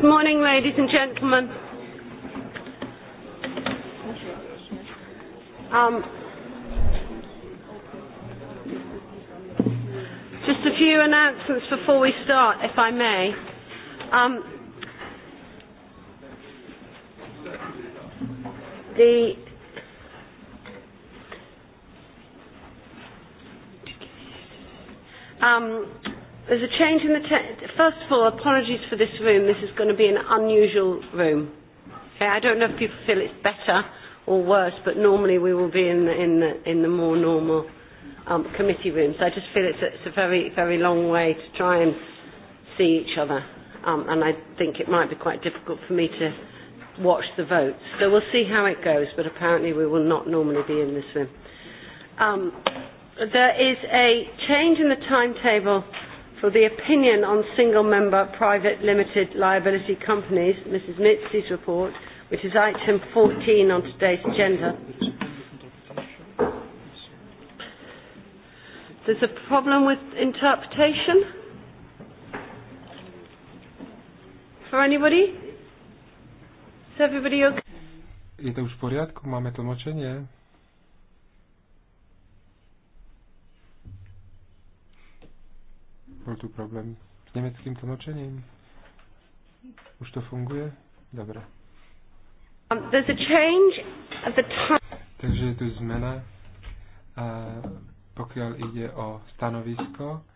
Good morning, ladies and gentlemen. Um, just a few announcements before we start, if I may. Um, the um, There's a change in the te- first of all, apologies for this room. This is going to be an unusual room. Okay, I don't know if people feel it's better or worse, but normally we will be in the, in the, in the more normal um, committee rooms. I just feel it's a, it's a very, very long way to try and see each other, um, and I think it might be quite difficult for me to watch the votes. So we'll see how it goes, but apparently we will not normally be in this room. Um, there is a change in the timetable for the opinion on single member private limited liability companies, Mrs. Mitzi's report, which is item 14 on today's agenda. There's a problem with interpretation? For anybody? Is everybody okay? Je to už v poriadku? Máme tlmočenie? Bol tu problém s nemeckým tlmočením? Už to funguje? Dobre. Um, there's a change at the time. Takže je tu zmena, uh, pokiaľ ide o stanovisko,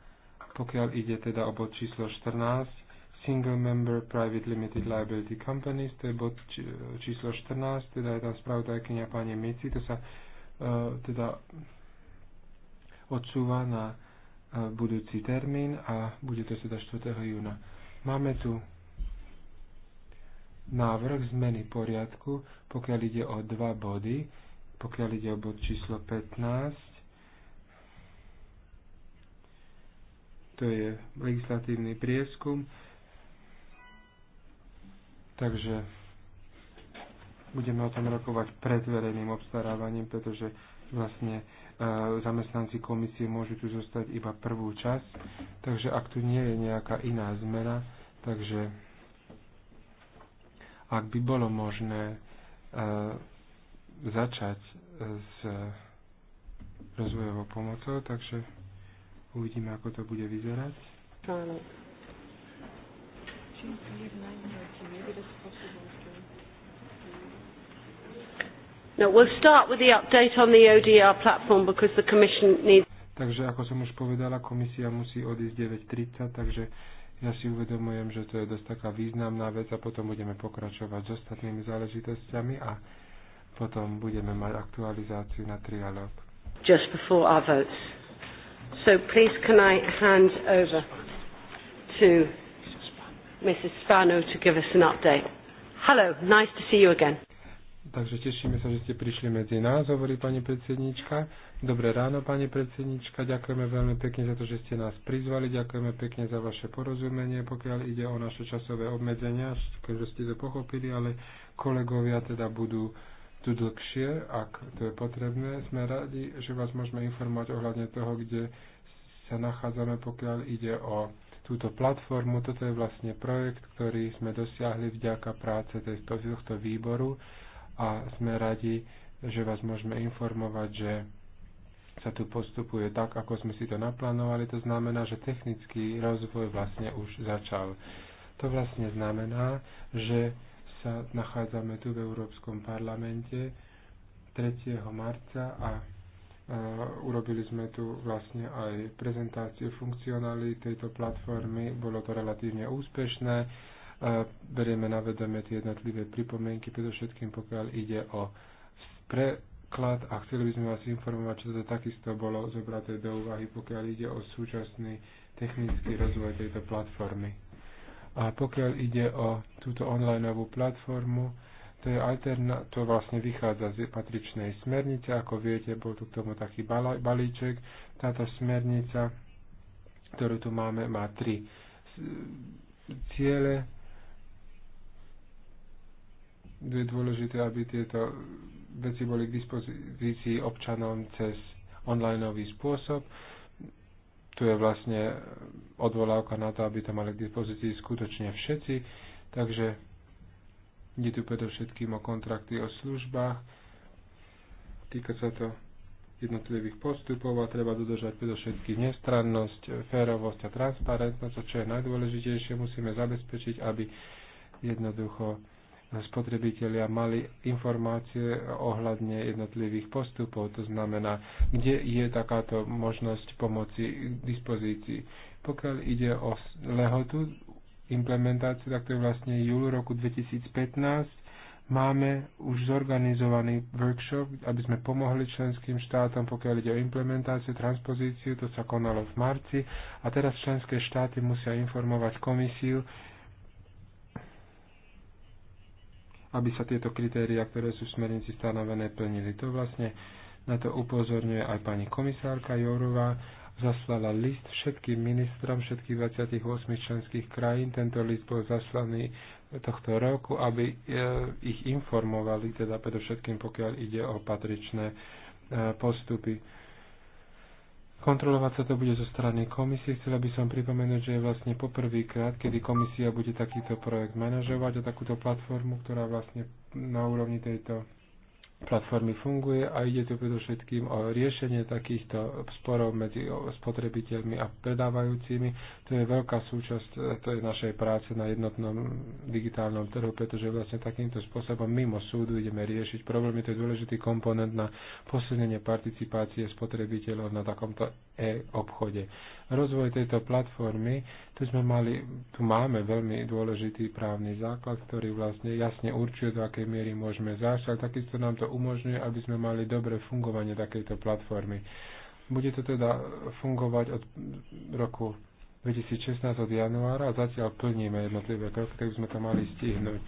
pokiaľ ide teda o bod číslo 14, Single Member Private Limited Liability Companies, to je bod či, číslo 14, teda je tam spravodajkynia pani Mici, to sa uh, teda odsúva na budúci termín a bude to teda 4. júna. Máme tu návrh zmeny poriadku, pokiaľ ide o dva body, pokiaľ ide o bod číslo 15, to je legislatívny prieskum, takže budeme o tom rokovať pred verejným obstarávaním, pretože vlastne zamestnanci komisie môžu tu zostať iba prvú čas, takže ak tu nie je nejaká iná zmena, takže ak by bolo možné e, začať e, s rozvojovou pomocou, takže uvidíme, ako to bude vyzerať. Áno. Čiže No, we'll start with the update on the ODR platform because the Commission needs... Takže ako som už povedala, komisia musí odísť 9.30, takže ja si uvedomujem, že to je dosť taká významná vec a potom budeme pokračovať s ostatnými záležitostiami a potom budeme mať aktualizáciu na trialog. Just before our votes. So please can I hand over to Mrs. Spano to give us an update. Hello, nice to see you again. Takže tešíme sa, že ste prišli medzi nás, hovorí pani predsednička. Dobré ráno, pani predsednička. Ďakujeme veľmi pekne za to, že ste nás prizvali. Ďakujeme pekne za vaše porozumenie, pokiaľ ide o naše časové obmedzenia, keďže ste to pochopili, ale kolegovia teda budú tu dlhšie, ak to je potrebné. Sme radi, že vás môžeme informovať ohľadne toho, kde sa nachádzame, pokiaľ ide o túto platformu. Toto je vlastne projekt, ktorý sme dosiahli vďaka práce tohto výboru a sme radi, že vás môžeme informovať, že sa tu postupuje tak, ako sme si to naplánovali. To znamená, že technický rozvoj vlastne už začal. To vlastne znamená, že sa nachádzame tu v Európskom parlamente 3. marca a e, urobili sme tu vlastne aj prezentáciu funkcionality tejto platformy. Bolo to relatívne úspešné berieme na vedomie tie jednotlivé pripomienky, predovšetkým pokiaľ ide o preklad a chceli by sme vás informovať, čo to takisto bolo zobraté do úvahy, pokiaľ ide o súčasný technický rozvoj tejto platformy. A pokiaľ ide o túto onlineovú platformu, to, je alterna- to vlastne vychádza z patričnej smernice. Ako viete, bol tu k tomu taký balíček. Táto smernica, ktorú tu máme, má tri ciele je dôležité, aby tieto veci boli k dispozícii občanom cez onlineový spôsob. Tu je vlastne odvolávka na to, aby to mali k dispozícii skutočne všetci. Takže ide tu predovšetkým o kontrakty o službách. Týka sa to jednotlivých postupov a treba dodržať predovšetkým nestrannosť, férovosť a transparentnosť. A čo je najdôležitejšie, musíme zabezpečiť, aby jednoducho spotrebitelia mali informácie ohľadne jednotlivých postupov, to znamená, kde je takáto možnosť pomoci k dispozícii. Pokiaľ ide o lehotu implementácie, tak to je vlastne júl roku 2015, máme už zorganizovaný workshop, aby sme pomohli členským štátom, pokiaľ ide o implementáciu, transpozíciu, to sa konalo v marci a teraz členské štáty musia informovať komisiu, aby sa tieto kritéria, ktoré sú v smernici stanovené, plnili. To vlastne na to upozorňuje aj pani komisárka Jourová, zaslala list všetkým ministrom všetkých 28 členských krajín. Tento list bol zaslaný tohto roku, aby e, ich informovali, teda predovšetkým pokiaľ ide o patričné e, postupy. Kontrolovať sa to bude zo strany komisie. Chcela by som pripomenúť, že je vlastne poprvýkrát, kedy komisia bude takýto projekt manažovať a takúto platformu, ktorá vlastne na úrovni tejto platformy funguje a ide tu predovšetkým o riešenie takýchto sporov medzi spotrebiteľmi a predávajúcimi. To je veľká súčasť e, to je našej práce na jednotnom digitálnom trhu, pretože vlastne takýmto spôsobom mimo súdu ideme riešiť problémy. To je dôležitý komponent na posilnenie participácie spotrebiteľov na takomto e-obchode. Rozvoj tejto platformy, tu, sme mali, tu máme veľmi dôležitý právny základ, ktorý vlastne jasne určuje, do akej miery môžeme zášť, ale takisto nám to umožňuje, aby sme mali dobré fungovanie takejto platformy. Bude to teda fungovať od roku 2016 od januára a zatiaľ plníme jednotlivé kroky, tak by sme to mali stihnúť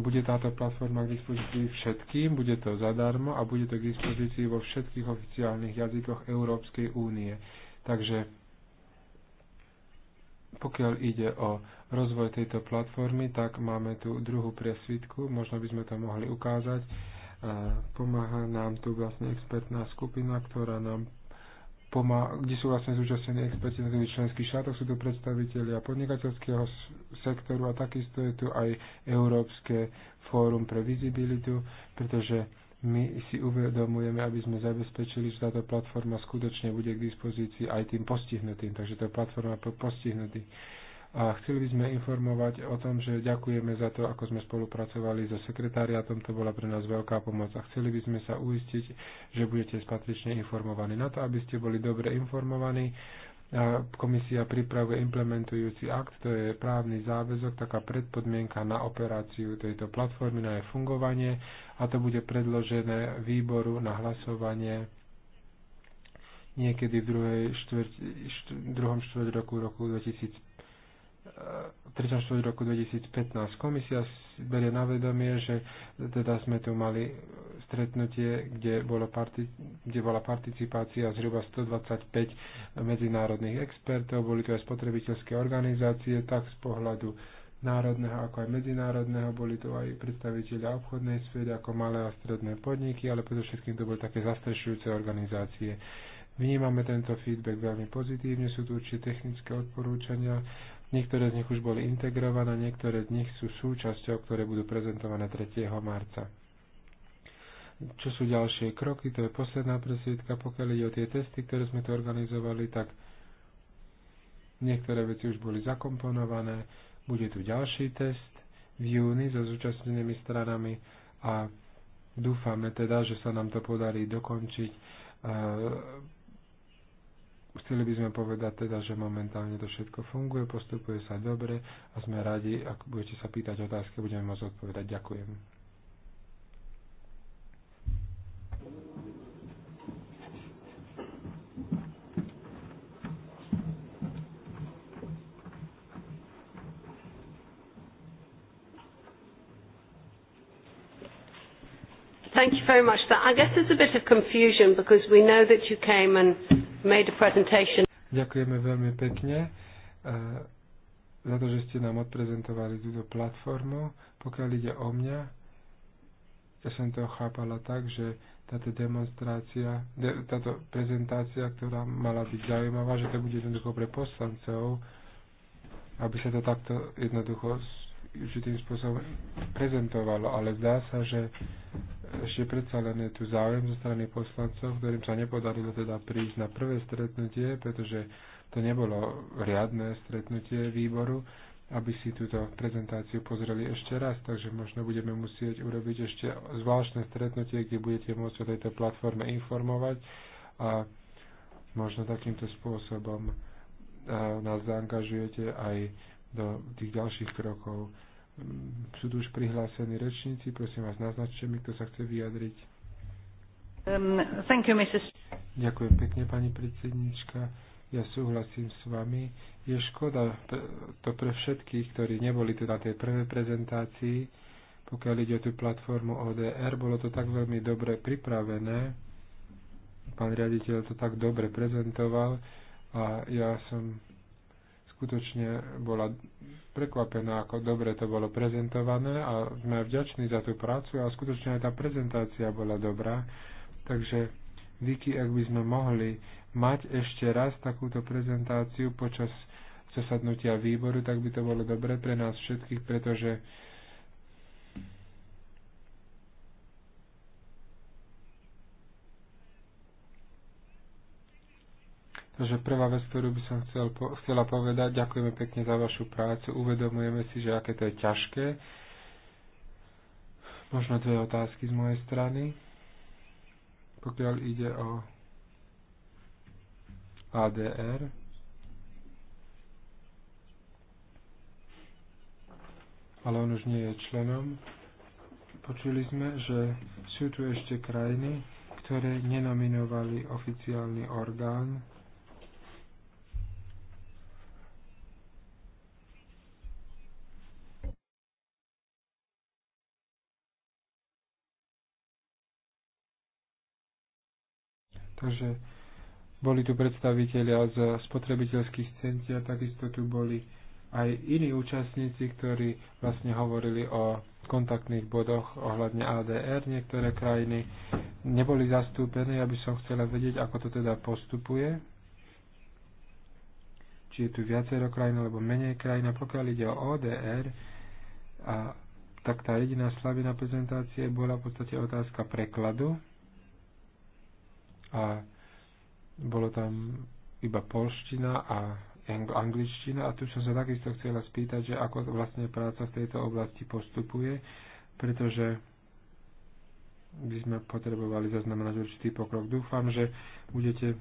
bude táto platforma k dispozícii všetkým, bude to zadarmo a bude to k dispozícii vo všetkých oficiálnych jazykoch Európskej únie. Takže pokiaľ ide o rozvoj tejto platformy, tak máme tu druhú presvitku, možno by sme to mohli ukázať. Pomáha nám tu vlastne expertná skupina, ktorá nám pomá- kde sú vlastne zúčastnení experti na tých členských štátoch, sú tu predstavitelia podnikateľského sektoru a takisto je tu aj Európske fórum pre vizibilitu, pretože my si uvedomujeme, aby sme zabezpečili, že táto platforma skutočne bude k dispozícii aj tým postihnutým. Takže tá platforma pre postihnutých. A chceli by sme informovať o tom, že ďakujeme za to, ako sme spolupracovali so sekretariátom, to bola pre nás veľká pomoc. A chceli by sme sa uistiť, že budete spatrične informovaní. Na to, aby ste boli dobre informovaní, komisia pripravuje implementujúci akt, to je právny záväzok, taká predpodmienka na operáciu tejto platformy, na jej fungovanie a to bude predložené výboru na hlasovanie niekedy v druhej štvrť, št, druhom štvrť roku roku 2015. 34 roku 2015. Komisia berie na vedomie, že teda sme tu mali stretnutie, kde, bolo parti- kde bola participácia zhruba 125 medzinárodných expertov, boli tu aj spotrebiteľské organizácie, tak z pohľadu národného ako aj medzinárodného, boli tu aj predstaviteľia obchodnej sféry ako malé a stredné podniky, ale predovšetkým to boli také zastrešujúce organizácie. Vnímame tento feedback veľmi pozitívne, sú tu určite technické odporúčania, Niektoré z nich už boli integrované, niektoré z nich sú súčasťou, ktoré budú prezentované 3. marca. Čo sú ďalšie kroky? To je posledná presvietka. Pokiaľ ide o tie testy, ktoré sme tu organizovali, tak niektoré veci už boli zakomponované. Bude tu ďalší test v júni so zúčastnenými stranami a dúfame teda, že sa nám to podarí dokončiť eh, Chceli by sme povedať teda, že momentálne to všetko funguje, postupuje sa dobre a sme radi, ak budete sa pýtať otázky, budeme môcť odpovedať. Ďakujem. Thank you very much. I guess there's a bit of confusion because we know that you came and made a presentation. Ďakujeme veľmi pekne eh, za to, že ste nám odprezentovali túto platformu. Pokiaľ ide o mňa, ja som to chápala tak, že táto demonstrácia, de, táto prezentácia, ktorá mala byť zaujímavá, že to bude jednoducho pre poslancov, aby sa to takto jednoducho určitým spôsobom prezentovalo, ale zdá sa, že ešte predsa len je tu záujem zo strany poslancov, ktorým sa nepodarilo teda prísť na prvé stretnutie, pretože to nebolo riadne stretnutie výboru, aby si túto prezentáciu pozreli ešte raz, takže možno budeme musieť urobiť ešte zvláštne stretnutie, kde budete môcť o tejto platforme informovať a možno takýmto spôsobom eh, nás zaangažujete aj do tých ďalších krokov. Mm, sú tu už prihlásení rečníci, prosím vás, naznačte mi, kto sa chce vyjadriť. Um, thank you, Mrs. Ďakujem pekne, pani predsednička. Ja súhlasím s vami. Je škoda to pre všetkých, ktorí neboli tu teda na tej prvej prezentácii, pokiaľ ide o tú platformu ODR, bolo to tak veľmi dobre pripravené. Pán riaditeľ to tak dobre prezentoval a ja som skutočne bola prekvapená, ako dobre to bolo prezentované a sme vďační za tú prácu a skutočne aj tá prezentácia bola dobrá. Takže Vicky, ak by sme mohli mať ešte raz takúto prezentáciu počas zasadnutia výboru, tak by to bolo dobre pre nás všetkých, pretože Takže prvá vec, ktorú by som chcel, chcela povedať, ďakujeme pekne za vašu prácu, uvedomujeme si, že aké to je ťažké. Možno dve otázky z mojej strany. Pokiaľ ide o ADR, ale on už nie je členom. Počuli sme, že sú tu ešte krajiny, ktoré nenominovali oficiálny orgán Takže boli tu predstavitelia z spotrebiteľských centier, takisto tu boli aj iní účastníci, ktorí vlastne hovorili o kontaktných bodoch ohľadne ADR. Niektoré krajiny neboli zastúpené, ja by som chcela vedieť, ako to teda postupuje. Či je tu viacero krajín alebo menej krajín. A pokiaľ ide o ODR, a, tak tá jediná slabina prezentácie bola v podstate otázka prekladu a bolo tam iba polština a angličtina a tu som sa takisto chcela spýtať, že ako vlastne práca v tejto oblasti postupuje, pretože by sme potrebovali zaznamenať určitý pokrok. Dúfam, že budete,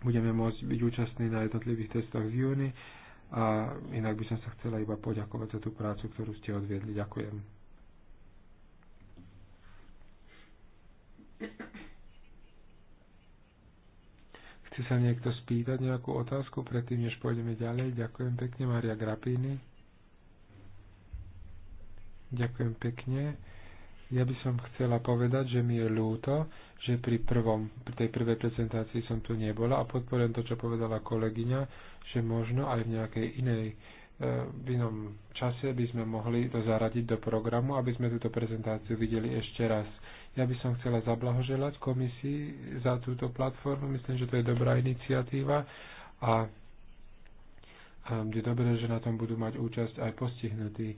budeme môcť byť účastní na jednotlivých testoch v júni a inak by som sa chcela iba poďakovať za tú prácu, ktorú ste odviedli. Ďakujem. Chce sa niekto spýtať nejakú otázku predtým, než pôjdeme ďalej? Ďakujem pekne, Maria Grapini. Ďakujem pekne. Ja by som chcela povedať, že mi je ľúto, že pri, prvom, pri tej prvej prezentácii som tu nebola a podporujem to, čo povedala kolegyňa, že možno aj v nejakej inej e, v inom čase by sme mohli to zaradiť do programu, aby sme túto prezentáciu videli ešte raz. Ja by som chcela zablahoželať komisii za túto platformu. Myslím, že to je dobrá iniciatíva a je dobré, že na tom budú mať účasť aj postihnutí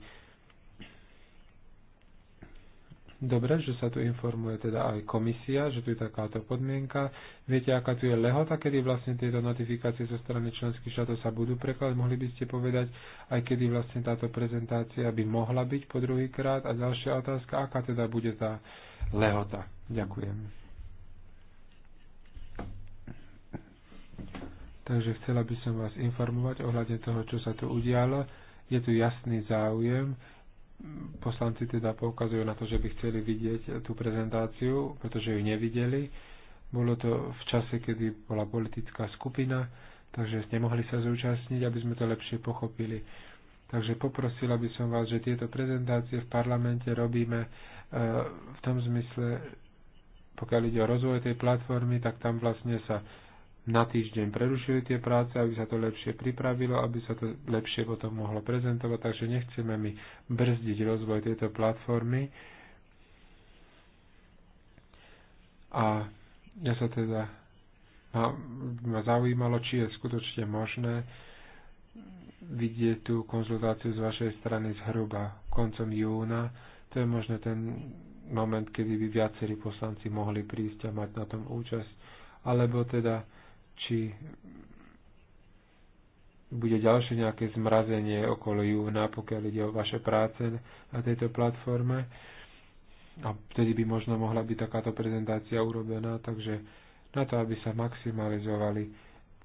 Dobre, že sa tu informuje teda aj komisia, že tu je takáto podmienka. Viete, aká tu je lehota, kedy vlastne tieto notifikácie zo strany členských štátov sa budú prekladať? Mohli by ste povedať, aj kedy vlastne táto prezentácia by mohla byť po druhýkrát A ďalšia otázka, aká teda bude tá lehota? Ďakujem. Takže chcela by som vás informovať ohľadne toho, čo sa tu udialo. Je tu jasný záujem poslanci teda poukazujú na to, že by chceli vidieť tú prezentáciu, pretože ju nevideli. Bolo to v čase, kedy bola politická skupina, takže nemohli sa zúčastniť, aby sme to lepšie pochopili. Takže poprosila by som vás, že tieto prezentácie v parlamente robíme e, v tom zmysle, pokiaľ ide o rozvoj tej platformy, tak tam vlastne sa na týždeň prerušili tie práce, aby sa to lepšie pripravilo, aby sa to lepšie potom mohlo prezentovať, takže nechceme my brzdiť rozvoj tejto platformy. A ja sa teda ma, ma zaujímalo, či je skutočne možné vidieť tú konzultáciu z vašej strany zhruba koncom júna. To je možno ten moment, kedy by viacerí poslanci mohli prísť a mať na tom účasť. Alebo teda či bude ďalšie nejaké zmrazenie okolo júna, pokiaľ ide o vaše práce na tejto platforme. A vtedy by možno mohla byť takáto prezentácia urobená, takže na to, aby sa maximalizovali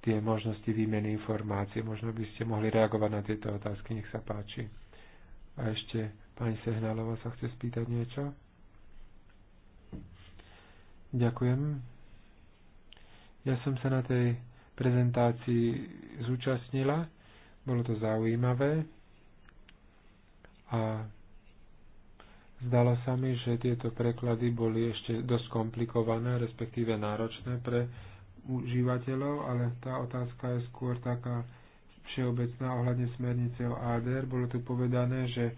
tie možnosti výmeny informácie, možno by ste mohli reagovať na tieto otázky, nech sa páči. A ešte pani Sehnalova sa chce spýtať niečo. Ďakujem. Ja som sa na tej prezentácii zúčastnila, bolo to zaujímavé a zdalo sa mi, že tieto preklady boli ešte dosť komplikované, respektíve náročné pre užívateľov, ale tá otázka je skôr taká všeobecná ohľadne smernice o ADR. Bolo tu povedané, že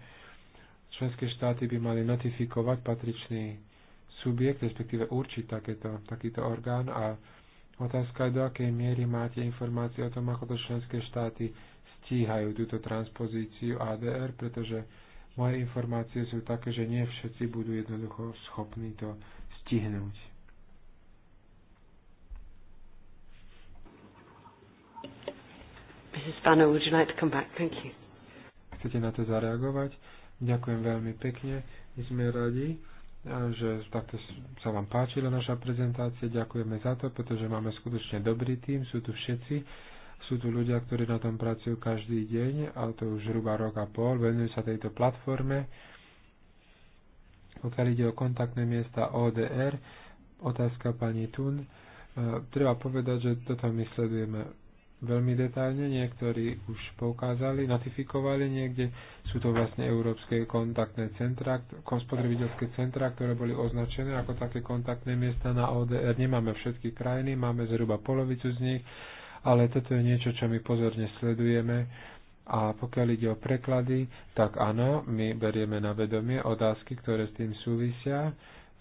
členské štáty by mali notifikovať patričný subjekt, respektíve určiť takéto, takýto orgán a Otázka je, do akej miery máte informácie o tom, ako to členské štáty stíhajú túto transpozíciu ADR, pretože moje informácie sú také, že nie všetci budú jednoducho schopní to stihnúť. Mrs. Banner, would you like to come back? Thank you. Chcete na to zareagovať? Ďakujem veľmi pekne. My sme radi že takto sa vám páčila naša prezentácia, ďakujeme za to, pretože máme skutočne dobrý tým, sú tu všetci, sú tu ľudia, ktorí na tom pracujú každý deň a to už zhruba rok a pol, venujú sa tejto platforme. Pokiaľ ide o kontaktné miesta ODR, otázka pani Tun, e, treba povedať, že toto my sledujeme veľmi detailne, niektorí už poukázali, notifikovali niekde. Sú to vlastne európske kontaktné centra, spotrebiteľské centra, ktoré boli označené ako také kontaktné miesta na ODR. Nemáme všetky krajiny, máme zhruba polovicu z nich, ale toto je niečo, čo my pozorne sledujeme. A pokiaľ ide o preklady, tak áno, my berieme na vedomie otázky, ktoré s tým súvisia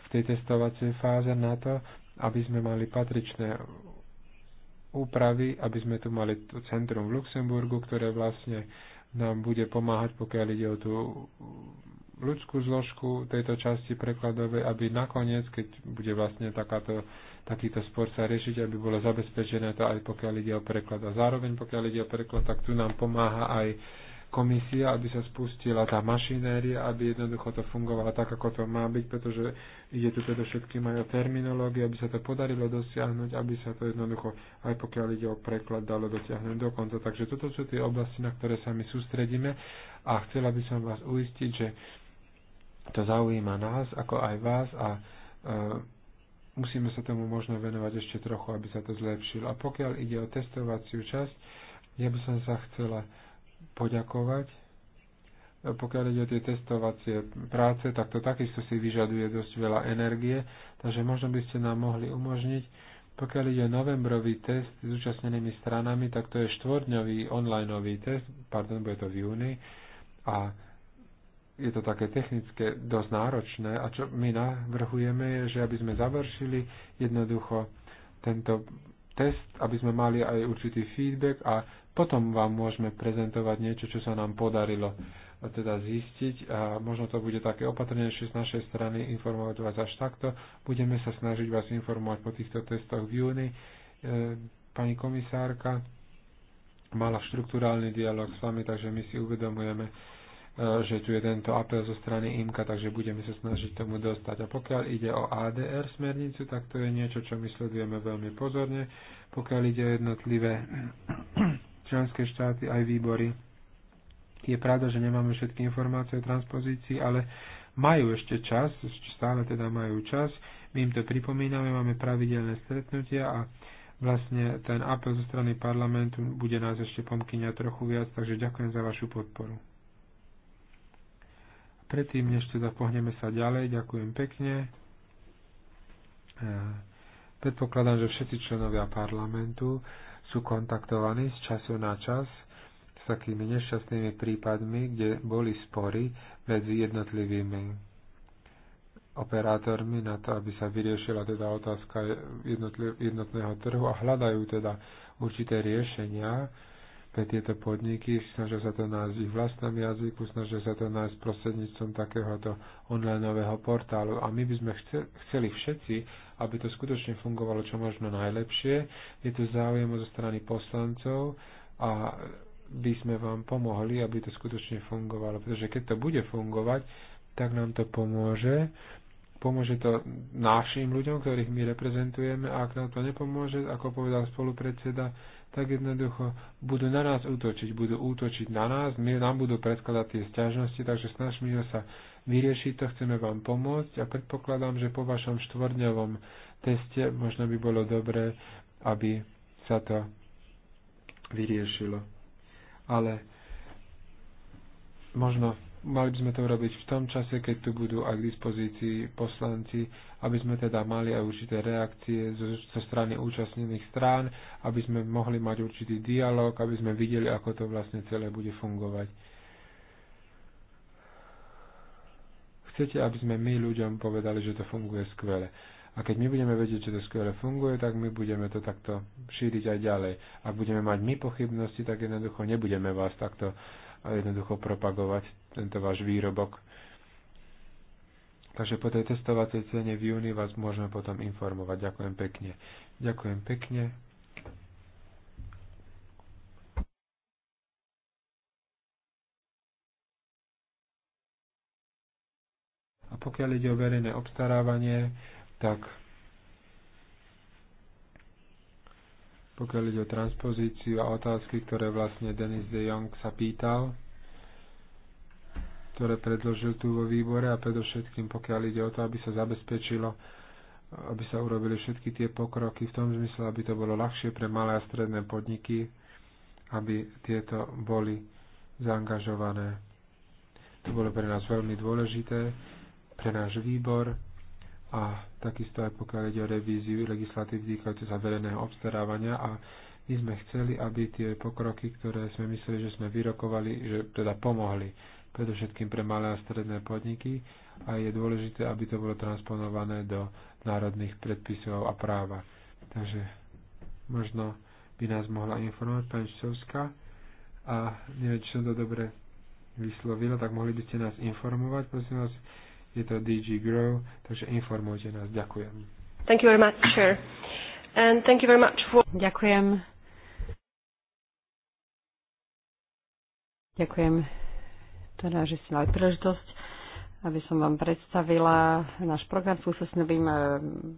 v tej testovacej fáze na to, aby sme mali patričné úpravy, aby sme tu mali to centrum v Luxemburgu, ktoré vlastne nám bude pomáhať, pokiaľ ide o tú ľudskú zložku tejto časti prekladovej, aby nakoniec, keď bude vlastne takáto, takýto spor sa riešiť, aby bolo zabezpečené to aj pokiaľ ide o preklad. A zároveň pokiaľ ide o preklad, tak tu nám pomáha aj komisia, aby sa spustila tá mašinéria, aby jednoducho to fungovalo tak, ako to má byť, pretože ide tu teda všetky majú terminológiu, aby sa to podarilo dosiahnuť, aby sa to jednoducho, aj pokiaľ ide o preklad, dalo dotiahnuť do konca. Takže toto sú tie oblasti, na ktoré sa my sústredíme a chcela by som vás uistiť, že to zaujíma nás, ako aj vás a e, musíme sa tomu možno venovať ešte trochu, aby sa to zlepšilo. A pokiaľ ide o testovaciu časť, ja by som sa chcela poďakovať. Pokiaľ ide o tie testovacie práce, tak to takisto si vyžaduje dosť veľa energie, takže možno by ste nám mohli umožniť, pokiaľ ide novembrový test s účastnenými stranami, tak to je štvordňový onlineový test, pardon, bude to v júni, a je to také technické dosť náročné a čo my navrhujeme je, že aby sme završili jednoducho tento test, aby sme mali aj určitý feedback a potom vám môžeme prezentovať niečo, čo sa nám podarilo teda zistiť a možno to bude také opatrnejšie z našej strany informovať vás až takto. Budeme sa snažiť vás informovať po týchto testoch v júni. E, pani komisárka mala štruktúrálny dialog s vami, takže my si uvedomujeme, e, že tu je tento apel zo strany IMKA, takže budeme sa snažiť tomu dostať. A pokiaľ ide o ADR smernicu, tak to je niečo, čo my sledujeme veľmi pozorne. Pokiaľ ide o jednotlivé členské štáty, aj výbory. Je pravda, že nemáme všetky informácie o transpozícii, ale majú ešte čas, stále teda majú čas. My im to pripomíname, máme pravidelné stretnutia a vlastne ten apel zo strany parlamentu bude nás ešte pomkyňať trochu viac, takže ďakujem za vašu podporu. Predtým, než teda pohneme sa ďalej, ďakujem pekne. E, predpokladám, že všetci členovia parlamentu sú kontaktovaní z času na čas s takými nešťastnými prípadmi, kde boli spory medzi jednotlivými operátormi na to, aby sa vyriešila teda otázka jednotného trhu a hľadajú teda určité riešenia, pre tieto podniky, snažia sa to nájsť v ich vlastnom jazyku, snažia sa to nájsť prostredníctvom takéhoto onlineového portálu. A my by sme chceli všetci, aby to skutočne fungovalo čo možno najlepšie. Je to záujem zo strany poslancov a by sme vám pomohli, aby to skutočne fungovalo. Pretože keď to bude fungovať, tak nám to pomôže. Pomôže to našim ľuďom, ktorých my reprezentujeme a ak nám to nepomôže, ako povedal spolupredseda, tak jednoducho budú na nás útočiť, budú útočiť na nás, my, nám budú predkladať tie sťažnosti, takže snažíme sa vyriešiť to, chceme vám pomôcť a predpokladám, že po vašom štvordňovom teste možno by bolo dobré, aby sa to vyriešilo. Ale možno mali by sme to robiť v tom čase, keď tu budú aj k dispozícii poslanci, aby sme teda mali aj určité reakcie zo, zo strany účastnených strán, aby sme mohli mať určitý dialog, aby sme videli, ako to vlastne celé bude fungovať. Chcete, aby sme my ľuďom povedali, že to funguje skvele. A keď my budeme vedieť, že to skvele funguje, tak my budeme to takto šíriť aj ďalej. Ak budeme mať my pochybnosti, tak jednoducho nebudeme vás takto uh, a jednoducho propagovať tento váš výrobok. Takže po tej testovacej cene v júni vás môžeme potom informovať. Ďakujem pekne. Ďakujem pekne. A pokiaľ ide o verejné obstarávanie, tak pokiaľ ide o transpozíciu a otázky, ktoré vlastne Denis de Jong sa pýtal, ktoré predložil tu vo výbore a predovšetkým pokiaľ ide o to, aby sa zabezpečilo, aby sa urobili všetky tie pokroky v tom zmysle, aby to bolo ľahšie pre malé a stredné podniky, aby tieto boli zaangažované. To bolo pre nás veľmi dôležité, pre náš výbor, a takisto aj pokiaľ ide o revíziu legislatív týkajúce sa verejného obstarávania a my sme chceli, aby tie pokroky, ktoré sme mysleli, že sme vyrokovali, že teda pomohli predovšetkým pre malé a stredné podniky a je dôležité, aby to bolo transponované do národných predpisov a práva. Takže možno by nás mohla informovať pani Čcovská a neviem, či som to dobre vyslovila, tak mohli by ste nás informovať, prosím vás, je to DG Grow, takže informujte nás. Ďakujem. Thank you very much, sir. And thank you very much for... Ďakujem. Ďakujem teda, že ste mali príležitosť, aby som vám predstavila náš program s novým eh,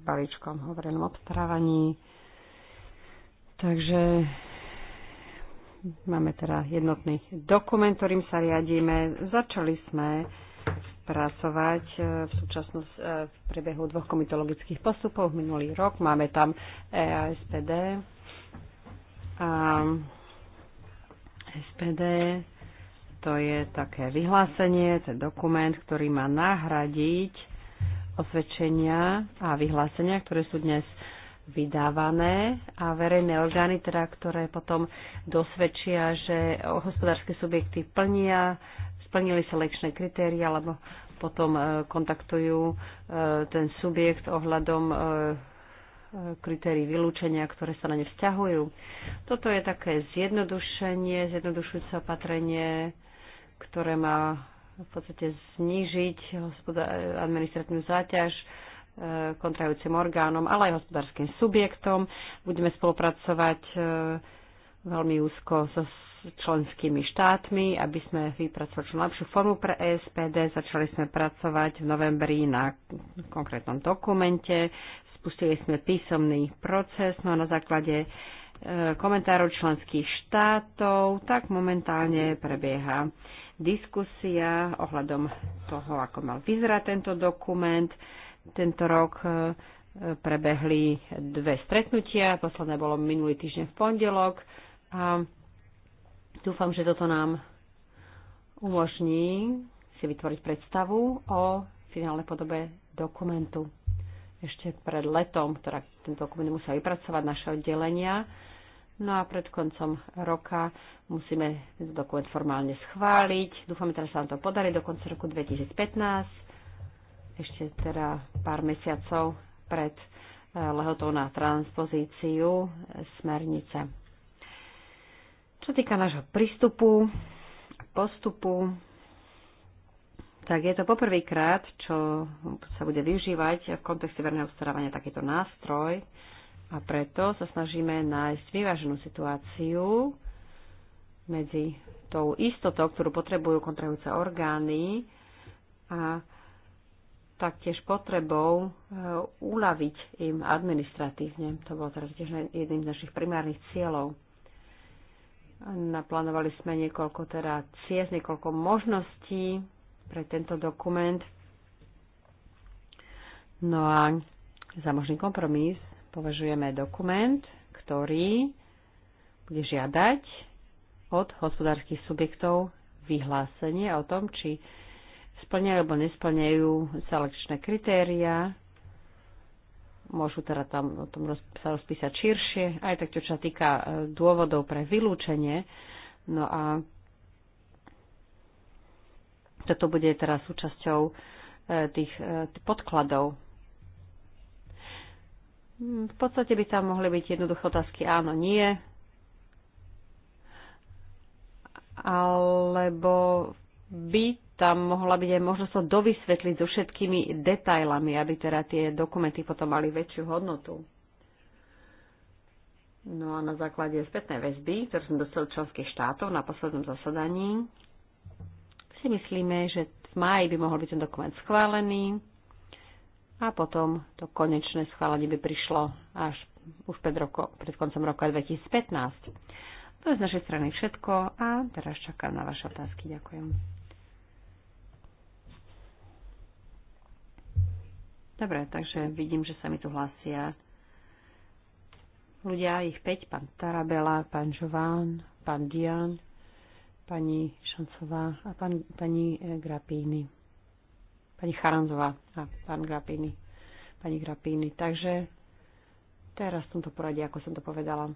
balíčkom o verejnom obstarávaní. Takže máme teda jednotný dokument, ktorým sa riadíme. Začali sme pracovať e, v súčasnosť e, v priebehu dvoch komitologických postupov. Minulý rok máme tam EASPD a SPD to je také vyhlásenie, to je dokument, ktorý má nahradiť osvedčenia a vyhlásenia, ktoré sú dnes vydávané a verejné orgány, teda, ktoré potom dosvedčia, že hospodárske subjekty plnia splnili selekčné kritéria, alebo potom e, kontaktujú e, ten subjekt ohľadom e, kritérií vylúčenia, ktoré sa na ne vzťahujú. Toto je také zjednodušenie, zjednodušujúce opatrenie, ktoré má v podstate znížiť administratívnu záťaž kontrajúcim orgánom, ale aj hospodárskym subjektom. Budeme spolupracovať veľmi úzko so členskými štátmi, aby sme vypracovali čo najlepšiu formu pre ESPD. Začali sme pracovať v novembri na konkrétnom dokumente. Spustili sme písomný proces no na základe e, komentárov členských štátov, tak momentálne prebieha diskusia ohľadom toho, ako mal vyzerať tento dokument. Tento rok e, prebehli dve stretnutia, posledné bolo minulý týždeň v pondelok a dúfam, že toto nám umožní si vytvoriť predstavu o finálnej podobe dokumentu. Ešte pred letom, ktorá teda ten dokument musia vypracovať naše oddelenia. No a pred koncom roka musíme tento dokument formálne schváliť. Dúfame teda, že sa nám to podarí do konca roku 2015. Ešte teda pár mesiacov pred eh, lehotou na transpozíciu eh, smernice. Čo týka nášho prístupu a postupu, tak je to poprvýkrát, čo sa bude využívať v kontexte verného starávania takýto nástroj a preto sa snažíme nájsť vyváženú situáciu medzi tou istotou, ktorú potrebujú kontrahujúce orgány a taktiež potrebou e, uľaviť im administratívne. To bolo teraz tiež jedným z našich primárnych cieľov. Naplánovali sme niekoľko teda ciest, niekoľko možností pre tento dokument. No a za možný kompromis považujeme dokument, ktorý bude žiadať od hospodárskych subjektov vyhlásenie o tom, či splňajú alebo nesplňajú selekčné kritéria môžu teda tam o tom sa rozpísať širšie, aj tak, čo sa týka e, dôvodov pre vylúčenie. No a toto bude teraz súčasťou e, tých, e, tých podkladov. Mm, v podstate by tam mohli byť jednoduché otázky áno, nie, alebo by tam mohla byť aj možnosť to dovysvetliť so všetkými detailami, aby teda tie dokumenty potom mali väčšiu hodnotu. No a na základe spätnej väzby, ktorú som dostal členských štátov na poslednom zasadaní, si myslíme, že v máji by mohol byť ten dokument schválený a potom to konečné schválenie by prišlo až už pred, roko, pred koncom roka 2015. To je z našej strany všetko a teraz čakám na vaše otázky. Ďakujem. Dobre, takže vidím, že sa mi tu hlasia ľudia, ich 5, pán Tarabela, pán Žován, pán Dian, pani Šancová a pán, pani e, Grapíny. Pani Charanzová a pán Grapíny. Pani Grapíny. Takže teraz v tomto poradí, ako som to povedala.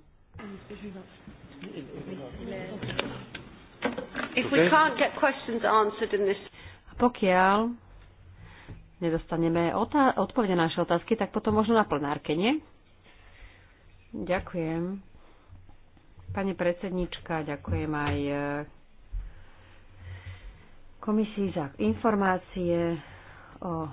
If we can't get questions answered in this... Pokiaľ nedostaneme odpovede na naše otázky, tak potom možno na plnárke, nie? Ďakujem. Pani predsednička, ďakujem aj e, komisii za informácie o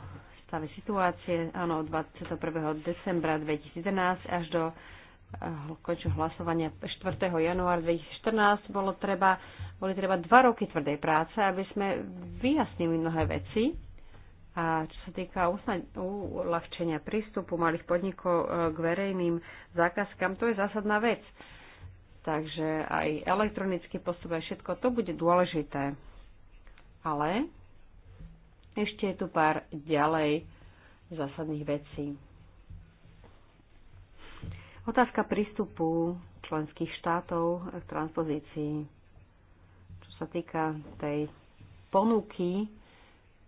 stave situácie. Áno, od 21. decembra 2011 až do e, konču hlasovania 4. januára 2014 bolo treba, boli treba dva roky tvrdej práce, aby sme vyjasnili mnohé veci a čo sa týka uľahčenia prístupu malých podnikov e, k verejným zákazkám, to je zásadná vec. Takže aj elektronický postup, aj všetko, to bude dôležité. Ale ešte je tu pár ďalej zásadných vecí. Otázka prístupu členských štátov k transpozícii. Čo sa týka tej ponuky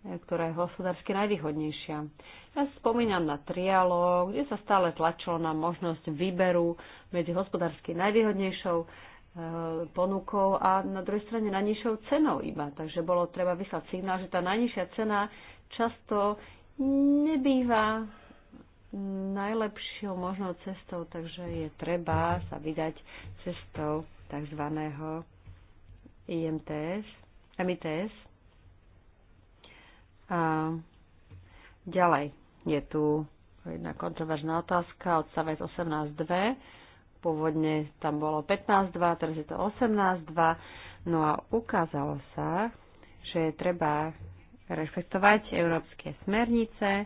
ktorá je hospodársky najvýhodnejšia. Ja spomínam na trialo, kde sa stále tlačilo na možnosť výberu medzi hospodársky najvýhodnejšou e, ponukou a na druhej strane najnižšou cenou iba. Takže bolo treba vyslať signál, že tá najnižšia cena často nebýva najlepšou možnou cestou, takže je treba sa vydať cestou tzv. IMTS, MITS, a ďalej je tu jedna kontroverzná otázka, odstavec 18.2. Pôvodne tam bolo 15.2, teraz je to 18.2. No a ukázalo sa, že treba rešpektovať európske smernice,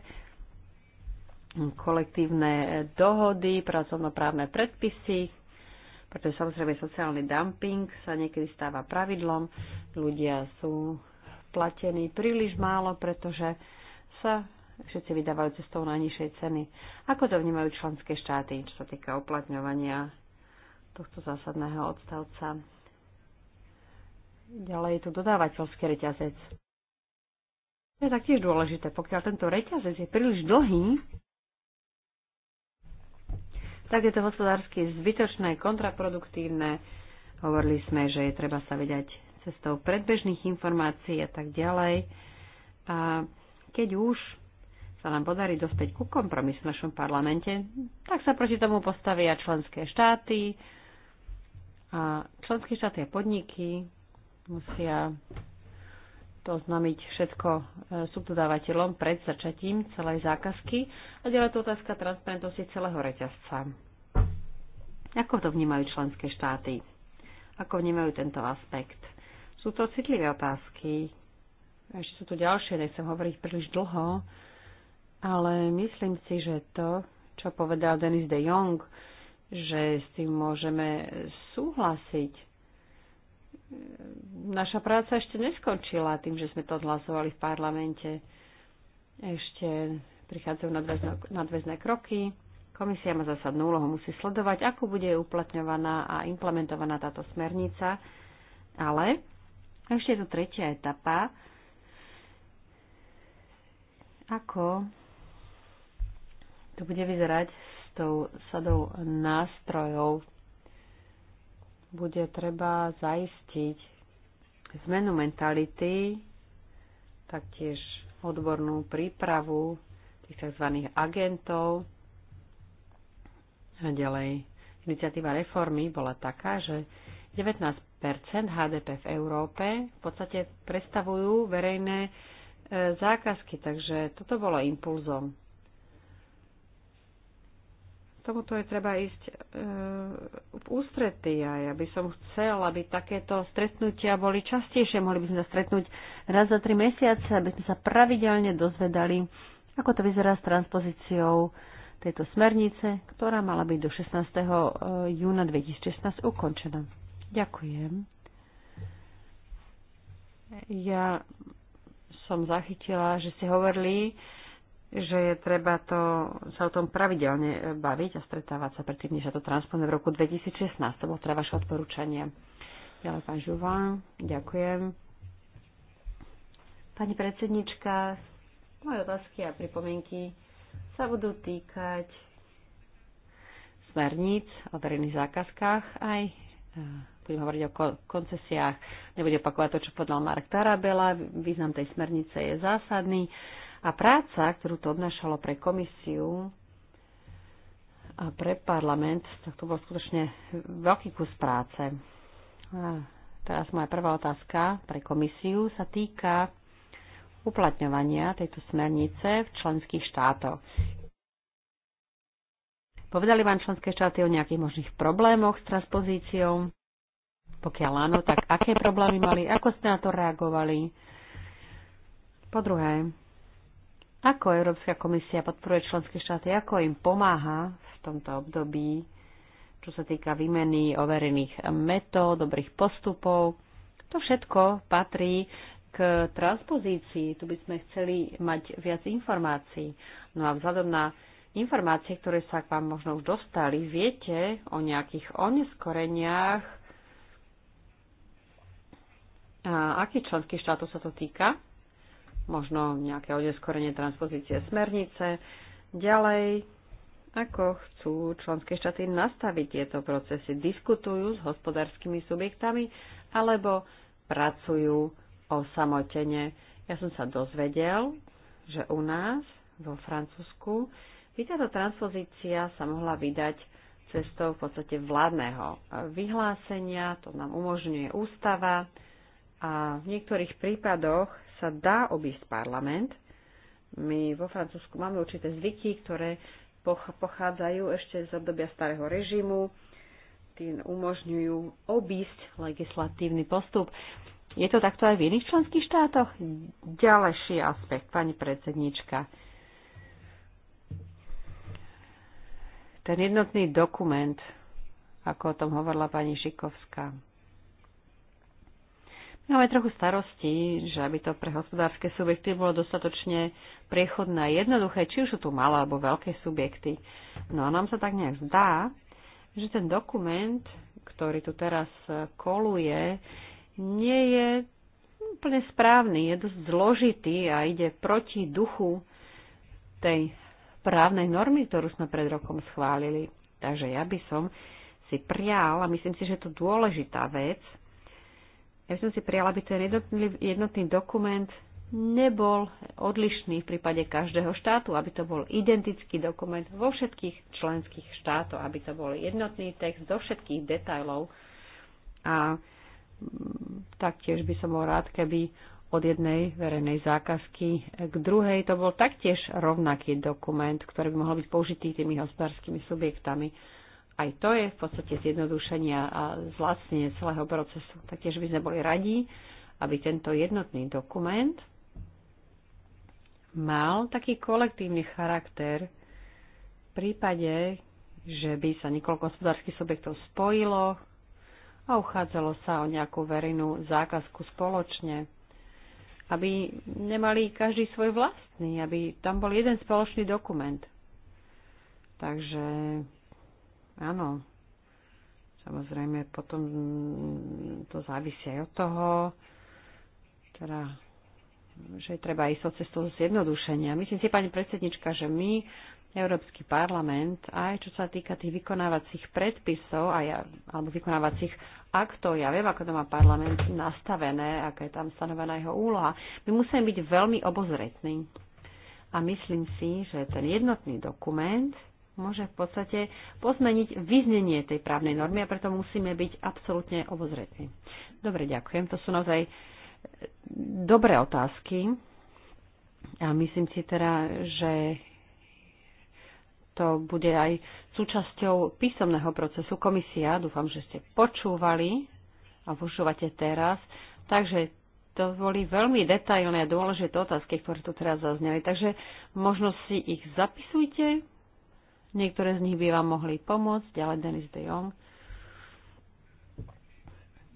kolektívne dohody, pracovnoprávne predpisy, pretože samozrejme sociálny dumping sa niekedy stáva pravidlom. Ľudia sú platený príliš málo, pretože sa všetci vydávajú cestou najnižšej ceny. Ako to vnímajú členské štáty, čo sa týka uplatňovania tohto zásadného odstavca? Ďalej je tu dodávateľský reťazec. To je taktiež dôležité. Pokiaľ tento reťazec je príliš dlhý, tak je to hospodársky zbytočné, kontraproduktívne. Hovorili sme, že je treba sa vedať cestou predbežných informácií a tak ďalej. A keď už sa nám podarí dospäť ku kompromisu v našom parlamente, tak sa proti tomu postavia členské štáty. A členské štáty a podniky musia to oznámiť všetko e, subdodávateľom pred začatím celej zákazky. A ďalej to otázka transparentnosti celého reťazca. Ako to vnímajú členské štáty? Ako vnímajú tento aspekt? Sú to citlivé otázky. Ešte sú tu ďalšie, nechcem hovoriť príliš dlho, ale myslím si, že to, čo povedal Denis de Jong, že s tým môžeme súhlasiť, naša práca ešte neskončila tým, že sme to odhlasovali v parlamente. Ešte prichádzajú nadväzné, nadväzné kroky. Komisia má zásadnú úlohu, musí sledovať, ako bude uplatňovaná a implementovaná táto smernica, ale a ešte je to tretia etapa. Ako to bude vyzerať s tou sadou nástrojov? Bude treba zaistiť zmenu mentality, taktiež odbornú prípravu tých tzv. agentov a ďalej. Iniciatíva reformy bola taká, že 19 HDP v Európe v podstate predstavujú verejné e, zákazky, takže toto bolo impulzom. Tomuto je treba ísť e, v ústrety a ja by som chcel, aby takéto stretnutia boli častejšie. Mohli by sme sa stretnúť raz za tri mesiace, aby sme sa pravidelne dozvedali, ako to vyzerá s transpozíciou tejto smernice, ktorá mala byť do 16. E, júna 2016 ukončená. Ďakujem. Ja som zachytila, že ste hovorili, že je treba to, sa o tom pravidelne baviť a stretávať sa predtým, než sa to transponuje v roku 2016. To bolo teda vaše odporúčanie. Ďalej pán Žuvan, ďakujem. Pani predsednička, moje otázky a pripomienky sa budú týkať smerníc o verejných zákazkách aj budem hovoriť o koncesiách, nebude opakovať to, čo povedal Mark Tarabela, význam tej smernice je zásadný a práca, ktorú to odnášalo pre komisiu a pre parlament, tak to bol skutočne veľký kus práce. A teraz moja prvá otázka pre komisiu sa týka uplatňovania tejto smernice v členských štátoch. Povedali vám členské štáty o nejakých možných problémoch s transpozíciou? Pokiaľ áno, tak aké problémy mali, ako ste na to reagovali? Po druhé, ako Európska komisia podporuje členské štáty, ako im pomáha v tomto období, čo sa týka výmeny overených metód, dobrých postupov. To všetko patrí k transpozícii. Tu by sme chceli mať viac informácií. No a vzhľadom na informácie, ktoré sa k vám možno už dostali, viete o nejakých oneskoreniach a aký členský štát sa to týka? Možno nejaké odeskorenie transpozície smernice. Ďalej, ako chcú členské štáty nastaviť tieto procesy? Diskutujú s hospodárskymi subjektami alebo pracujú osamotene? Ja som sa dozvedel, že u nás vo Francúzsku by táto transpozícia sa mohla vydať cestou v podstate vládneho vyhlásenia, to nám umožňuje ústava, a v niektorých prípadoch sa dá obísť parlament. My vo Francúzsku máme určité zvyky, ktoré pochádzajú ešte z obdobia starého režimu, tým umožňujú obísť legislatívny postup. Je to takto aj v iných členských štátoch? Ďalší aspekt, pani predsednička. Ten jednotný dokument, ako o tom hovorila pani Šikovská, Máme trochu starostí, že aby to pre hospodárske subjekty bolo dostatočne priechodné a jednoduché, či už sú tu malé alebo veľké subjekty. No a nám sa tak nejak zdá, že ten dokument, ktorý tu teraz e, koluje, nie je úplne správny, je dosť zložitý a ide proti duchu tej právnej normy, ktorú sme pred rokom schválili. Takže ja by som si prial, a myslím si, že je to dôležitá vec, ja by som si prijala, aby ten jednotný dokument nebol odlišný v prípade každého štátu, aby to bol identický dokument vo všetkých členských štátoch, aby to bol jednotný text do všetkých detajlov. A mm, taktiež by som bol rád, keby od jednej verejnej zákazky k druhej to bol taktiež rovnaký dokument, ktorý by mohol byť použitý tými hospodárskymi subjektami. Aj to je v podstate zjednodušenia a zlacnenie celého procesu. Taktiež by sme boli radi, aby tento jednotný dokument mal taký kolektívny charakter v prípade, že by sa niekoľko hospodárskych subjektov spojilo a uchádzalo sa o nejakú verejnú zákazku spoločne aby nemali každý svoj vlastný, aby tam bol jeden spoločný dokument. Takže Áno, samozrejme, potom to závisí aj od toho, teda, že treba ísť od cestou zjednodušenia. Myslím si, pani predsednička, že my, Európsky parlament, aj čo sa týka tých vykonávacích predpisov aj, alebo vykonávacích aktov, ja viem, ako to má parlament nastavené, aká je tam stanovená jeho úloha, my musíme byť veľmi obozretní. A myslím si, že ten jednotný dokument môže v podstate pozmeniť vyznenie tej právnej normy a preto musíme byť absolútne obozretní. Dobre, ďakujem. To sú naozaj e, dobré otázky a myslím si teda, že to bude aj súčasťou písomného procesu komisia. Dúfam, že ste počúvali a počúvate teraz. Takže to boli veľmi detailné a dôležité otázky, ktoré tu teraz zazneli. Takže možno si ich zapisujte, Niektoré z nich by vám mohli pomôcť. Ďalej Denis de Jong.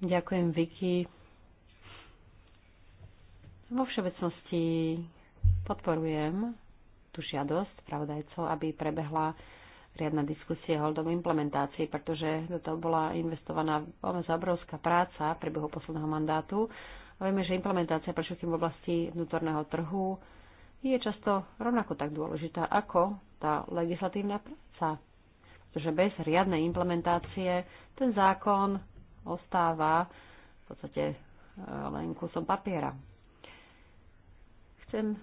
Ďakujem, Vicky. Vo všeobecnosti podporujem tú žiadosť pravodajcov, aby prebehla riadna diskusie holdom implementácii, pretože do toho bola investovaná veľmi obrovská práca v priebehu posledného mandátu. A vieme, že implementácia pre všetkým v oblasti vnútorného trhu je často rovnako tak dôležitá ako tá legislatívna práca. Pretože bez riadnej implementácie ten zákon ostáva v podstate e, len kusom papiera. Chcem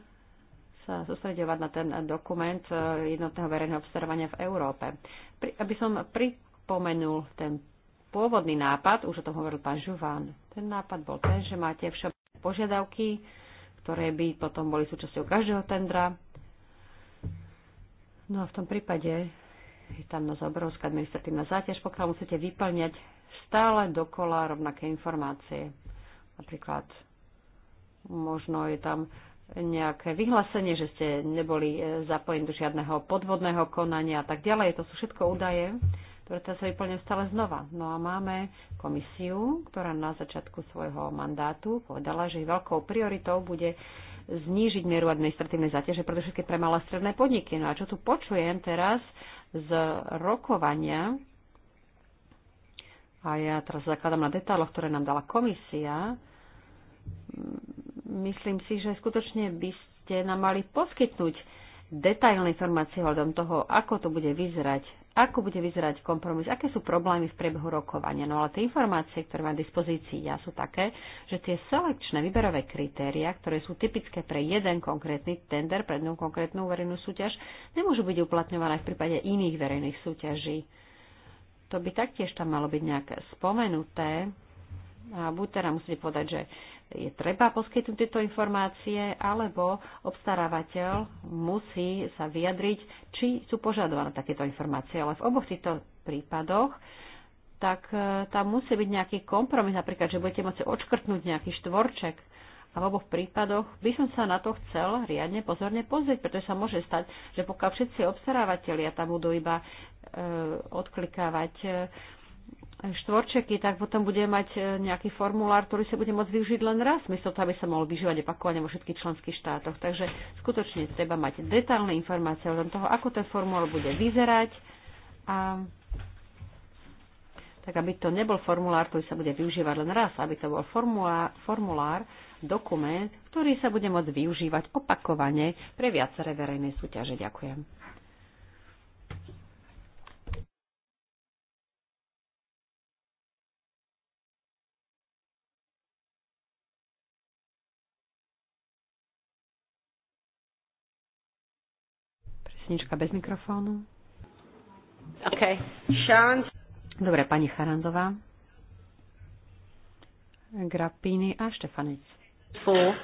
sa sústredovať na ten dokument e, jednotného verejného obstarávania v Európe. Pri, aby som pripomenul ten pôvodný nápad, už o tom hovoril pán Žuván, ten nápad bol ten, že máte všeobecné požiadavky, ktoré by potom boli súčasťou každého tendra No a v tom prípade je tam nás obrovská administratívna záťaž, pokiaľ musíte vyplňať stále dokola rovnaké informácie. Napríklad možno je tam nejaké vyhlásenie, že ste neboli e, zapojení do žiadneho podvodného konania a tak ďalej. To sú všetko údaje, ktoré sa vyplňujú stále znova. No a máme komisiu, ktorá na začiatku svojho mandátu povedala, že veľkou prioritou bude znížiť mieru administratívnej záťaže, pretože všetky pre malé stredné podniky. No a čo tu počujem teraz z rokovania, a ja teraz zakladám na detailoch, ktoré nám dala komisia, myslím si, že skutočne by ste nám mali poskytnúť detailné informácie hľadom toho, ako to bude vyzerať ako bude vyzerať kompromis, aké sú problémy v priebehu rokovania. No ale tie informácie, ktoré mám v dispozícii ja, sú také, že tie selekčné výberové kritéria, ktoré sú typické pre jeden konkrétny tender, pre jednu konkrétnu verejnú súťaž, nemôžu byť uplatňované v prípade iných verejných súťaží. To by taktiež tam malo byť nejaké spomenuté. A buď teda musíte povedať, že je treba poskytnúť tieto informácie, alebo obstarávateľ musí sa vyjadriť, či sú požadované takéto informácie. Ale v oboch týchto prípadoch tak e, tam musí byť nejaký kompromis, napríklad, že budete môcť odškrtnúť nejaký štvorček. A v oboch prípadoch by som sa na to chcel riadne pozorne pozrieť, pretože sa môže stať, že pokiaľ všetci obstarávateľia tam budú iba e, odklikávať e, štvorčeky, tak potom bude mať e, nejaký formulár, ktorý sa bude môcť využiť len raz, miesto toho, aby sa mohol využívať opakovane vo všetkých členských štátoch. Takže skutočne treba mať detailné informácie o tom toho, ako ten formulár bude vyzerať a tak aby to nebol formulár, ktorý sa bude využívať len raz, aby to bol formulár, formulár dokument, ktorý sa bude môcť využívať opakovane pre viaceré verejné súťaže. Ďakujem. pesnička bez mikrofónu. OK. Sean. Dobre, pani Charandová. Grappini a Štefanec. Full.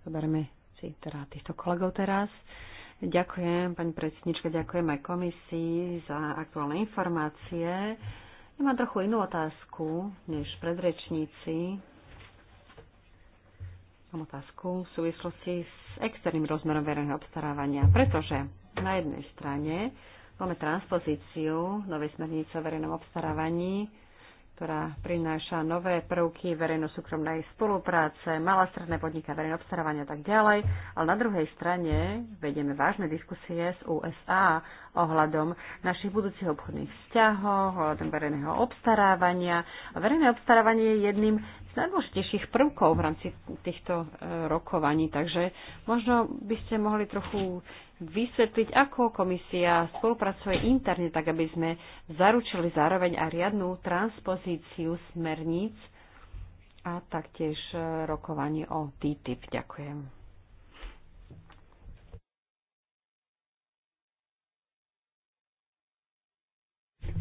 Zoberme si teda týchto kolegov teraz. Ďakujem, pani predsednička, ďakujem aj komisii za aktuálne informácie. Ja mám trochu inú otázku než predrečníci. Mám otázku v súvislosti s externým rozmerom verejného obstarávania, pretože na jednej strane máme transpozíciu novej smernice o verejnom obstarávaní, ktorá prináša nové prvky verejno-súkromnej spolupráce, malá stredné podniky verejné obstarávania a tak ďalej. Ale na druhej strane vedieme vážne diskusie s USA ohľadom našich budúcich obchodných vzťahov, ohľadom verejného obstarávania. A verejné obstarávanie je jedným z najdôležitejších prvkov v rámci týchto e, rokovaní, takže možno by ste mohli trochu vysvetliť, ako komisia spolupracuje interne, tak aby sme zaručili zároveň aj riadnú transpozíciu smerníc a taktiež e, rokovanie o TTIP. Ďakujem.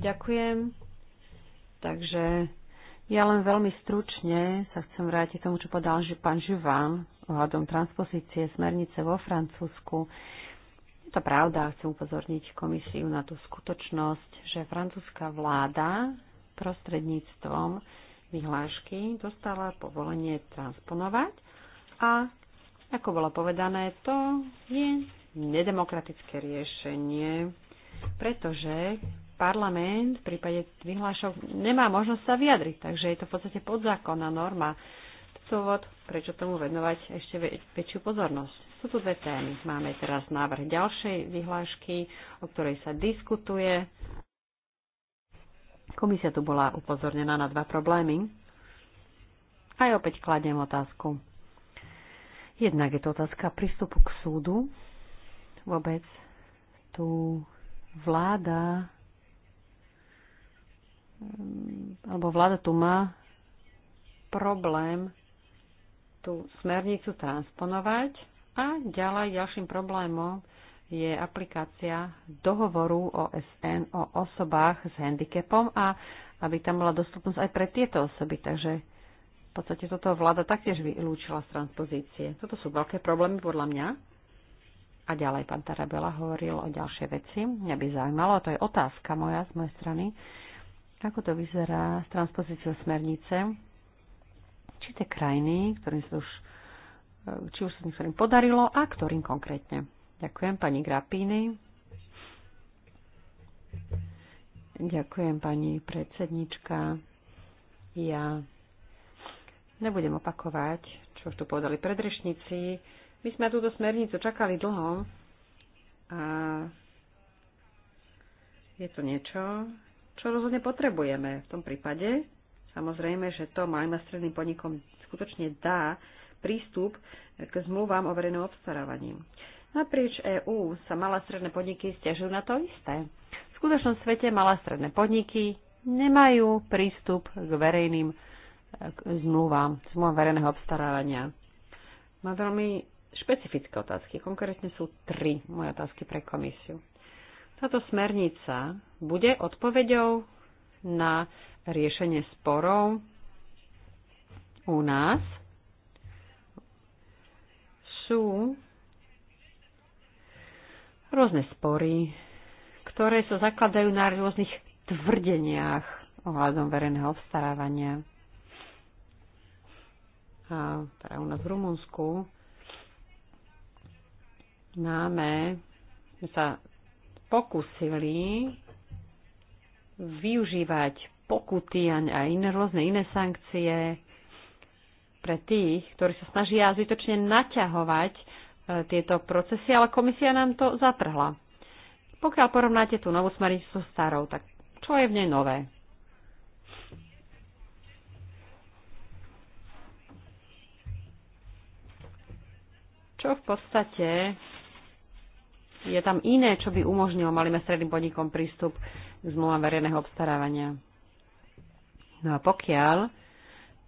Ďakujem. Takže ja len veľmi stručne sa chcem vrátiť tomu, čo podal, že pán Živan ohľadom transpozície smernice vo Francúzsku to pravda. Chcem upozorniť komisiu na tú skutočnosť, že francúzska vláda prostredníctvom vyhlášky dostala povolenie transponovať a ako bolo povedané, to je nedemokratické riešenie, pretože parlament v prípade vyhlášok nemá možnosť sa vyjadriť, takže je to v podstate podzákonná norma dôvod, prečo tomu venovať ešte väčšiu pozornosť. Sú tu dve témy. Máme teraz návrh ďalšej vyhlášky, o ktorej sa diskutuje. Komisia tu bola upozornená na dva problémy. Aj opäť kladiem otázku. Jednak je to otázka prístupu k súdu. Vôbec tu vláda alebo vláda tu má problém tú smernicu transponovať. A ďalej ďalším problémom je aplikácia dohovoru OSN o osobách s handicapom a aby tam bola dostupnosť aj pre tieto osoby. Takže v podstate toto vláda taktiež vylúčila z transpozície. Toto sú veľké problémy podľa mňa. A ďalej pán Tarabela hovoril o ďalšie veci. Mňa by zaujímalo, a to je otázka moja z mojej strany, ako to vyzerá s transpozíciou smernice či tie krajiny, ktorým sa už, e, či už sa niektorým podarilo a ktorým konkrétne. Ďakujem pani Grapíny. Ďakujem pani predsednička. Ja nebudem opakovať, čo už tu povedali predrešníci. My sme túto smernicu čakali dlho a je to niečo, čo rozhodne potrebujeme v tom prípade, Samozrejme, že to malým a stredným podnikom skutočne dá prístup k zmluvám o verejnom obstarávaní. Naprieč EÚ sa malé stredné podniky stiažujú na to isté. V skutočnom svete malé stredné podniky nemajú prístup k verejným k zmluvám, zmluvám verejného obstarávania. Má veľmi špecifické otázky. Konkrétne sú tri moje otázky pre komisiu. Táto smernica bude odpoveďou na riešenie sporov u nás sú rôzne spory, ktoré sa zakladajú na rôznych tvrdeniach ohľadom verejného obstarávania. A teda u nás v Rumunsku máme, sme sa pokúsili využívať pokuty a iné rôzne iné sankcie pre tých, ktorí sa snažia zbytočne naťahovať e, tieto procesy, ale komisia nám to zatrhla. Pokiaľ porovnáte tú novú smernicu so starou, tak čo je v nej nové? Čo v podstate je tam iné, čo by umožnilo malým a stredným podnikom prístup zmluva verejného obstarávania. No a pokiaľ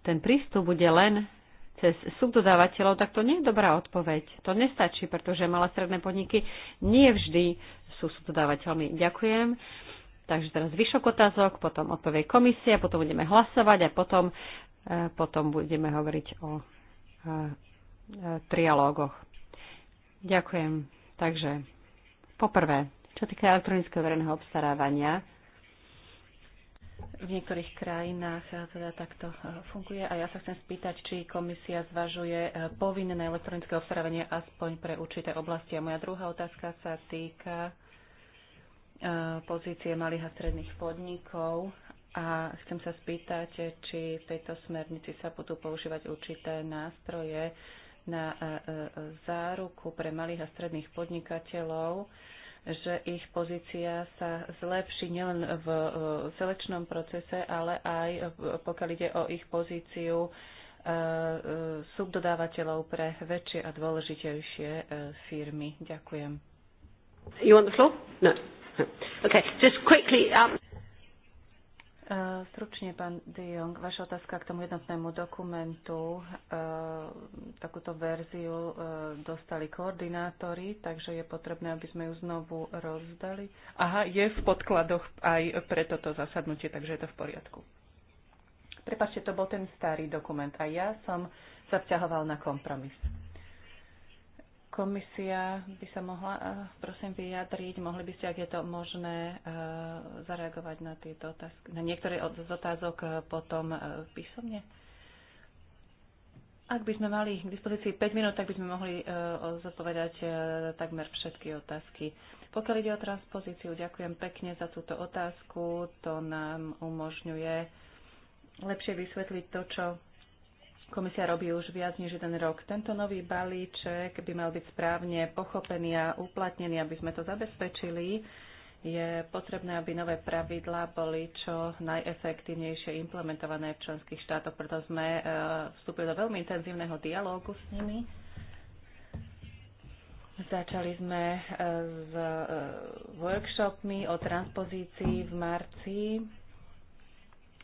ten prístup bude len cez subdodávateľov, tak to nie je dobrá odpoveď. To nestačí, pretože malé stredné podniky nie vždy sú subdodávateľmi. Ďakujem. Takže teraz vyšok otázok, potom odpovie komisia, potom budeme hlasovať a potom, eh, potom budeme hovoriť o eh, eh, trialógoch. Ďakujem. Takže poprvé, čo týka elektronického verejného obstarávania, v niektorých krajinách eh, teda takto eh, funguje a ja sa chcem spýtať, či komisia zvažuje eh, povinné elektronické obstarávanie aspoň pre určité oblasti. A moja druhá otázka sa týka pozície malých a stredných podnikov a chcem sa spýtať, či v tejto smernici sa budú používať určité nástroje na záruku pre malých a stredných podnikateľov, že ich pozícia sa zlepší nielen v e, selečnom procese, ale aj pokiaľ ide o ich pozíciu e, e, subdodávateľov pre väčšie a dôležitejšie firmy. Ďakujem. You want the floor? No. Okay, just quickly. Um... Stručne, pán De Jong, vaša otázka k tomu jednotnému dokumentu. E, takúto verziu e, dostali koordinátori, takže je potrebné, aby sme ju znovu rozdali. Aha, je v podkladoch aj pre toto zasadnutie, takže je to v poriadku. Prepačte, to bol ten starý dokument a ja som sa vťahoval na kompromis. Komisia by sa mohla, eh, prosím, vyjadriť. Mohli by ste, ak je to možné, eh, zareagovať na tieto otázky, na niektoré z otázok eh, potom písomne? Ak by sme mali k dispozícii 5 minút, tak by sme mohli zodpovedať takmer všetky otázky. Pokiaľ ide o transpozíciu, ďakujem pekne za túto otázku. To nám umožňuje lepšie vysvetliť to, čo komisia robí už viac než jeden rok. Tento nový balíček by mal byť správne pochopený a uplatnený, aby sme to zabezpečili. Je potrebné, aby nové pravidlá boli čo najefektívnejšie implementované v členských štátoch, preto sme e, vstúpili do veľmi intenzívneho dialógu s nimi. Začali sme e, s e, workshopmi o transpozícii v marci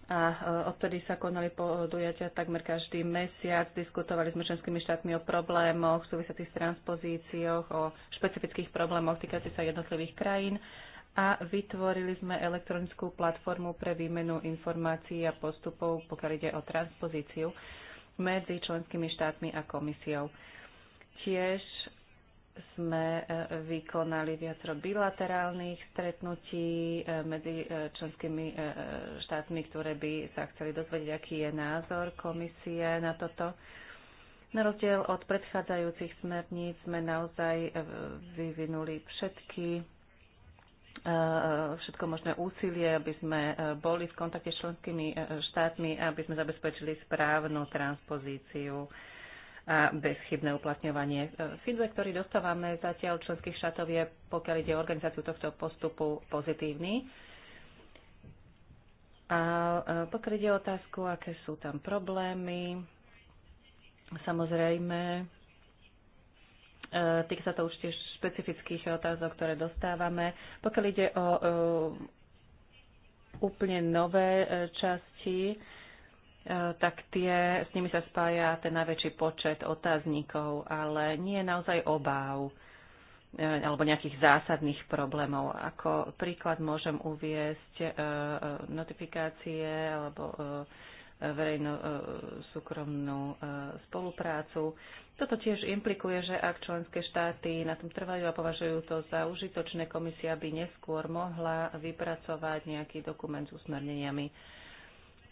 a e, odtedy sa konali podujatia takmer každý mesiac. Diskutovali sme s členskými štátmi o problémoch súvisiacich s transpozíciou, o špecifických problémoch týkajúcich sa jednotlivých krajín a vytvorili sme elektronickú platformu pre výmenu informácií a postupov, pokiaľ ide o transpozíciu medzi členskými štátmi a komisiou. Tiež sme e, vykonali viacero bilaterálnych stretnutí e, medzi e, členskými štátmi, ktoré by sa chceli dozvedieť, aký je názor komisie na toto. Na rozdiel od predchádzajúcich smerníc sme naozaj vyvinuli všetky všetko možné úsilie, aby sme boli v kontakte s členskými štátmi, aby sme zabezpečili správnu transpozíciu a bezchybné uplatňovanie. Feedback, ktorý dostávame zatiaľ členských štátov je, pokiaľ ide o organizáciu tohto postupu, pozitívny. A e, pokiaľ ide o otázku, aké sú tam problémy, samozrejme, e, týka sa to určite špecifických otázok, ktoré dostávame. Pokiaľ ide o e, úplne nové časti, E, tak tie, s nimi sa spája ten najväčší počet otáznikov, ale nie je naozaj obáv e, alebo nejakých zásadných problémov. Ako príklad môžem uviesť e, notifikácie alebo verejnú súkromnú spoluprácu. Toto tiež implikuje, že ak členské štáty na tom trvajú a považujú to za užitočné, komisia by neskôr mohla vypracovať nejaký dokument s usmerneniami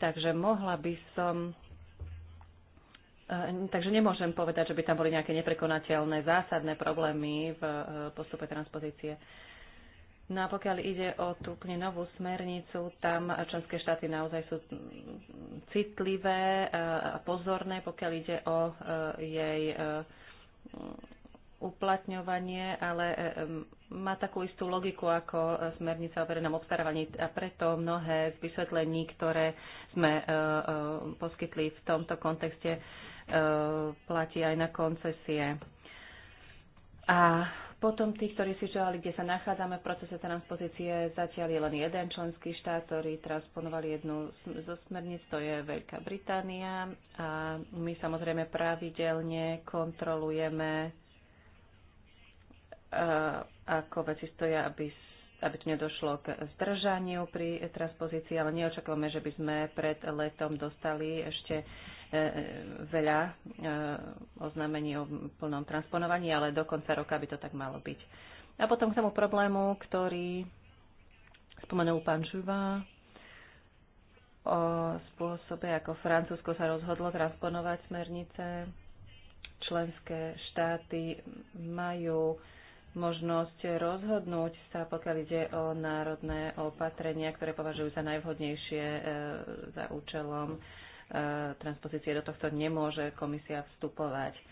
takže mohla by som eh, Takže nemôžem povedať, že by tam boli nejaké neprekonateľné zásadné problémy v eh, postupe transpozície. No a pokiaľ ide o tú úplne novú smernicu, tam členské štáty naozaj sú mm, citlivé eh, a pozorné, pokiaľ ide o jej uplatňovanie, ale má takú istú logiku ako e, smernica o verejnom obstarávaní a preto mnohé z vysvetlení, ktoré sme e, e, poskytli v tomto kontexte, platí aj na koncesie. A potom tí, ktorí si želali, kde sa nachádzame v procese transpozície, zatiaľ je len jeden členský štát, ktorý transponoval jednu zo smerníc, to je Veľká Británia. A my samozrejme pravidelne kontrolujeme ako veci stoja, aby, aby tu nedošlo k zdržaniu pri transpozícii, ale neočakávame, že by sme pred letom dostali ešte e, e, veľa e, oznámení o plnom transponovaní, ale do konca roka by to tak malo byť. A potom k tomu problému, ktorý spomenul pán Žuva o spôsobe, ako Francúzsko sa rozhodlo transponovať smernice. Členské štáty majú možnosť rozhodnúť sa, pokiaľ ide o národné opatrenia, ktoré považujú za najvhodnejšie e, za účelom e, transpozície. Do tohto nemôže komisia vstupovať. E,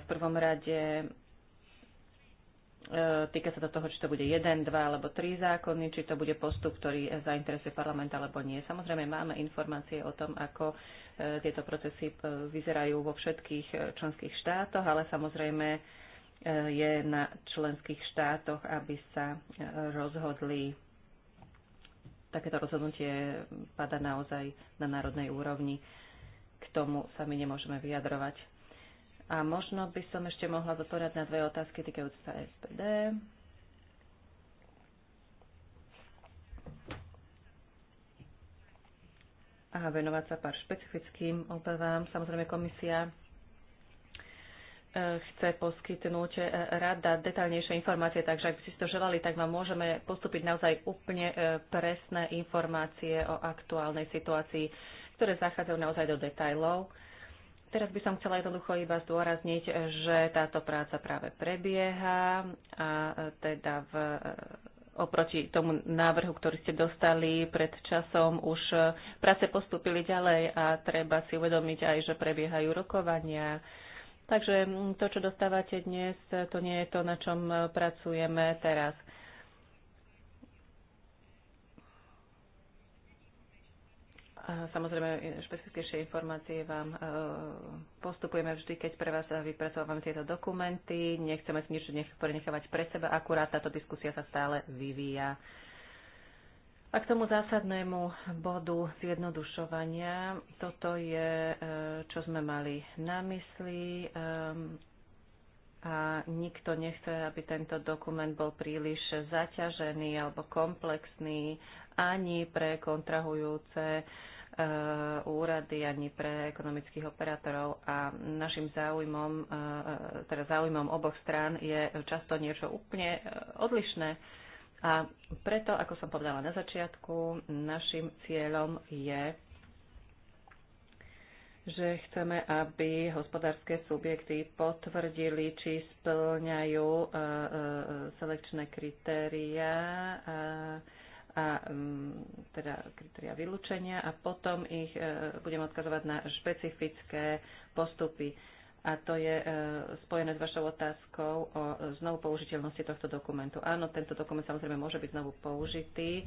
v prvom rade týka sa to toho, či to bude jeden, dva alebo tri zákony, či to bude postup, ktorý zainteresuje parlament alebo nie. Samozrejme máme informácie o tom, ako tieto procesy vyzerajú vo všetkých členských štátoch, ale samozrejme je na členských štátoch, aby sa e, rozhodli. Takéto rozhodnutie pada naozaj na národnej úrovni. K tomu sa my nemôžeme vyjadrovať. A možno by som ešte mohla zodpovedať na dve otázky týkajúce sa SPD. A venovať sa pár špecifickým obavám. Samozrejme, komisia E, chce poskytnúť e, rada detaľnejšie informácie, takže ak by si to želali, tak vám môžeme postúpiť naozaj úplne e, presné informácie o aktuálnej situácii, ktoré zachádzajú naozaj do detajlov. Teraz by som chcela jednoducho iba zdôrazniť, že táto práca práve prebieha a teda v, oproti tomu návrhu, ktorý ste dostali pred časom, už práce postúpili ďalej a treba si uvedomiť aj, že prebiehajú rokovania, Takže to, čo dostávate dnes, to nie je to, na čom pracujeme teraz. Samozrejme, špecifickejšie informácie vám e, postupujeme vždy, keď pre vás vypracovávame tieto dokumenty. Nechceme si nič prenechávať pre seba, akurát táto diskusia sa stále vyvíja. A k tomu zásadnému bodu zjednodušovania, toto je, e, čo sme mali na mysli a nikto nechce, aby tento dokument bol príliš zaťažený alebo komplexný ani pre kontrahujúce e, úrady ani pre ekonomických operátorov a našim záujmom, e, teda záujmom oboch strán je často niečo úplne odlišné. A preto, ako som povedala na začiatku, našim cieľom je, že chceme, aby hospodárske subjekty potvrdili, či splňajú e, e, selekčné kritériá a teda kritéria vylúčenia a potom ich e, budem odkazovať na špecifické postupy a to je e, spojené s vašou otázkou o znovu použiteľnosti tohto dokumentu. Áno, tento dokument samozrejme môže byť znovu použitý, e,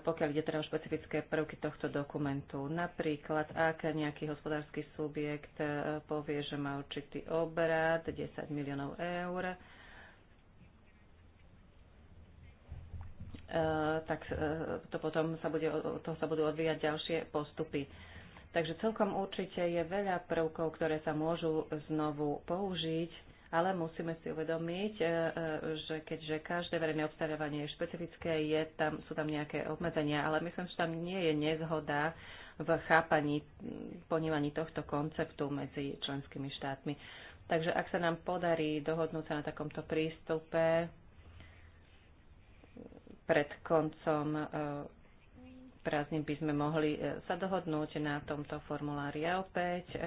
pokiaľ ide teda o špecifické prvky tohto dokumentu. Napríklad, ak nejaký hospodársky subjekt e, povie, že má určitý obrad 10 miliónov eur, tak to potom sa bude, toho sa budú odvíjať ďalšie postupy Takže celkom určite je veľa prvkov, ktoré sa môžu znovu použiť, ale musíme si uvedomiť, e, e, že keďže každé verejné obstarávanie je špecifické, je tam, sú tam nejaké obmedzenia, ale myslím, že tam nie je nezhoda v chápaní, ponímaní tohto konceptu medzi členskými štátmi. Takže ak sa nám podarí dohodnúť sa na takomto prístupe pred koncom e, prázdnym by sme mohli e, sa dohodnúť na tomto formulári. A opäť e,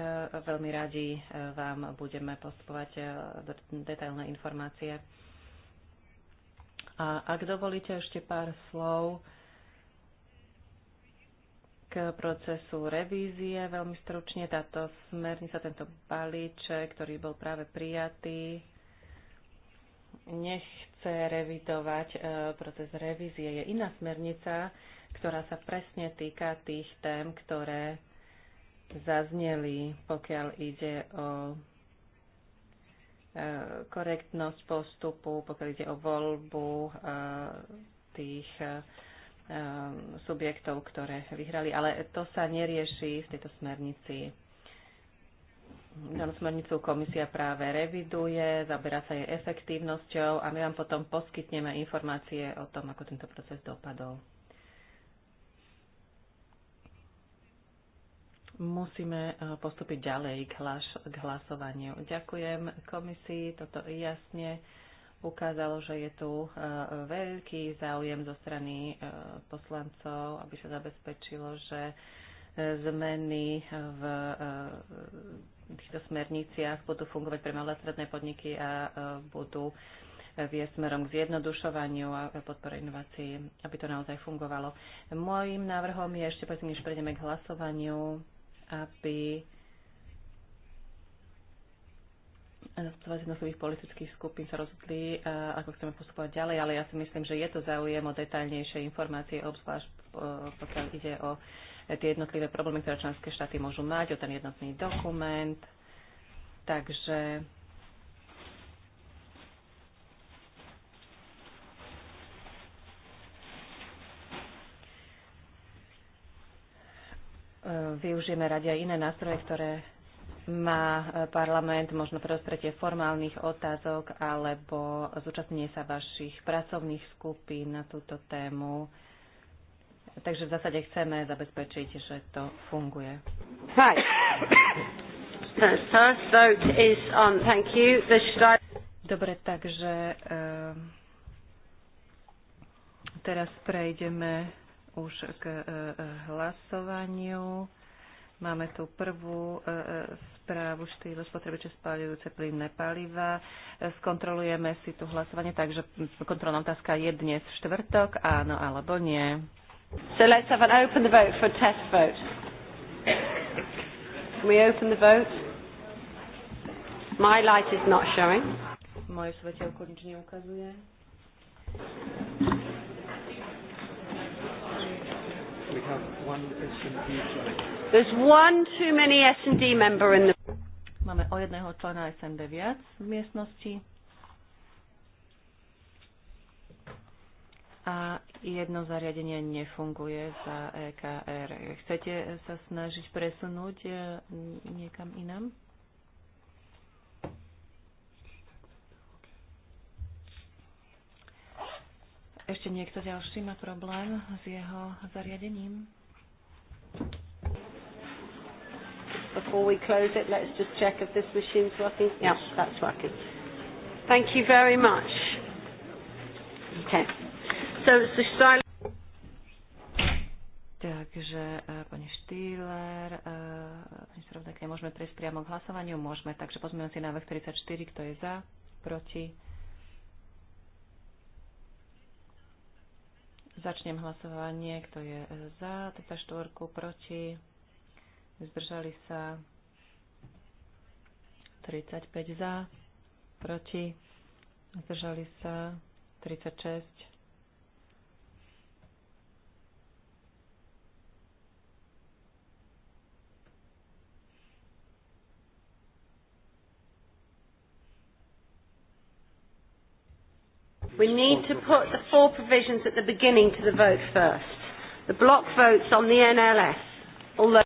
veľmi radi e, vám budeme postupovať detailné informácie. A ak dovolíte ešte pár slov k procesu revízie, veľmi stručne táto smernica, tento balíček, ktorý bol práve prijatý, nechce revidovať proces revízie. Je iná smernica, ktorá sa presne týka tých tém, ktoré zazneli, pokiaľ ide o e, korektnosť postupu, pokiaľ ide o voľbu e, tých e, subjektov, ktoré vyhrali. Ale to sa nerieši v tejto smernici. Danú smernicu komisia práve reviduje, zaberá sa jej efektívnosťou a my vám potom poskytneme informácie o tom, ako tento proces dopadol. musíme e, postúpiť ďalej k, hlas, k hlasovaniu. Ďakujem komisii, toto jasne ukázalo, že je tu e, veľký záujem zo strany e, poslancov, aby sa zabezpečilo, že zmeny v týchto smerniciach budú fungovať pre malé stredné podniky a budú viesť smerom k zjednodušovaniu a podpore inovácií, aby to naozaj fungovalo. Mojím návrhom je ešte, predtým než prejdeme k hlasovaniu, aby zástupcovia z jednotlivých politických skupín sa rozhodli, eh, ako chceme postupovať ďalej, ale ja si myslím, že je to záujem o detaľnejšie informácie, obzvlášť eh, pokiaľ ide o eh, tie jednotlivé problémy, ktoré členské štáty môžu mať, o ten jednotný dokument. Takže využijeme radi aj iné nástroje, ktoré má e, parlament možno prostredie formálnych otázok alebo zúčastnenie sa vašich pracovných skupín na túto tému. Takže v zásade chceme zabezpečiť, že to funguje. First vote is on. Thank you. The Dobre, takže e, teraz prejdeme už k e, e, hlasovaniu. Máme tu prvú e, správu štýlu spotrebiče spáľujúce plynné paliva. Skontrolujeme si tu hlasovanie, takže kontrolná otázka je dnes v štvrtok, áno alebo nie. So let's have an open the vote for a test vote. Can we open the vote? My light is not showing. Moje svetelko nič neukazuje. We have one S&D There's one too many S&D member in the... Máme o jedného člena SND viac v miestnosti. A jedno zariadenie nefunguje za EKR. Chcete sa snažiť presunúť e, niekam inam? Ešte niekto ďalší má problém s jeho zariadením? Before we close it, let's just check if this machine's working. Yeah, that's working. Thank you very much. Okay. So it's the silent... Takže uh, pani Štýler, e, pani Srovnek, nemôžeme prejsť priamo k hlasovaniu? Môžeme, takže pozmeňujem si návrh 34, kto je za, proti, Začnem hlasovanie, kto je e, za teda štvorku, proti, zdržali sa 35 za, proti, zdržali sa 36 We need to put the four provisions at the beginning to the vote first. The block votes on the NLS. Although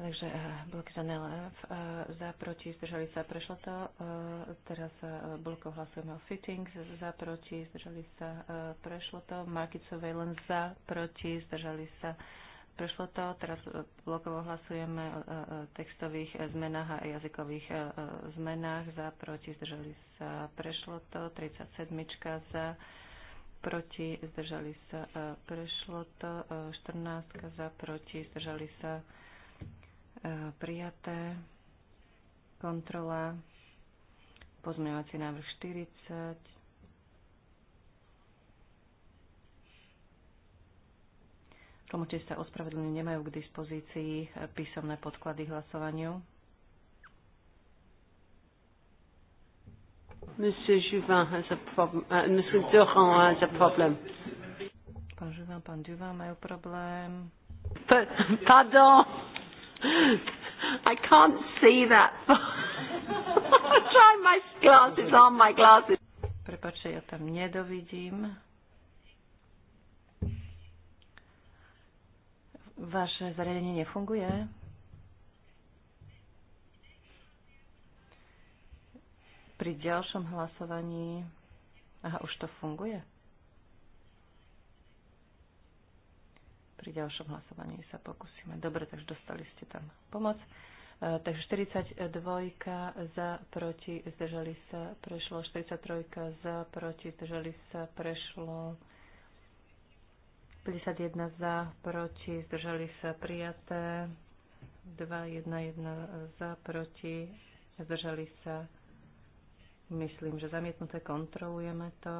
Takže eh, blok za NLF eh, za proti, zdržali sa, prešlo to. Eh, teraz blokov hlasujeme o fitting, za proti, zdržali sa, prešlo to. Market surveillance za proti, zdržali sa, prešlo to. Teraz e, blokovo hlasujeme o e, e, textových zmenách a jazykových zmenách. Za, proti, zdržali sa, prešlo to. 37. za, proti, zdržali sa, prešlo to. 14. za, proti, zdržali sa, prijaté. Kontrola. Pozmeňovací návrh 40. tiež sa ospravedlňujú, nemajú k dispozícii eh, písomné podklady hlasovaniu. Monsieur Juvin has a problem. Uh, Monsieur Durand has a problem. Pan Juvin, pan Duvin majú problém. But, pardon. I can't see that. I'm trying my glasses on my glasses. Prepačte, ja tam nedovidím. Vaše zariadenie nefunguje? Pri ďalšom hlasovaní... Aha, už to funguje? Pri ďalšom hlasovaní sa pokúsime. Dobre, takže dostali ste tam pomoc. E, takže 42 za, proti, zdržali sa, prešlo. 43 za, proti, zdržali sa, prešlo. 51 za, proti, zdržali sa prijaté. 2, 1, 1 za, proti, zdržali sa. Myslím, že zamietnuté kontrolujeme to.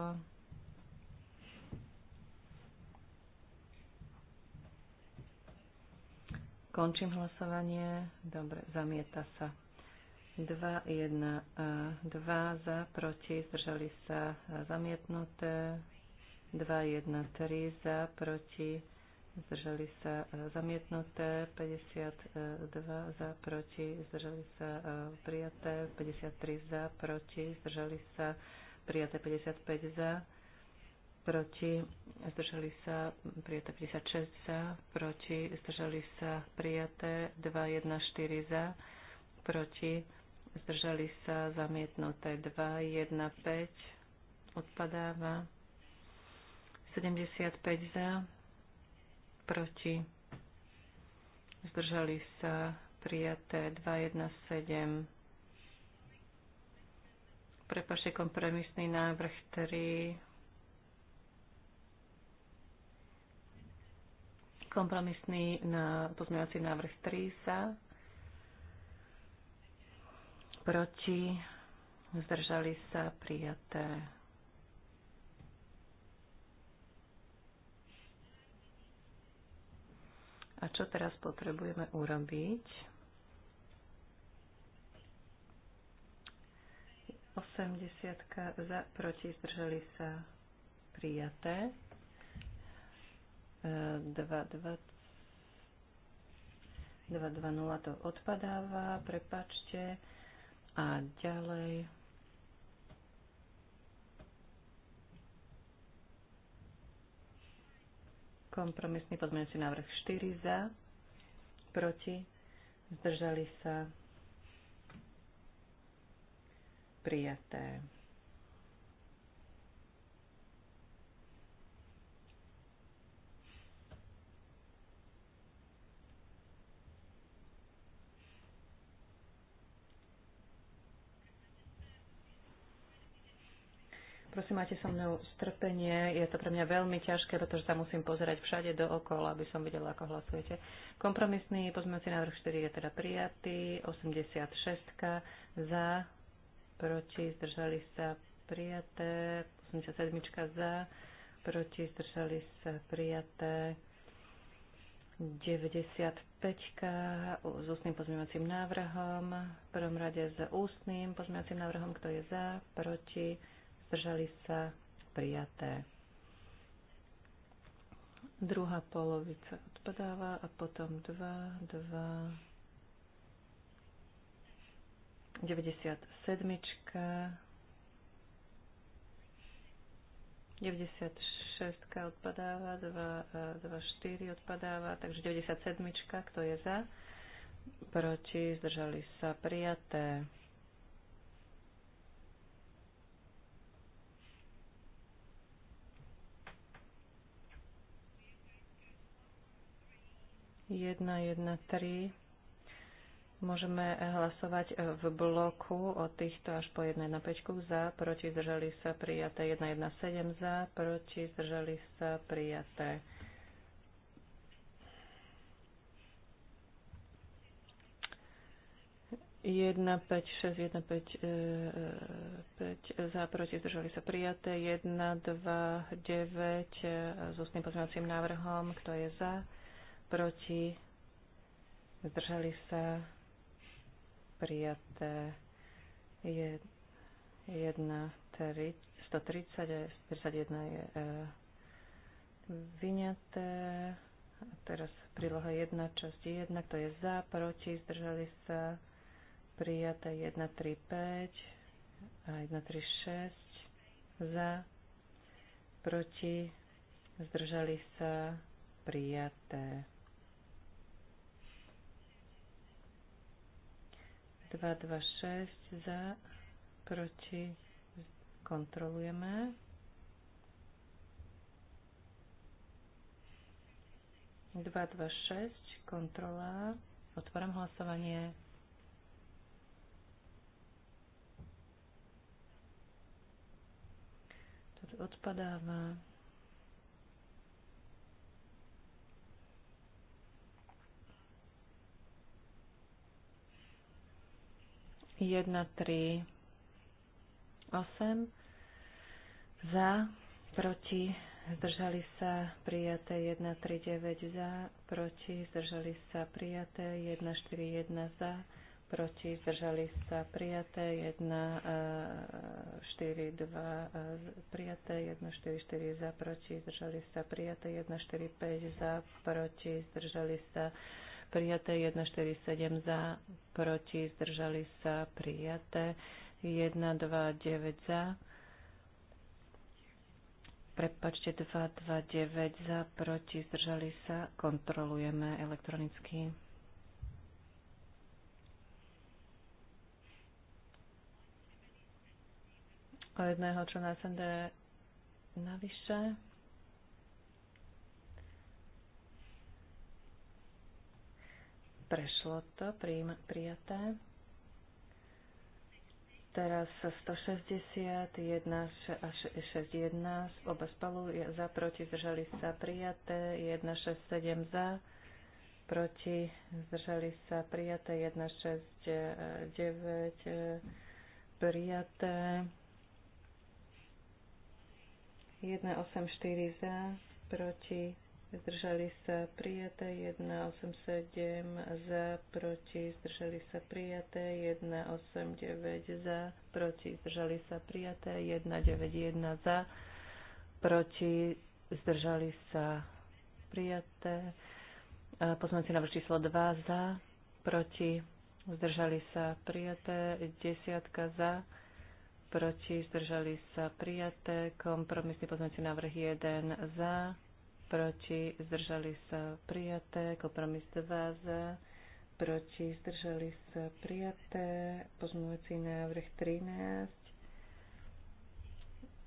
Končím hlasovanie. Dobre, zamieta sa. 2, 1, 2 za, proti, zdržali sa zamietnuté. 2, 1, 3 za, proti, zdržali sa zamietnuté, 52 za, proti, zdržali sa prijaté, 53 za, proti, zdržali sa prijaté, 55 za, proti, zdržali sa prijaté, 56 za, proti, zdržali sa prijaté, 2, 1, 4 za, proti, zdržali sa zamietnuté, 2, 1, 5, odpadáva. 75 za, proti, zdržali sa prijaté 217. Prepašte kompromisný návrh 3. Kompromisný na pozmeňovací návrh 3 sa proti zdržali sa prijaté A čo teraz potrebujeme urobiť? 80 za, proti, zdržali sa prijaté. 2.2.0 e, to odpadáva, prepačte. A ďalej Kompromisný pozmeňujúci návrh 4 za, proti, zdržali sa prijaté. Prosím, máte so mnou strpenie. Je to pre mňa veľmi ťažké, pretože sa musím pozerať všade dookola, aby som videla, ako hlasujete. Kompromisný pozmeňovací návrh 4 je teda prijatý. 86 za, proti, zdržali sa prijaté. 87 za, proti, zdržali sa prijaté. 95 s ústnym pozmeňovacím návrhom, v prvom rade s ústnym pozmeňovacím návrhom, kto je za, proti, zdržali sa, prijaté. Druhá polovica odpadáva a potom 2, 2, 97, 96 odpadáva, 2, 2, 4 odpadáva, takže 97, kto je za, proti, zdržali sa, prijaté. 1.1.3 môžeme hlasovať e, v bloku od týchto až po 1.1.5 za, proti zdržali sa prijaté 1.1.7 za, proti zdržali sa prijaté 1, 5, 6, 1, 5, 5 za, proti, zdržali sa prijaté, 1, 2, 9 s ústnym pozmeňovacím návrhom, kto je za, proti, zdržali sa, prijaté je 1, 3, 130 a 131 je e, vyňaté. A teraz príloha 1, časť 1, to je za, proti, zdržali sa, prijaté 1, 3, 5 a 1, 3, 6, za, proti, zdržali sa, prijaté. 226 za, proti, kontrolujeme. dva, dva, šesť, kontrola, otváram hlasovanie. Toto odpadáva. 1, 3, 8. Za, proti, zdržali sa prijaté 1, 3, 9 za, proti, zdržali sa prijaté 1, 4, 1 za, proti, zdržali sa prijaté 1, 4, 2 prijaté 1, 4, 4 za, proti, zdržali sa prijaté 1, 4, 5 za, proti, zdržali sa prijaté prijaté 147 za, proti, zdržali sa, prijaté 129 za, prepačte 229 za, proti, zdržali sa, kontrolujeme elektronicky. O jedného člena SND navyše. Prešlo to, prijaté. Teraz 161 až 61, oba spolu za, proti, zdržali sa prijaté, 167 za, proti, zdržali sa prijaté, 169 e, e, prijaté, 184 za, proti, zdržali sa prijaté 1,87 za, proti, zdržali sa prijaté 1,89 za, proti, zdržali sa prijaté 1,91 za, proti, zdržali sa prijaté. Poslanci návrh číslo 2 za, proti, zdržali sa prijaté, desiatka za, proti, zdržali sa prijaté, kompromisný poslanci návrh 1 za, proti, zdržali sa prijaté, kompromis 2 za, proti, zdržali sa prijaté, pozmúvací návrh 13,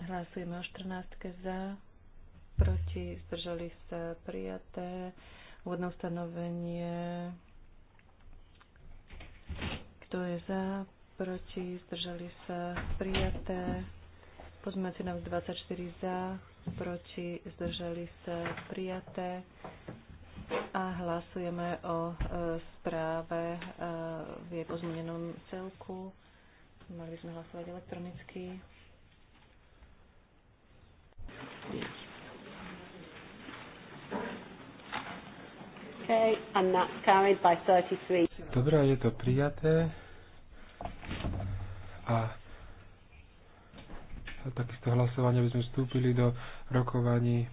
hlasujeme o 14 za, proti, zdržali sa prijaté, úvodné ustanovenie, kto je za, proti, zdržali sa prijaté, pozmúvací návrh 24 za, proti, zdržali sa prijaté a hlasujeme o e, správe e, v jej pozmenenom celku. Mali by sme hlasovať elektronicky. Dobre, je to prijaté. A takisto hlasovanie, aby sme vstúpili do rokovaní.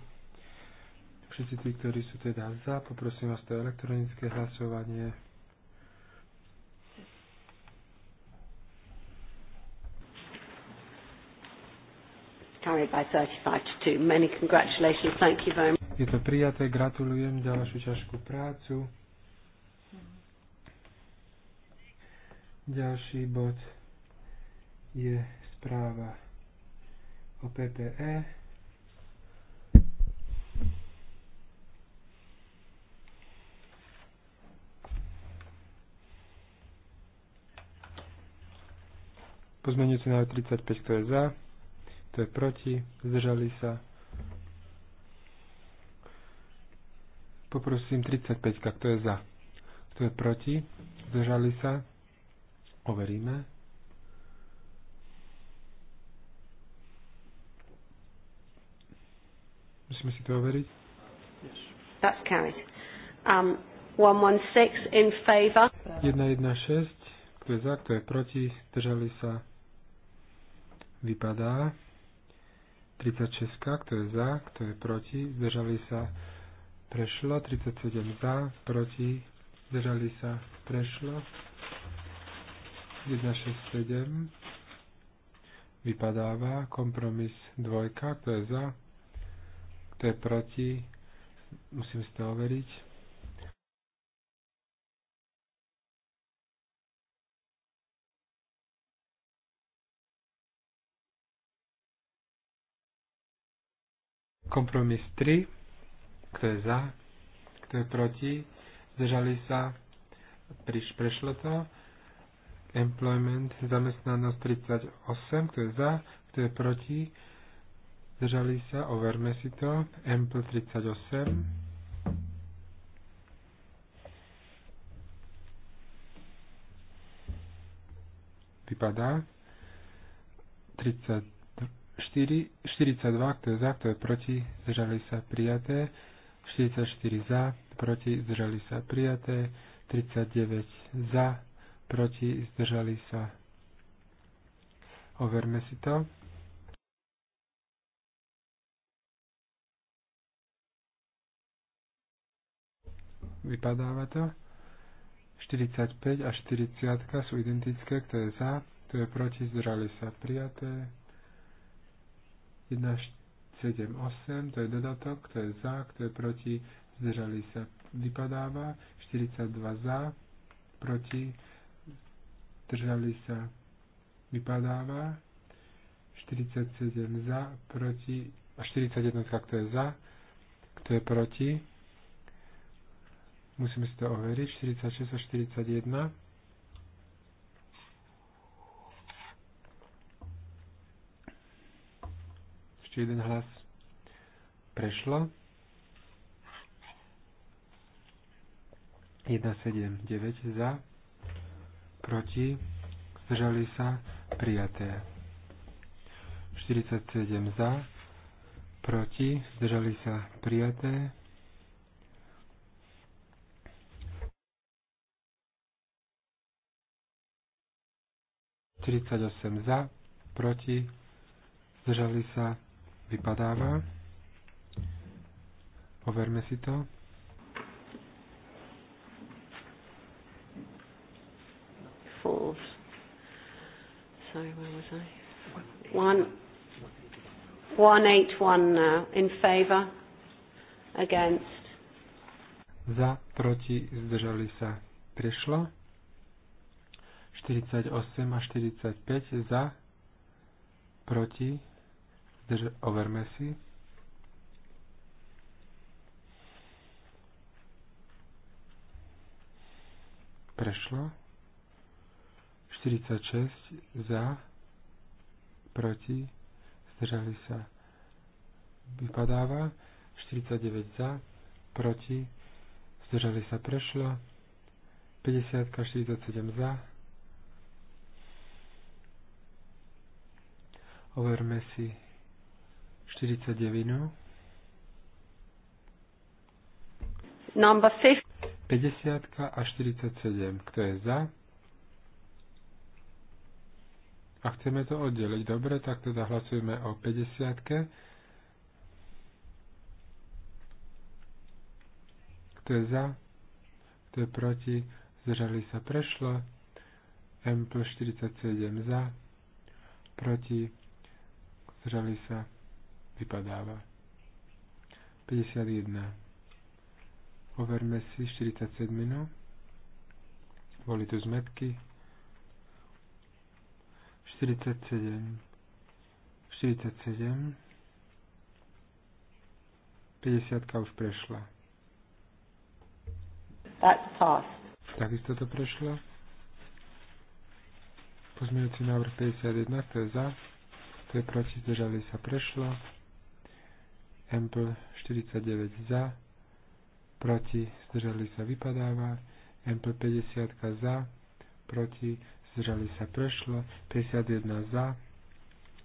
Všetci tí, ktorí sú teda za, poprosím vás to elektronické hlasovanie. Je to prijaté. Gratulujem za vašu ťažkú prácu. Ďalší bod je správa o PPE. Pozmenujúci návrh 35, kto je za, kto je proti, zdržali sa. Poprosím 35, kto je za, kto je proti, zdržali sa. Overíme. Musíme si to overiť. That's carried. Um, 116 in favor. 116. Kto je za, kto je proti, zdržali sa. Vypadá. 36. Kto je za, kto je proti, zdržali sa. Prešlo. 37 za, proti, zdržali sa. Prešlo. 167 vypadáva kompromis dvojka, kto je za, kto je proti? Musím si to overiť. Kompromis 3. Kto je za? Kto je proti? Zdržali sa? Priš, prešlo to. Employment, zamestnanosť 38. Kto je za? Kto je proti? Držali sa, overme si to. Ample 38. Vypadá. 34, 42, kto je za, kto je proti, zdržali sa, prijaté. 44 za, proti, zdržali sa, prijaté. 39 za, proti, zdržali sa. Overme si to. vypadáva to. 45 a 40 sú identické, kto je za, kto je proti, zdržali sa prijaté. 1, 7, 8, to je dodatok, kto je za, kto je proti, zdržali sa vypadáva. 42 za, proti, zdržali sa vypadáva. 47 za, proti, a 41, kto je za, kto je proti, Musíme si to overiť. 46 a 41. Ešte jeden hlas prešlo. 9 za, proti, zdržali sa, prijaté. 47 za, proti, zdržali sa, prijaté. 38 za, proti, zdržali sa, vypadáva. Overme si to. False. Sorry, where was I? One, 181 now, in favor, against. Za, proti, zdržali sa, prišlo. 48 a 45 za, proti, zdrž, overme si. Prešlo. 46 za, proti, zdržali sa. Vypadáva. 49 za, proti, zdržali sa. Prešlo. 50, 47 za, Overme si 49. Number 50 a 47. Kto je za? A chceme to oddeliť. Dobre, tak teda hlasujeme o 50. Kto je za? Kto je proti? Zdržali sa prešlo. M plus 47 za. Proti zdržali sa, vypadáva. 51. Overme si 47 minút. Boli tu zmetky. 47. 47. 50 už prešla. That's passed. Takisto to prešlo. Pozmeňujúci návrh 51, to je za kto je proti, zdržali sa prešlo. MP 49 za, proti, zdržali sa vypadáva. mp 50 za, proti, zdržali sa prešlo. 51 za,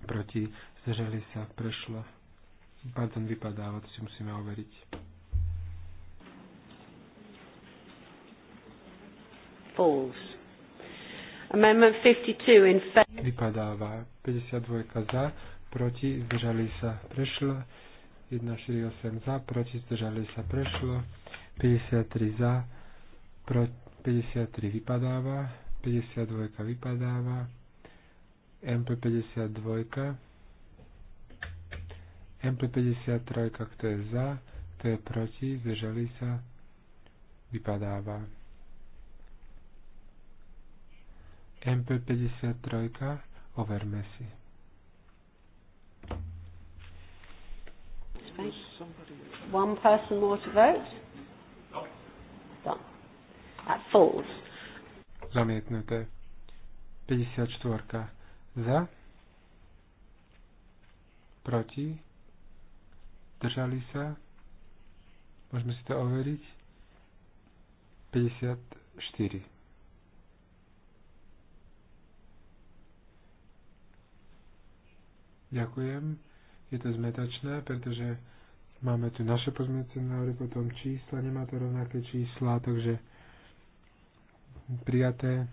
proti, zdržali sa prešlo. Pardon, vypadáva, to si musíme overiť. False. Amendment in Vypadáva 52 za, proti, zdržali sa, prešlo. 148 za, proti, zdržali sa, prešlo. 53 za, pro, 53 vypadáva, 52 vypadáva, MP52, MP53, kto je za, kto je proti, zdržali sa, vypadáva. MP53, overme si. One person more to vote? Done. That falls. Zamietnuté. 54. Za. Proti. Držali sa. Môžeme si to overiť. 54. Ďakujem. Je to zmetačné, pretože máme tu naše pozmeňujúce návrhy, potom čísla, nemá to rovnaké čísla, takže prijaté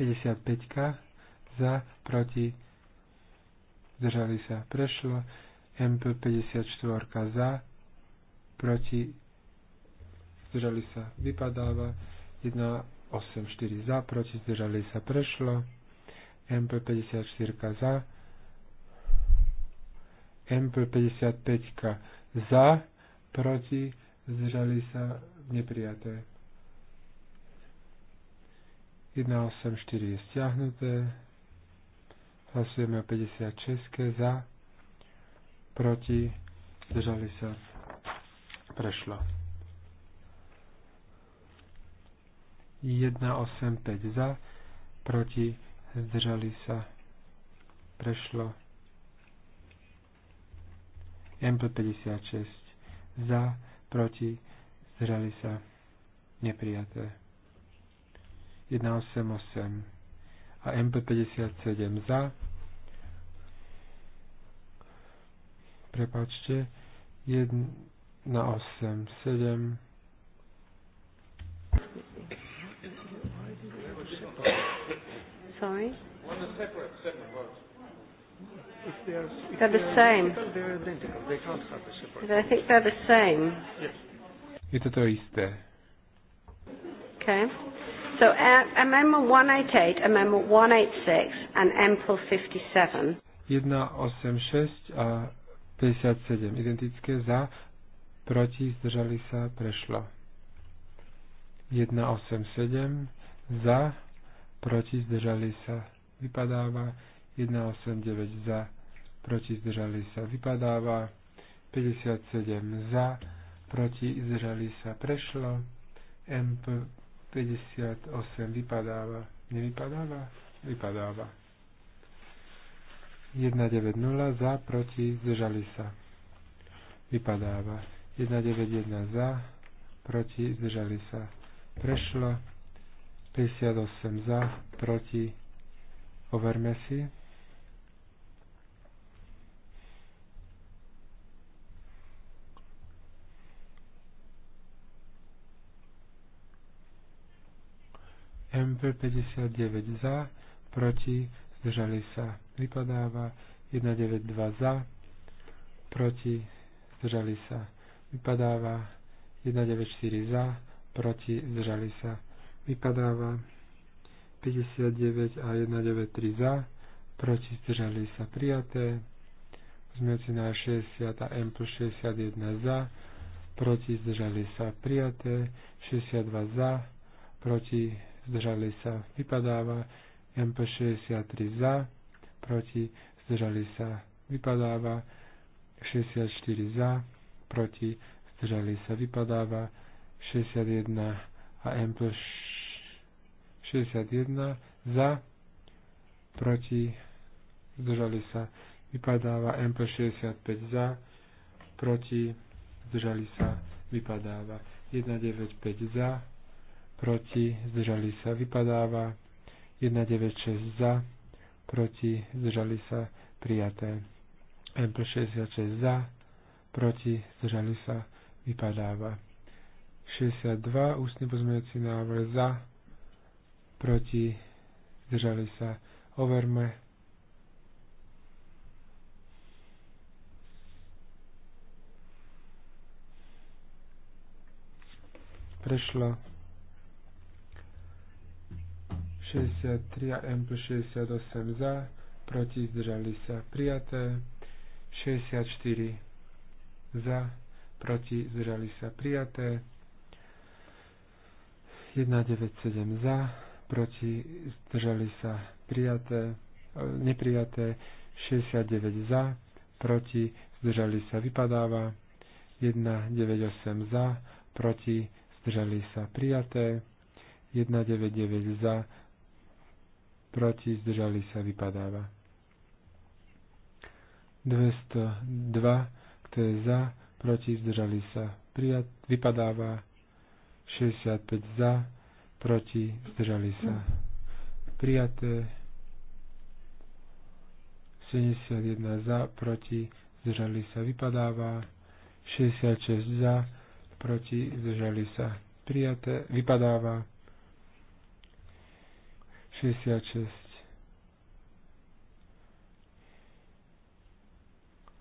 55 za, proti, zdržali sa, prešlo, MP 54 za, proti, zdržali sa, vypadáva, 184 za, proti, zdržali sa, prešlo, MP 54 za, mp 55 za, proti, zdržali sa neprijaté. 184 je stiahnuté. Hlasujeme o 56 za, proti, zdržali sa prešlo. 185 za, proti, zdržali sa prešlo. MP56 za, proti, zdržali sa, neprijaté. 188 a MP57 za. Prepačte, 187 Sorry? One separate, separate votes if they are, if they're the same. They're identical. They can't have a separate. I think they're the same. Yes. Je to to isté. Okay. So uh, Amendment 188, Amendment 186 and MPL 57. 186 a 57 identické za, proti, zdržali sa, prešlo. 187 za, proti, zdržali sa, vypadáva, 189 za, proti zdržali sa vypadáva, 57 za, proti zdržali sa prešlo, MP 58 vypadáva, nevypadáva, vypadáva. 190 za, proti zdržali sa, vypadáva. 191 za, proti zdržali sa, prešlo, 58 za, proti, overme si. MP 59 za, proti, zdržali sa, vypadáva, 192 za, proti, zdržali sa, vypadáva, 194 za, proti, zdržali sa, vypadáva, 59 a 193 za, proti, zdržali sa, prijaté, Zmeci na 60 a M plus 61 za, proti zdržali sa prijaté, 62 za, proti zdržali sa, vypadáva. MP 63 za, proti, zdržali sa, vypadáva. 64 za, proti, zdržali sa, vypadáva. 61 a MP 61 za, proti, zdržali sa, vypadáva. MP 65 za, proti, zdržali sa, vypadáva. 195 za, proti, zdržali sa, vypadáva. 196 za, proti, zdržali sa, prijaté. MP66 za, proti, zdržali sa, vypadáva. 62, ústne pozmeňujúci návrh za, proti, zdržali sa, overme. Prešlo 63 a M 68 za, proti zdržali sa prijaté, 64 za, proti zdržali sa prijaté, 197 za, proti zdržali sa prijaté, neprijaté, 69 za, proti zdržali sa vypadáva, 198 za, proti zdržali sa prijaté, 199 za, proti, zdržali sa, vypadáva. 202, kto je za, proti, zdržali sa, prijat, vypadáva. 65 za, proti, zdržali sa, prijaté. 71 za, proti, zdržali sa, vypadáva. 66 za, proti, zdržali sa, prijaté, vypadáva. 66.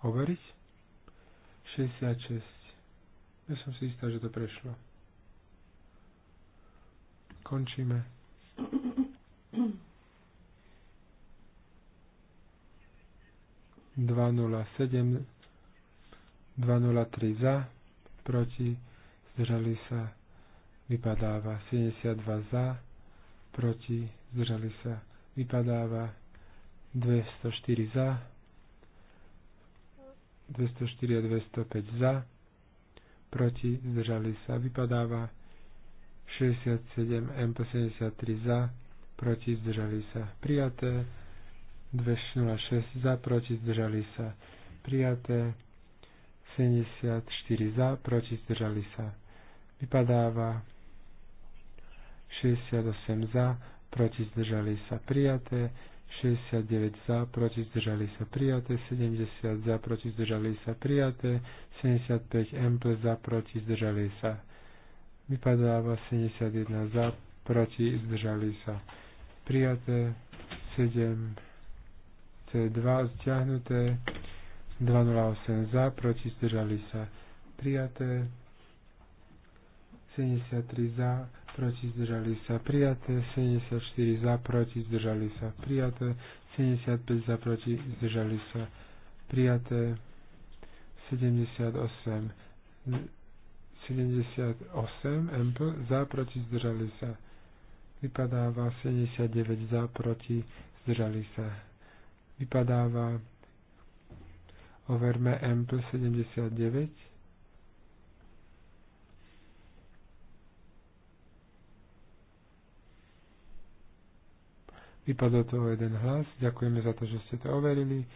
Overiť? 66. Ja som si istá, že to prešlo. Končíme. Dva nula sedem, dva nula tri za, proti, zdržali sa, vypadáva sedemdesiat dva za, proti, zdržali sa, vypadáva 204 za, 204 a 205 za, proti, zdržali sa, vypadáva 67 MP73 za, proti, zdržali sa, prijaté 206 za, proti, zdržali sa, prijaté 74 za, proti, zdržali sa, vypadáva 68 za, proti zdržali sa prijaté, 69 za, proti zdržali sa prijaté, 70 za, proti zdržali sa prijaté, 75 MP za, proti zdržali sa. Vypadáva 71 za, proti zdržali sa prijaté, 7 C2 zťahnuté, 208 za, proti zdržali sa prijaté, 73 za, proti zdržali sa prijaté, 74 za, proti zdržali sa prijaté, 75 za, proti zdržali sa prijaté, 78 78 MP za, proti zdržali sa vypadáva, 79 za, proti zdržali sa vypadáva, overme MP 79 Vypadol o jeden hlas. Ďakujeme za to, že ste to overili.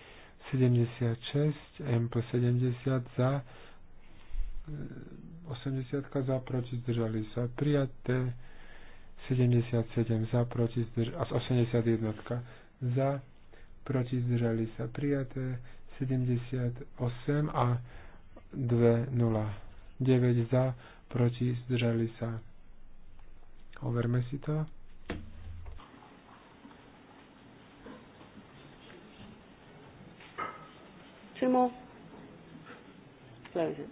76, M po 70 za, 80 e, za, proti zdržali sa prijaté, 77 za, proti zdržali, 81 za, proti zdržali sa prijaté, 78 a 209 za, proti zdržali sa. Overme si to. Two more. Close it.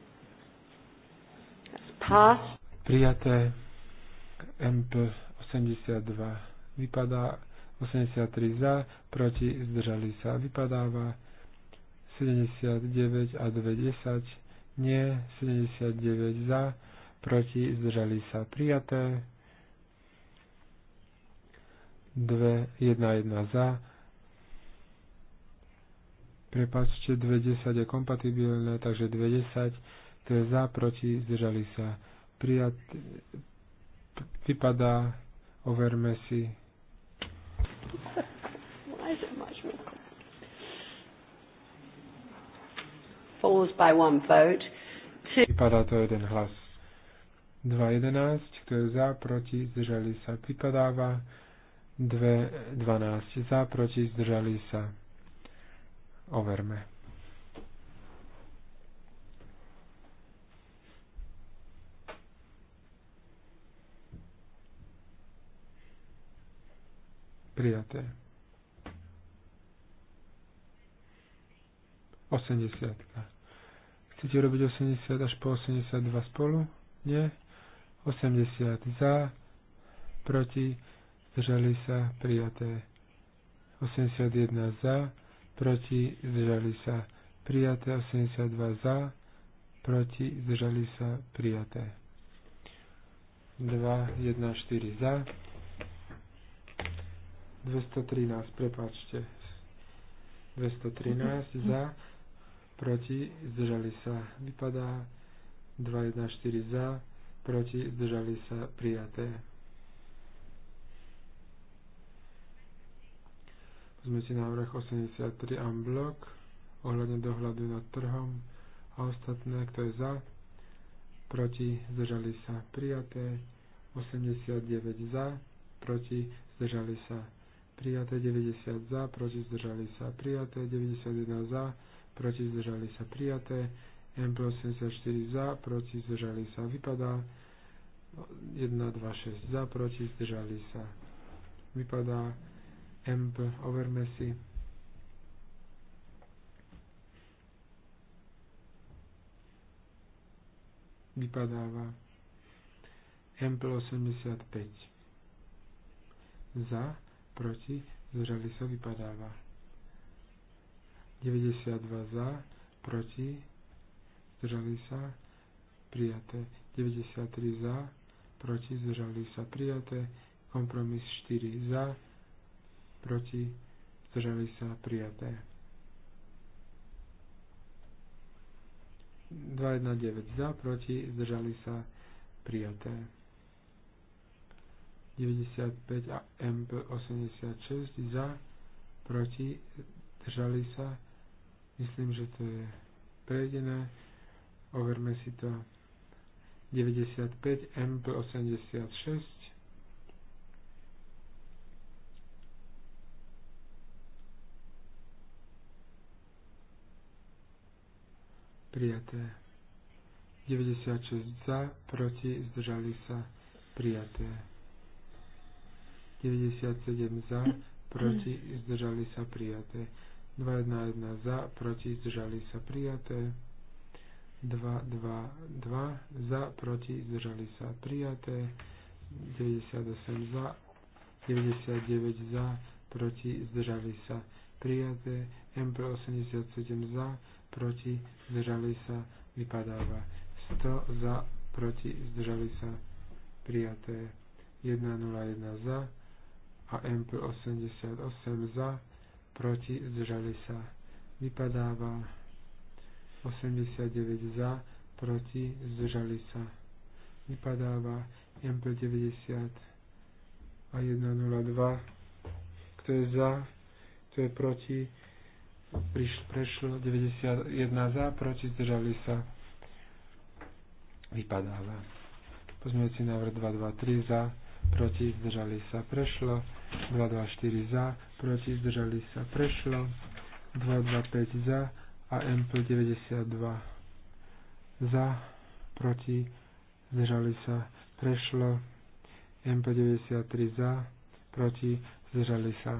That's past. Prijaté. MP 82 vypadá. 83 za, proti zdržali sa. Vypadáva 79 a 20, nie 79 za, proti zdržali sa. Prijaté. 2, 1, 1 za, Prepačte, 210 je kompatibilné, takže 210 to je za, proti, zdržali sa. Prijat, vypadá, overme si. Falls by one vote. Vypadá to jeden hlas. 2.11, kto je za, proti, zdržali sa, vypadáva. 2.12, za, proti, zdržali sa overme. Prijaté. 80. Chcete robiť 80 až po 82 spolu? Nie. 80 za, proti, zdržali sa, prijaté. 81 za, proti, zdržali sa prijaté, 82 za, proti, zdržali sa prijaté. 2, 1, 4 za, 213, prepáčte, 213 za, proti, zdržali sa, vypadá, 2, 1, 4 za, proti, zdržali sa prijaté. sme si návrh 83 unblock ohľadne dohľadu nad trhom a ostatné, kto je za, proti, zdržali sa prijaté, 89 za, proti, zdržali sa prijaté, 90 za, proti, zdržali sa prijaté, 91 za, proti, zdržali sa prijaté, M plus 74 za, proti, zdržali sa vypadá, 1, 2, 6 za, proti, zdržali sa vypadá, Ample, overme si. Vypadáva. mp 85. Za, proti, zdržali sa, vypadáva. 92 za, proti, zdržali sa, prijaté. 93 za, proti, zdržali sa, prijaté. Kompromis 4 za, proti, zdržali sa prijaté. 219 za, proti, zdržali sa prijaté. 95 a MP86 za, proti, zdržali sa. Myslím, že to je prejdené. Overme si to. 95 MP86 prijaté. 96 za, proti, zdržali sa, prijaté. 97 za, proti, zdržali sa, prijaté. 1 za, proti, zdržali sa, prijaté. 2-2 za, proti, zdržali sa, prijaté. 98 za, 99 za, proti, zdržali sa, prijaté. MP87 za, proti, zdržali sa, vypadáva. 100 za, proti, zdržali sa, prijaté. 101 za a MP 88 za, proti, zdržali sa, vypadáva. 89 za, proti, zdržali sa, vypadáva. MP 90 a 102, kto je za, kto je proti, prišlo, prešlo 91 za, proti zdržali sa, vypadáva. Pozmeňujúci návrh 223 za, proti zdržali sa, prešlo. 224 za, proti zdržali sa, prešlo. 225 za a MP 92 za, proti zdržali sa, prešlo. MP 93 za, proti zdržali sa,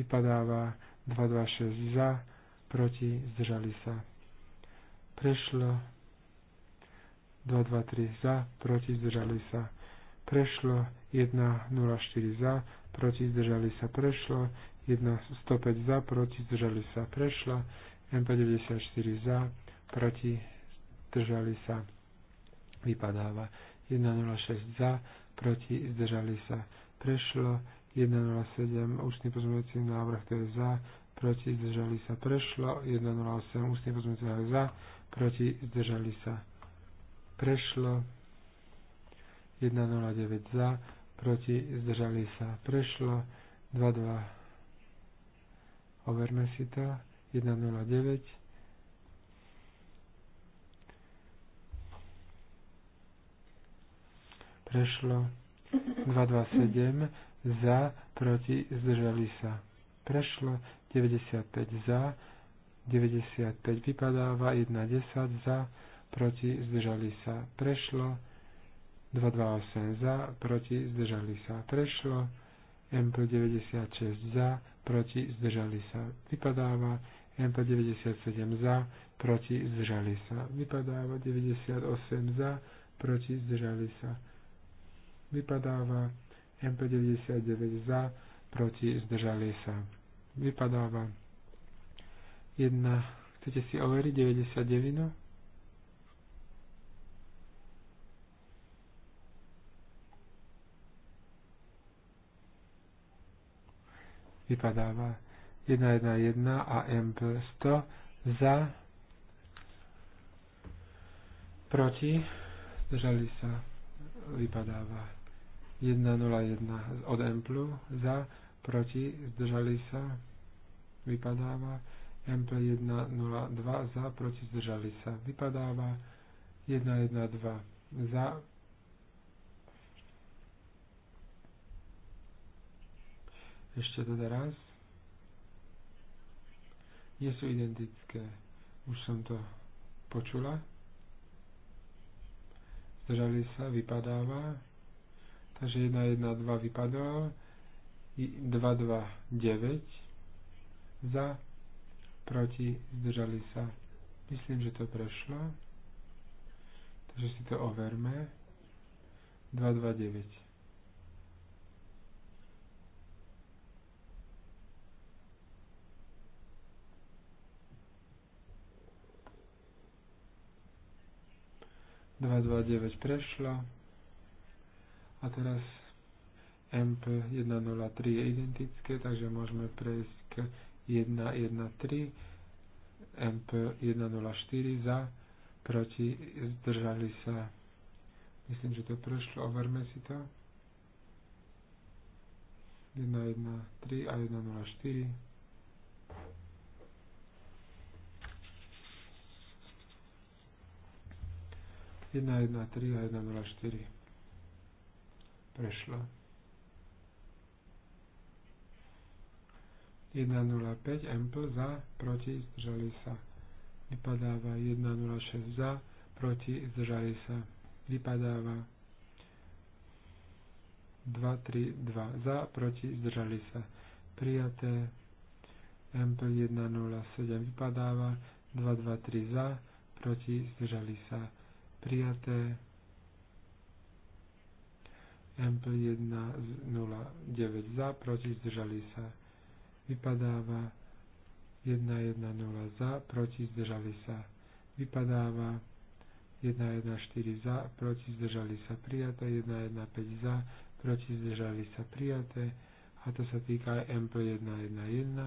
vypadáva. 226 za, proti, zdržali sa. Prešlo 2, 2, 3 za, proti, zdržali sa. Prešlo 1, 0, 4 za, proti, zdržali sa. Prešlo 1, 105 za, proti, zdržali sa. Prešlo MP94 za, proti, zdržali sa. Vypadáva 106 za, proti, zdržali sa. Prešlo 107 ústny pozmeňujúci návrh, to je za, proti zdržali sa prešlo, 108 ústne pozmeňujúci za, proti zdržali sa prešlo, 109 za, proti zdržali sa prešlo, 22 overme si to, 109 prešlo 227 za, proti, zdržali sa. Prešlo 95 za, 95 vypadáva, 1 10 za, proti, zdržali sa, prešlo, 2 2 8 za, proti, zdržali sa, prešlo, MP 96 za, proti, zdržali sa, vypadáva, MP 97 za, proti, zdržali sa, vypadáva, 98 za, proti, zdržali sa, vypadáva, MP 99 za, proti, zdržali sa vypadáva. 1. Chcete si overiť 99? Vypadáva 111 a MP 100 za proti zdržali sa vypadáva 101 od Emplu za proti, zdržali sa, vypadáva, MP 102 za, proti, zdržali sa, vypadáva, 112 za, ešte teda raz, nie sú identické, už som to počula, zdržali sa, vypadáva, takže 112 vypadá, 229 za, proti, zdržali sa. Myslím, že to prešlo. Takže si to overme. 229. 229 prešlo. A teraz MP103 je identické, takže môžeme prejsť k 113. MP104 za, proti, zdržali sa. Myslím, že to prešlo, overme si to. 113 a 104. Jedna, jedna, a 1.0.4 Prešlo. 105 ampl za, proti, zdržali sa. Vypadáva 106 za, proti, zdržali sa. Vypadáva 232 za, proti, zdržali sa. Prijaté ampl 107 vypadáva 223 za, proti, zdržali sa. Prijaté ampl 109 za, proti, zdržali sa vypadáva 110 za, proti zdržali sa, vypadáva 114 za, proti zdržali sa prijaté, 115 za, proti zdržali sa prijaté, a to sa týka aj MP111,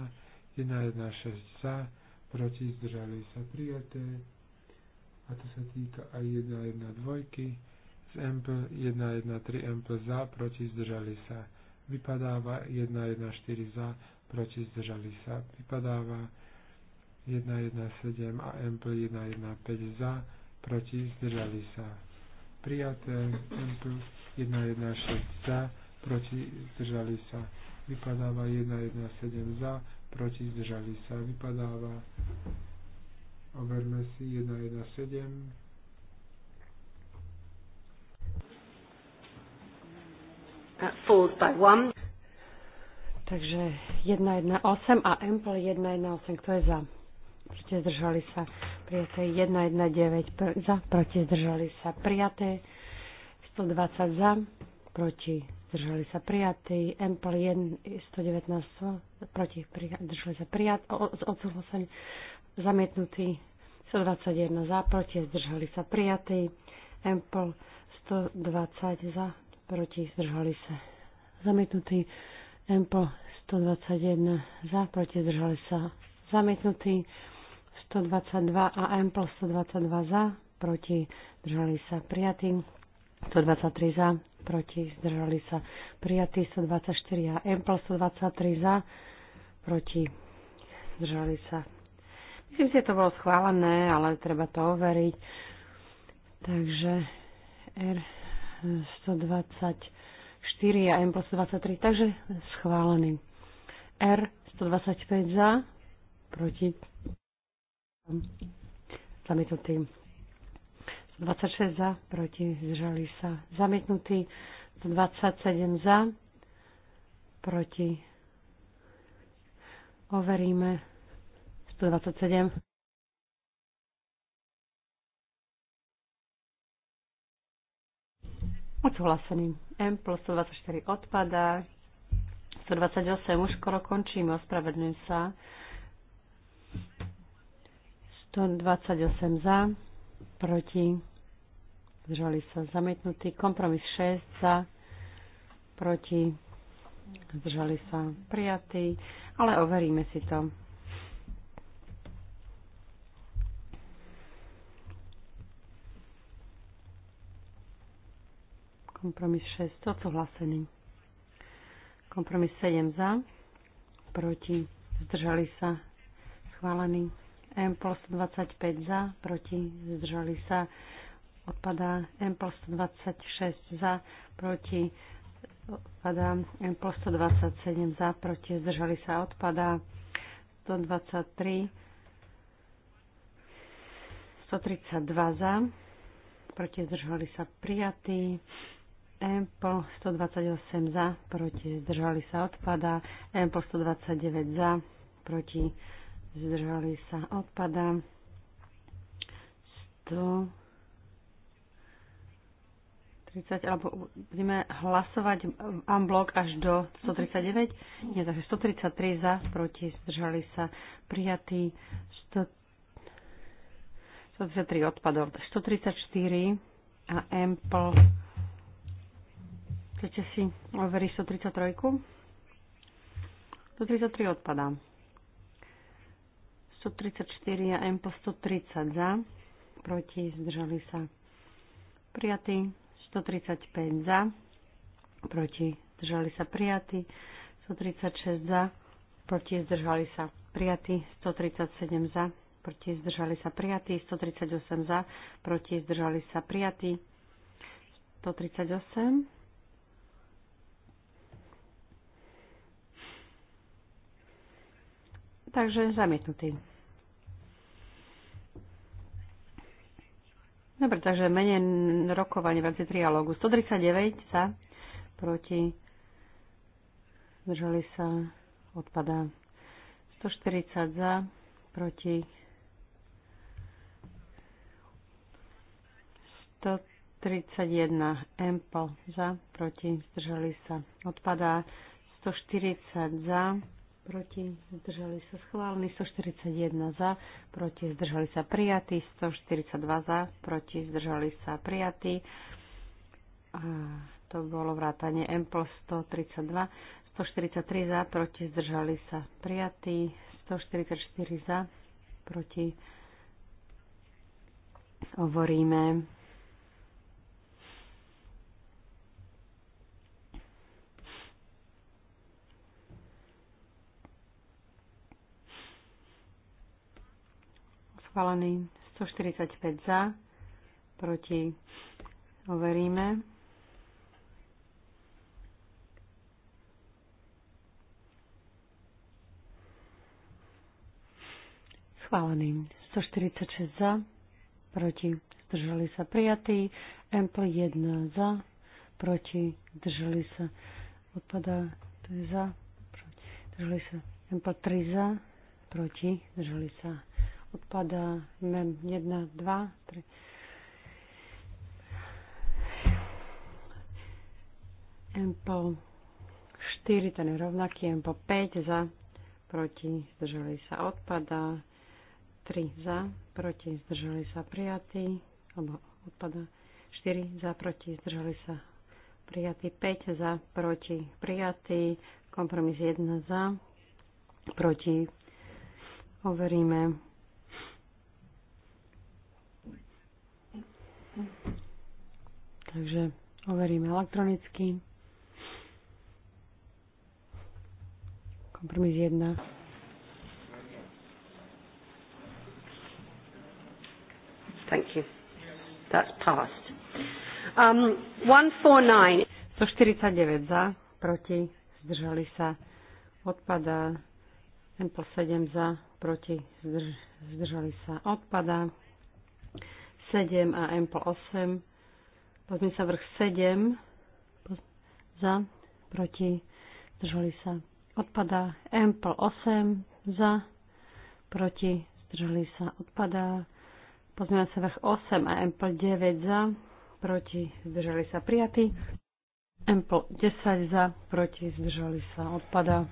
116 za, proti zdržali sa prijaté, a to sa týka aj 112 z MP113 MP za, proti zdržali sa. Vypadáva 114 za, proti zdržali sa, vypadáva 117 a Ample 115 za, proti zdržali sa, prijaté Ample 116 za, proti zdržali sa, vypadáva 117 za, proti zdržali sa, vypadáva overme si 117 falls by one. Takže 118 a Ample 118, kto je za? Proti zdržali sa prijaté 119 pr- za, proti zdržali sa prijaté 120 za, proti zdržali sa prijaté Ample 119 proti zdržali sa prijaté odsúhlasený, zamietnutý 121 za, proti zdržali sa prijaté Ample 120 za, proti zdržali sa zamietnutý Empo 121 za, proti zdržali sa zamietnutí. 122 a Empo 122 za, proti zdržali sa prijatí. 123 za, proti zdržali sa prijatí. 124 a Empo 123 za, proti zdržali sa. Myslím si, že to bolo schválené, ale treba to overiť. Takže R123 4 a M 23, takže schválený. R 125 za, proti zamietnutý. 26 za, proti zdržali sa zamietnutý. 27 za, proti overíme 127. Odsúhlasený. M plus 124 odpadá. 128 už skoro končíme, ospravedlňujem sa. 128 za, proti, zdržali sa zamietnutí. Kompromis 6 za, proti, zdržali sa prijatí, ale overíme si to. Kompromis 6 odsúhlasený. Kompromis 7 za. Proti. Zdržali sa. Schválený. M plus 25 za. Proti. Zdržali sa. Odpadá M plus 26 za. Proti. Odpadá M plus 127 za. Proti. Zdržali sa. Odpadá 123. 132 za proti zdržali sa prijatý. EMPO 128 za, proti zdržali sa odpada. EMPO 129 za, proti zdržali sa odpada. 130, alebo budeme hlasovať unblock až do 139. Nie, takže 133 za, proti zdržali sa prijatí. 133 odpadov. 134 a EMPO Chcete si overiť 133? 133 odpadá. 134 a M po 130 za, proti, zdržali sa. Prijatý 135 za, proti, zdržali sa. Prijatý 136 za, proti, zdržali sa. Prijatý 137 za, proti, zdržali sa. Prijatý 138 za, proti, zdržali sa. Prijatý 138 Takže zamietnutý. Dobre, takže menej rokovanie v rámci trialógu. 139 sa proti. Zdržali sa. Odpadá. 140 za. Proti. 131 empo za. Proti. Zdržali sa. Odpadá. 140 za proti, zdržali sa schválni, 141 za, proti, zdržali sa prijatí, 142 za, proti, zdržali sa prijatí. A to bolo vrátanie M. 132, 143 za, proti, zdržali sa prijatí, 144 za, proti, hovoríme schválený 145 za, proti overíme. Schválený 146 za, proti zdržali sa prijatí, mp 1 za, proti držali sa odpadá, to je za, proti, držali sa mp 3 za, proti držali sa odpadá mem 1, 2, 3. MPO 4, ten je rovnaký, MPO 5 za, proti, zdržali sa, odpadá, 3 za, proti, zdržali sa, prijatý, alebo odpadá, 4 za, proti, zdržali sa, prijatý, 5 za, proti, prijatý, kompromis 1 za, proti, overíme, Takže overím elektronicky. Kompromis 1. Thank you. That's passed. Um, 149. 149 za, proti, zdržali sa, odpadá. M plus 7 za, proti, zdrž, zdržali sa, odpadá. 7 a M plus 8 Pozme sa vrch 7. Za, proti, zdržali sa. Odpadá Ample 8. Za, proti, zdržali sa. Odpadá. Pozme sa vrch 8 a Ample 9. Za, proti, zdržali sa. Prijatý. Ample 10 za, proti, zdržali sa. Odpadá.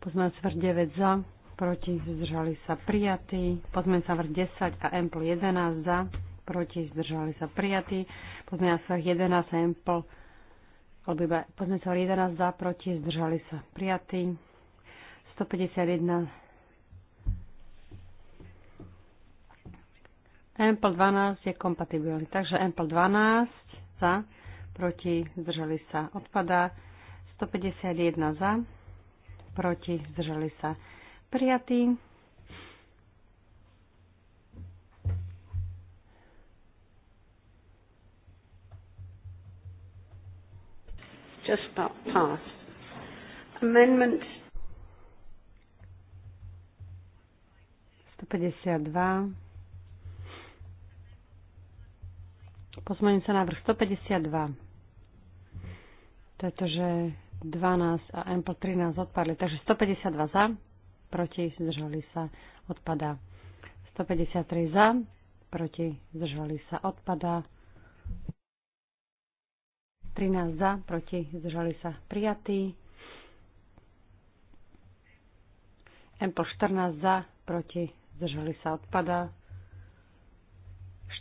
Pozme sa vrch 9 za, proti, zdržali sa. Prijatý. Pozme sa vrch 10 a Ample 11 za, proti, zdržali sa prijatí. Pozmeňovací návrh 11, Ample, alebo iba pozmeňovací sa 11 za, proti, zdržali sa prijatí. 151 Ample 12 je kompatibilný. Takže Ample 12 za, proti, zdržali sa odpadá. 151 za, proti, zdržali sa prijatí. just about passed. Amendment 152. Pozmením sa návrh 152. To to, je že 12 a MPL 13 odpadli. Takže 152 za, proti, zdržali sa, odpada. 153 za, proti, zdržali sa, odpada. 13 za, proti, zdržali sa prijatí. Empl 14 za, proti, zdržali sa odpada.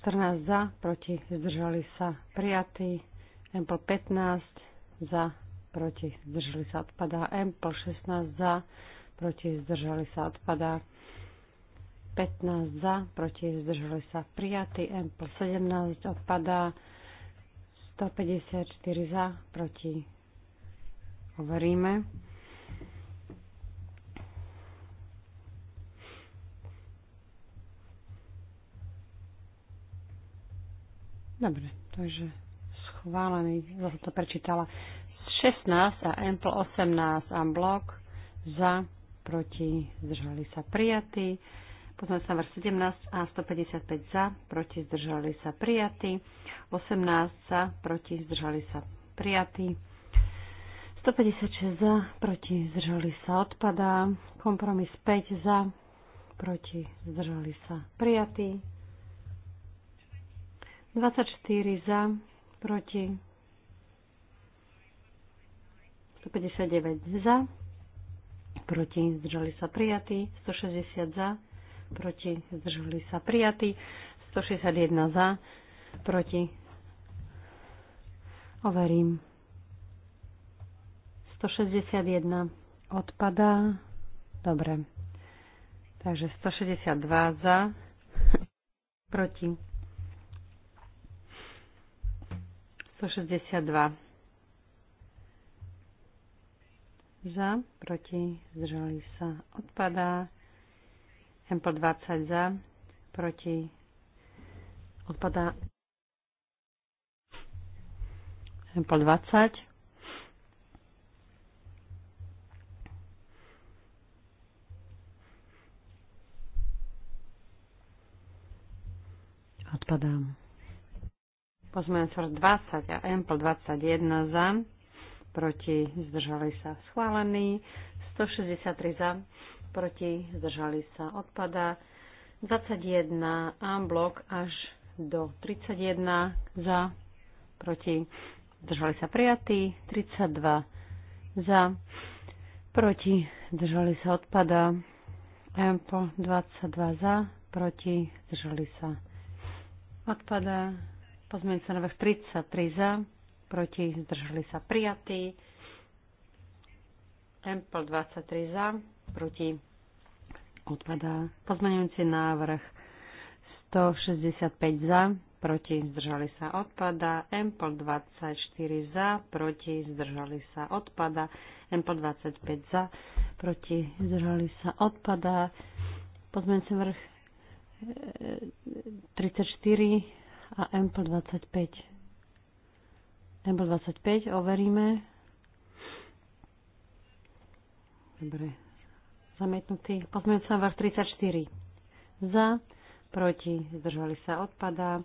14 za, proti, zdržali sa prijatí. Empl 15 za, proti, zdržali sa odpada. Empl 16 za, proti, zdržali sa odpada. 15 za, proti, zdržali sa prijatí. Empl 17 odpada. 154 za, proti. Overíme. Dobre, takže schválený, zase to prečítala. 16 a Ample 18 a blok za, proti, zdržali sa prijatí. Pozme sa vrch 17 a 155 za, proti zdržali sa prijatí. 18 za, proti zdržali sa prijatí. 156 za, proti zdržali sa odpadá. Kompromis 5 za, proti zdržali sa prijatí. 24 za, proti 159 za, proti zdržali sa prijatí, 160 za, proti, zdržali sa prijatí, 161 za, proti, overím. 161 odpadá, dobre. Takže 162 za, proti. 162 za, proti, zdržali sa, odpadá. Sample 20 za, proti odpada. Sample 20. Odpadám. Pozmeňujúci 20 a Ample 21 za, proti zdržali sa schválení, 163 za, proti, zdržali sa, odpada. 21 a blok až do 31 za, proti, zdržali sa prijatí, 32 za, proti, zdržali sa odpada, Ample 22 za, proti, zdržali sa odpada, na vrch 33 za, proti, zdržali sa prijatí, Ample 23 za, proti, odpadá. Pozmeňujúci návrh 165 za, proti, zdržali sa, odpada. Empl 24 za, proti, zdržali sa, odpada. Empl 25 za, proti, zdržali sa, odpada. Pozmeňujúci vrch 34 e, a Empl 25. Empl 25 overíme. Dobre, Zamietnutý. Pozmeňujúci návrh 34. Za. Proti. Zdržali sa. Odpadá.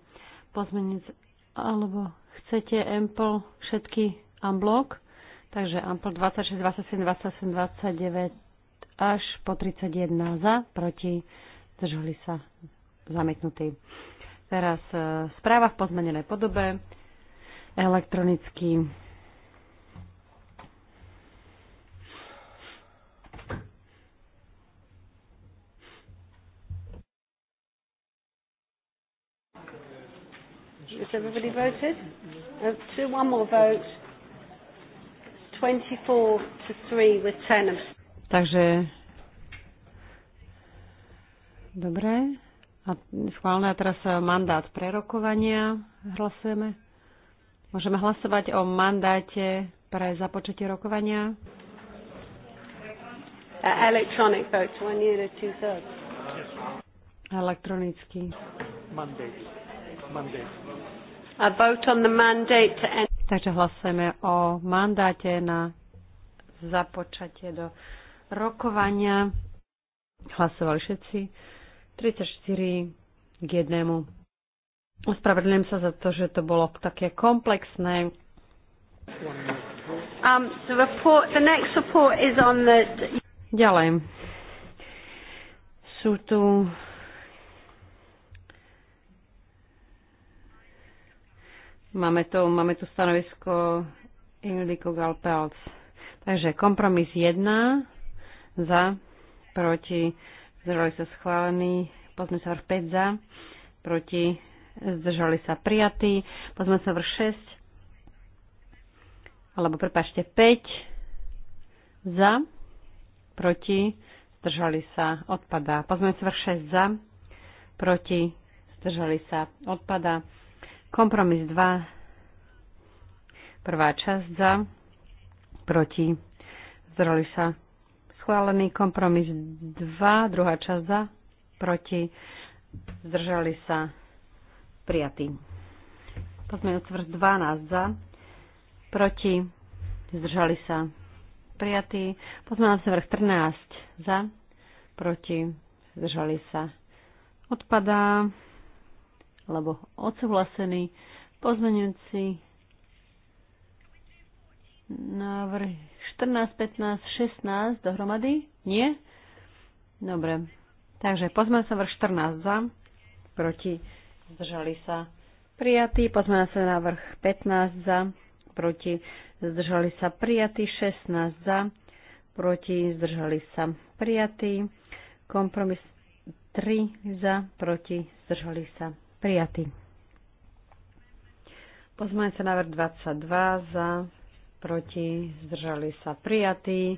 Pozmeňujúci alebo chcete Ample všetky unblock. Takže AMPl 26, 27, 28, 29 až po 31 za. Proti. Zdržali sa. Zamietnutý. Teraz e, správa v pozmenenej podobe. Elektronicky Has everybody voted? Uh, two, one more vote. 24 to 3 with 10 Takže... Dobre. A schválne. A teraz eh, mandát prerokovania. Hlasujeme. Môžeme hlasovať o mandáte pre započatie rokovania. Electronic vote. I two-thirds. Elektronický Mandate. A vote on the mandate to end. Takže hlasujeme o mandáte na započatie do rokovania. Hlasovali všetci. 34 k jednému. Ospravedlňujem sa za to, že to bolo také komplexné. Um, the report, the next report is on the... Ďalej. Sú tu Máme tu, máme tu stanovisko Ingliko Galpelc. Takže kompromis 1 za, proti, zdržali sa schválený, pozme sa 5 za, proti, zdržali sa prijatí, pozme sa 6, alebo prepašte 5 za, proti, zdržali sa, odpadá. Pozme sa 6 za, proti, zdržali sa, odpadá. Kompromis 2. Prvá časť za. Proti. Zdroli sa. Schválený kompromis 2. Druhá časť za. Proti. Zdržali sa. Prijatý. Pozmeňujúci vrch 12 za. Proti. Zdržali sa. Prijatý. Pozmeňujúci vrch 13 za. Proti. Zdržali sa. Odpadá alebo odsúhlasený pozmenujúci návrh 14, 15, 16 dohromady? Nie? Dobre. Takže pozmeň sa vrch 14 za, proti, zdržali sa prijatý, pozmeň sa návrh 15 za, proti, zdržali sa prijatý, 16 za, proti, zdržali sa prijatý, kompromis 3 za, proti, zdržali sa Prijatý. na návrh 22 za, proti, zdržali sa prijatí.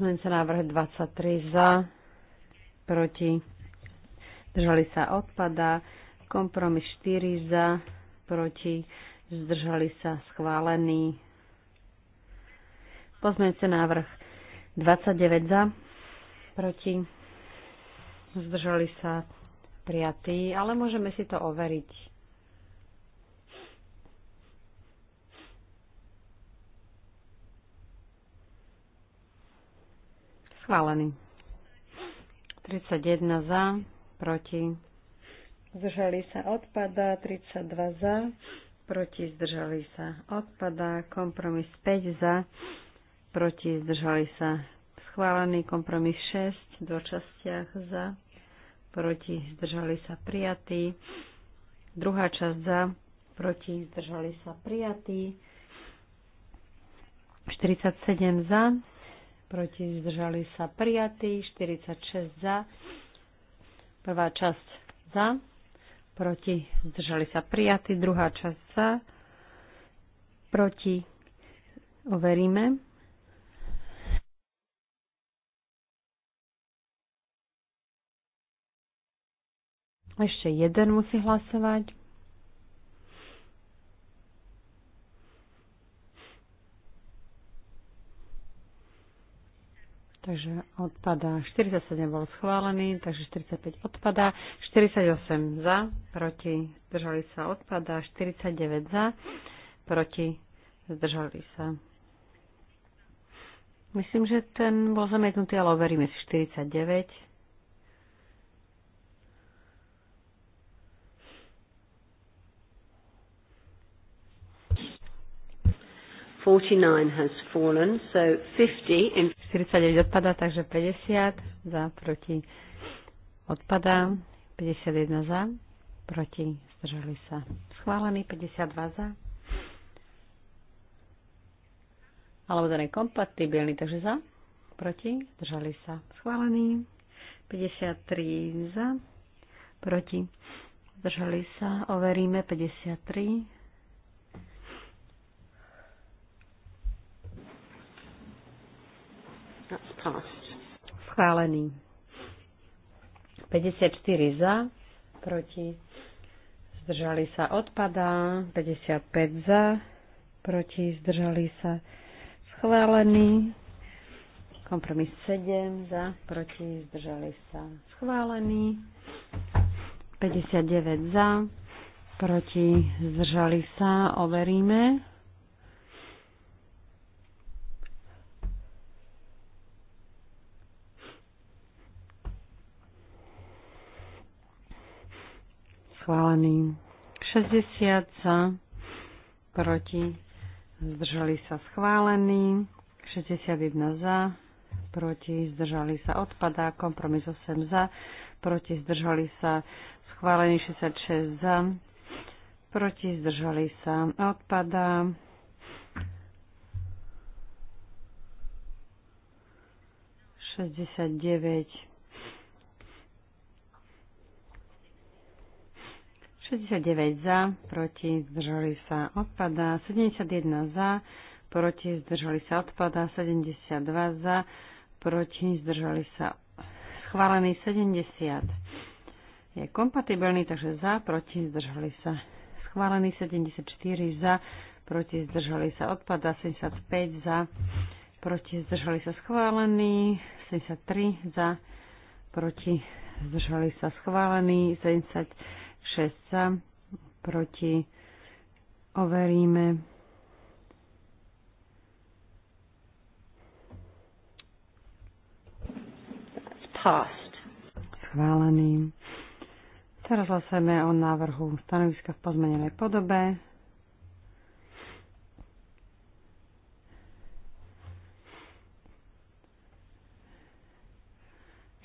na návrh 23 za, proti, zdržali sa odpada. Kompromis 4 za, proti, zdržali sa schválený. na návrh 29 za, proti, zdržali sa prijatý, ale môžeme si to overiť. Schválený. 31 za, proti. Zdržali sa odpada, 32 za, proti zdržali sa odpada, kompromis 5 za, proti zdržali sa schválený, kompromis 6 v častiach za, proti, zdržali sa prijatí. Druhá časť za, proti, zdržali sa prijatí. 47 za, proti, zdržali sa prijatí. 46 za, prvá časť za, proti, zdržali sa prijatí. Druhá časť za, proti, overíme. Ešte jeden musí hlasovať. Takže odpadá. 47 bol schválený, takže 45 odpadá. 48 za, proti, zdržali sa, odpadá. 49 za, proti, zdržali sa. Myslím, že ten bol zamietnutý, ale overíme si 49. 49 has fallen, so 50 in... 49 odpada, takže 50 za, proti odpada, 51 za, proti zdržali sa. Schválený 52 za. Alebo to nekompatibilný, takže za, proti, zdržali sa. Schválený 53 za, proti, zdržali sa. Overíme 53 passed. Schválený. 54 za, proti, zdržali sa, odpadá. 55 za, proti, zdržali sa, schválený. Kompromis 7 za, proti, zdržali sa, schválený. 59 za, proti, zdržali sa, overíme. schválený. 60 za, proti, zdržali sa schválený. 61 za, proti, zdržali sa odpadá, kompromis 8 za, proti, zdržali sa schválený 66 za, proti, zdržali sa odpadá. Шестьдесят девять. 69 za, proti, zdržali sa, odpadá. 71 za, proti, zdržali sa, odpadá. 72 za, proti, zdržali sa, schválený 70. Je kompatibilný, takže za, proti, zdržali sa. Schválený 74 za, proti, zdržali sa, odpadá. 75 za, proti, zdržali sa, schválený. 73 za, proti, zdržali sa, schválený. 70 6 sa proti, overíme. Passed. Schválený. Teraz hlasujeme o návrhu stanoviska v pozmenenej podobe.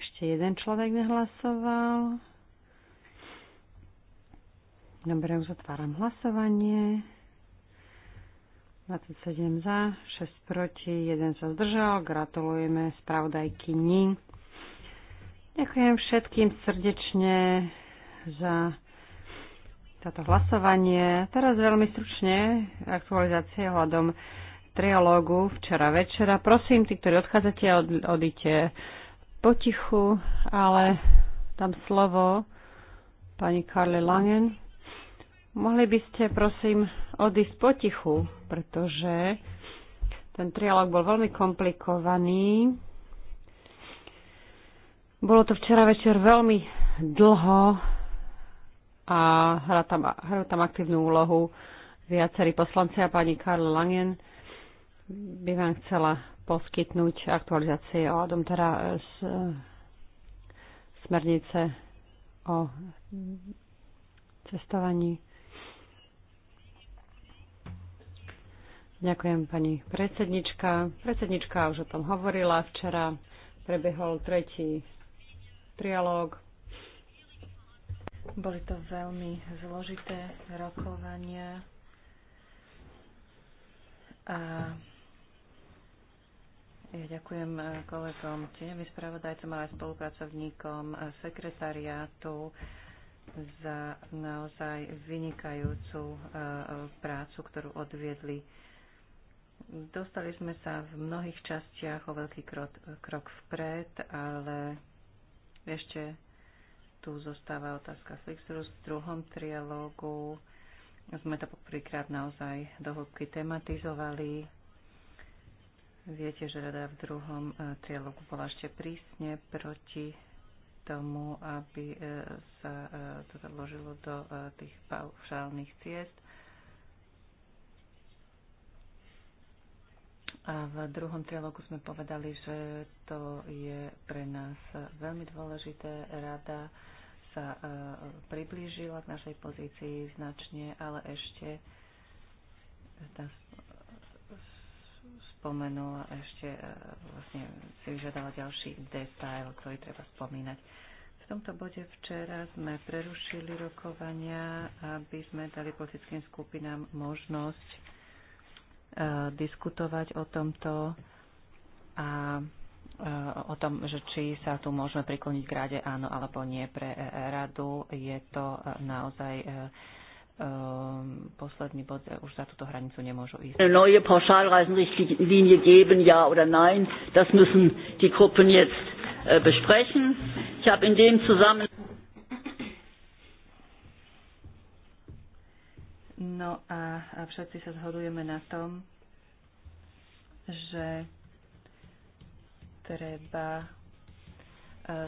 Ešte jeden človek nehlasoval. Dobre, otváram hlasovanie. 27 za, 6 proti, 1 sa zdržal. Gratulujeme spravodajky Ni. Ďakujem všetkým srdečne za toto hlasovanie. Teraz veľmi stručne aktualizácie hľadom trialógu včera večera. Prosím, tí, ktorí odchádzate, od, odíte potichu, ale tam slovo pani Karle Langen. Mohli by ste, prosím, odísť potichu, pretože ten trialog bol veľmi komplikovaný. Bolo to včera večer veľmi dlho a hrajú tam, tam aktívnu úlohu viacerí poslanci a pani Karl Langen by vám chcela poskytnúť aktualizácie o Adam teda z e, smernice o cestovaní. Ďakujem pani predsednička. Predsednička už o tom hovorila včera. Prebehol tretí trialóg. Boli to veľmi zložité rokovania a ja ďakujem kolegom, tieňovým spravodajcom, ale aj spolupracovníkom sekretariátu za naozaj vynikajúcu e, prácu, ktorú odviedli Dostali sme sa v mnohých častiach o veľký krok, krok vpred, ale ešte tu zostáva otázka Flixeru. V druhom trialógu sme to poprvýkrát naozaj do hĺbky tematizovali. Viete, že rada v druhom e, trialógu bola ešte prísne proti tomu, aby e, sa e, to založilo do tých paušálnych ciest A v druhom trialogu sme povedali, že to je pre nás veľmi dôležité. Rada sa e, priblížila k našej pozícii značne, ale ešte spomenula ešte e, vlastne si vyžadala ďalší detail, ktorý treba spomínať. V tomto bode včera sme prerušili rokovania, aby sme dali politickým skupinám možnosť diskutovať o tomto a e, o tom, že či sa tu môžeme prikloniť k rade áno alebo nie pre e e radu. Je to naozaj um, posledný bod, už za túto hranicu nemôžu ísť. Eine neue Pauschalreisenrichtlinie geben, ja oder nein, das müssen die Gruppen jetzt äh, besprechen. Ich habe in dem zusammen No a všetci sa zhodujeme na tom, že treba e,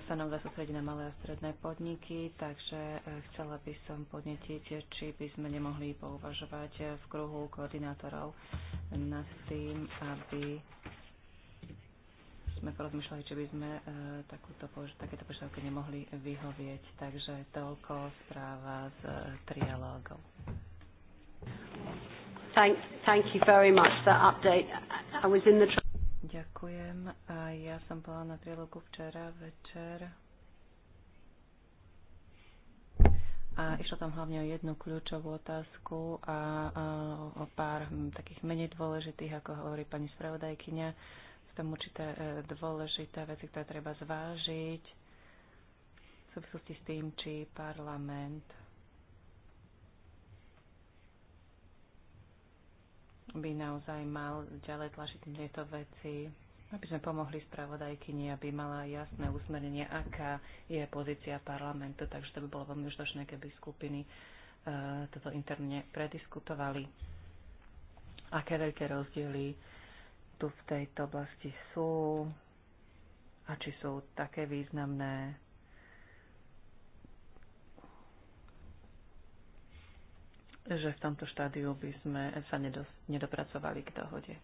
sa nám sústrediť na malé a stredné podniky, takže e, chcela by som podnetiť, či by sme nemohli pouvažovať e, v kruhu koordinátorov nad tým, aby sme porozmýšľali, či by sme takúto, takéto požiadavky nemohli vyhovieť. Takže toľko správa z e, Thank, thank you very much for that update. I was in the... Ďakujem. A ja som bola na trialogu včera večer. A išlo tam hlavne o jednu kľúčovú otázku a, a o pár takých menej dôležitých, ako hovorí pani spravodajkyňa. Sú tam určité e, dôležité veci, ktoré treba zvážiť v súvislosti s tým, či parlament by naozaj mal ďalej tlačiť tieto veci, aby sme pomohli spravodajkyni, aby mala jasné usmernenie, aká je pozícia parlamentu. Takže to by bolo veľmi užitočné, keby skupiny e, toto interne prediskutovali, aké veľké rozdiely tu v tejto oblasti sú a či sú také významné že v tomto štádiu by sme sa nedopracovali k dohode.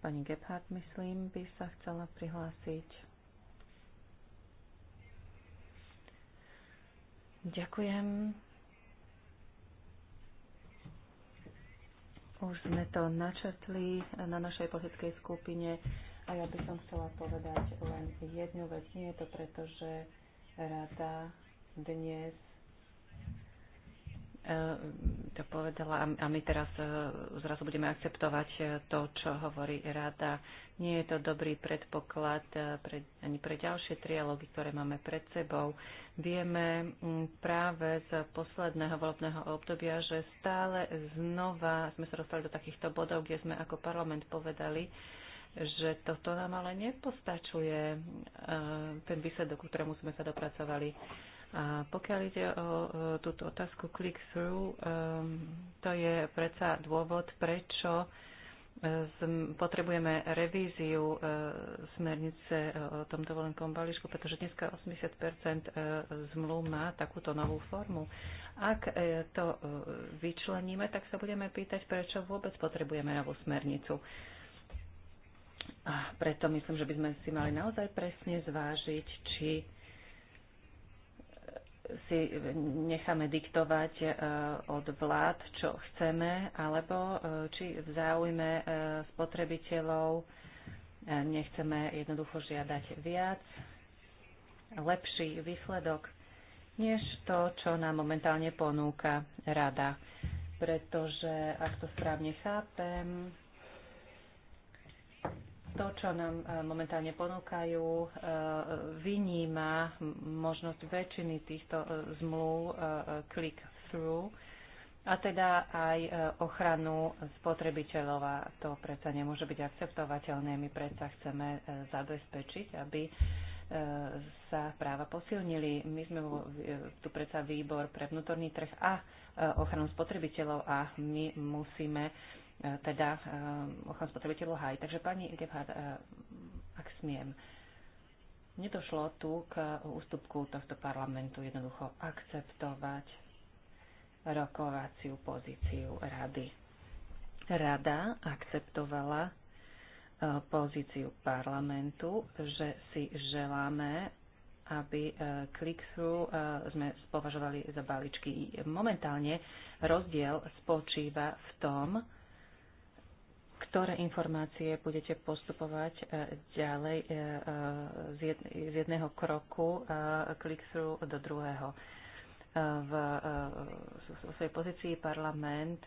Pani Gebhardt, myslím, by sa chcela prihlásiť. Ďakujem. Už sme to načetli na našej politickej skupine a ja by som chcela povedať len jednu vec. Nie je to preto, že rada dnes Eh, to povedala a my teraz eh, zrazu budeme akceptovať eh, to, čo hovorí rada. Nie je to dobrý predpoklad pre, ani pre ďalšie trialógy, ktoré máme pred sebou. Vieme mm, práve z posledného volebného obdobia, že stále znova sme sa dostali do takýchto bodov, kde sme ako parlament povedali, že toto nám ale nepostačuje, ten výsledok, ktorému sme sa dopracovali a pokiaľ ide o e, túto otázku click-through, e, to je predsa dôvod, prečo e, potrebujeme revíziu smernice o tom dovolenkom balíčku, pretože dneska 80 zmluv má takúto novú formu. Ak to vyčleníme, tak sa budeme pýtať, prečo vôbec potrebujeme novú smernicu. A preto myslím, že by sme si mali naozaj presne zvážiť, či si necháme diktovať e, od vlád, čo chceme, alebo e, či v záujme e, spotrebiteľov nechceme jednoducho žiadať viac, lepší výsledok, než to, čo nám momentálne ponúka rada. Pretože, ak to správne chápem, to, čo nám e, momentálne ponúkajú, e, vyníma možnosť väčšiny týchto e, zmluv click-through a teda aj ochranu spotrebiteľov a to predsa nemôže byť akceptovateľné. My predsa chceme zabezpečiť, aby sa práva posilnili. My sme tu predsa výbor pre vnútorný trh a ochranu spotrebiteľov a my musíme teda eh, ochran spotrebiteľov hájí. Takže pani Gebhard, eh, ak smiem, nedošlo tu k ústupku tohto parlamentu jednoducho akceptovať rokovaciu pozíciu rady. Rada akceptovala eh, pozíciu parlamentu, že si želáme aby click-through sme považovali za balíčky. Momentálne rozdiel spočíva v tom, ktoré informácie budete postupovať e, ďalej e, e, z jedného kroku click-through do druhého. V, svojej pozícii parlament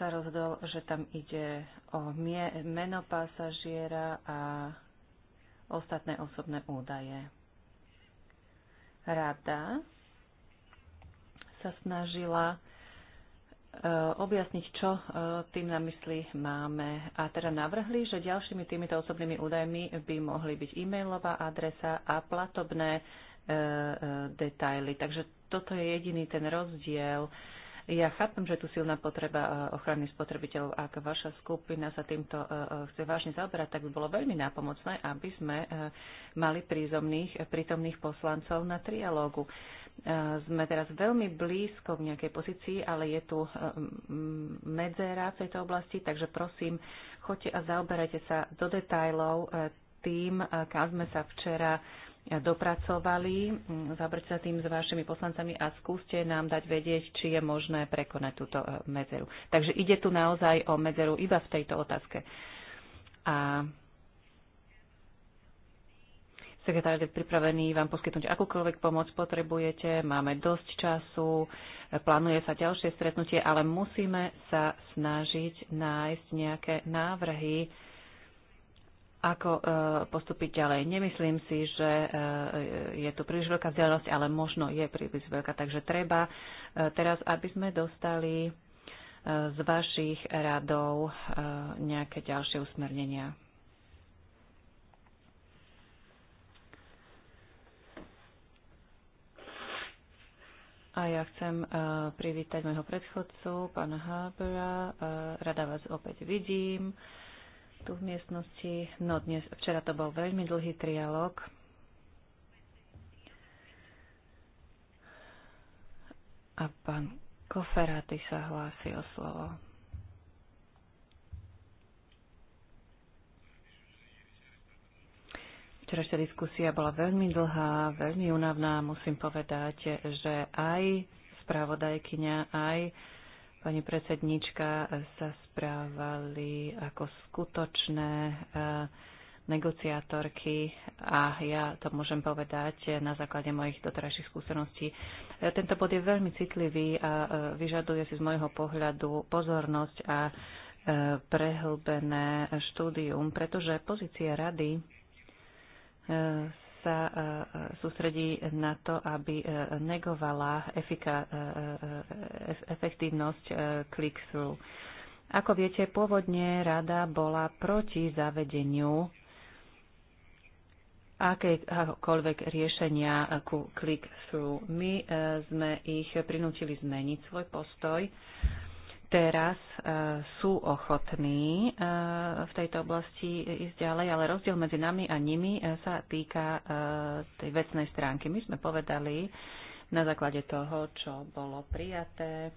sa rozhodol, že tam ide o meno pasažiera a ostatné osobné údaje. Rada sa snažila Eh, objasniť, čo eh, tým na mysli máme. A teda navrhli, že ďalšími týmito osobnými údajmi by mohli byť e-mailová adresa a platobné eh, detaily. Takže toto je jediný ten rozdiel. Ja chápem, že je tu silná potreba ochrany spotrebiteľov. Ak vaša skupina sa týmto chce vážne zaoberať, tak by bolo veľmi nápomocné, aby sme mali prízomných, prítomných poslancov na trialógu sme teraz veľmi blízko v nejakej pozícii, ale je tu mm, medzera v tejto oblasti, takže prosím, choďte a zaoberajte sa do detajlov e, tým, e, kam sme sa včera e, dopracovali. Mm, Zaberte sa tým s vašimi poslancami a skúste nám dať vedieť, či je možné prekonať túto medzeru. Takže ide tu naozaj o medzeru iba v tejto otázke. A Sekretár je pripravený vám poskytnúť akúkoľvek pomoc potrebujete, máme dosť času, plánuje sa ďalšie stretnutie, ale musíme sa snažiť nájsť nejaké návrhy, ako e, postúpiť ďalej. Nemyslím si, že e, je tu príliš veľká vzdialenosť, ale možno je príliš veľká. Takže treba e, teraz, aby sme dostali z vašich radov nejaké ďalšie usmernenia. A ja chcem e, privítať môjho predchodcu, pána Habera. E, rada vás opäť vidím tu v miestnosti. No dnes, včera to bol veľmi dlhý trialog. A pán Koferáty sa hlási o slovo. Včerašia diskusia bola veľmi dlhá, veľmi unavná. Musím povedať, že aj spravodajkyňa, aj pani predsednička sa správali ako skutočné e, negociátorky a ja to môžem povedať na základe mojich doterajších skúseností. E, tento bod je veľmi citlivý a e, vyžaduje si z môjho pohľadu pozornosť a prehlbené štúdium, pretože pozícia rady sa e, e, sústredí na to, aby e, negovala efika, efektívnosť click-through. Ako viete, pôvodne rada bola proti zavedeniu akékoľvek riešenia ku click-through. My sme ich prinútili zmeniť svoj postoj teraz e, sú ochotní e, v tejto oblasti ísť ďalej, ale rozdiel medzi nami a nimi e, sa týka tej vecnej stránky. My sme povedali na základe toho, čo bolo prijaté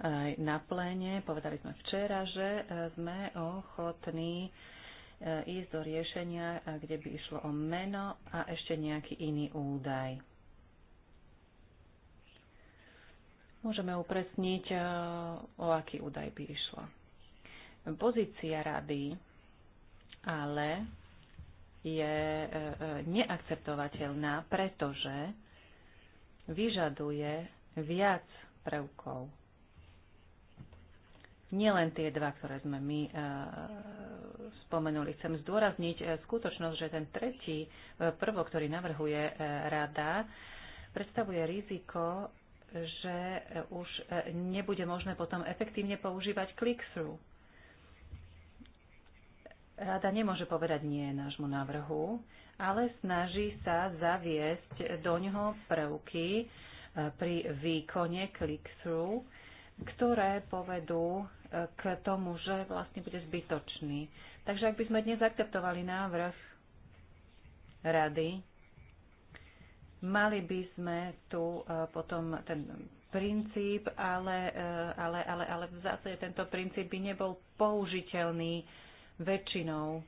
aj na pléne, povedali sme včera, že sme ochotní ísť do riešenia, kde by išlo o meno a ešte nejaký iný údaj môžeme upresniť, e, o aký údaj by išlo. Pozícia rady ale je e, e, neakceptovateľná, pretože vyžaduje viac prvkov. Nielen tie dva, ktoré sme my spomenuli. Chcem zdôrazniť skutočnosť, že ten tretí prvok, ktorý navrhuje rada, predstavuje riziko, že už e, nebude možné potom efektívne používať click-through. Rada nemôže povedať nie nášmu návrhu, ale snaží sa zaviesť do ňoho prvky e, pri výkone click-through, ktoré povedú e, k tomu, že vlastne bude zbytočný. Takže ak by sme dnes akceptovali návrh rady, Mali by sme tu e, potom ten princíp, ale, e, ale, ale, ale v zásade tento princíp by nebol použiteľný väčšinou e,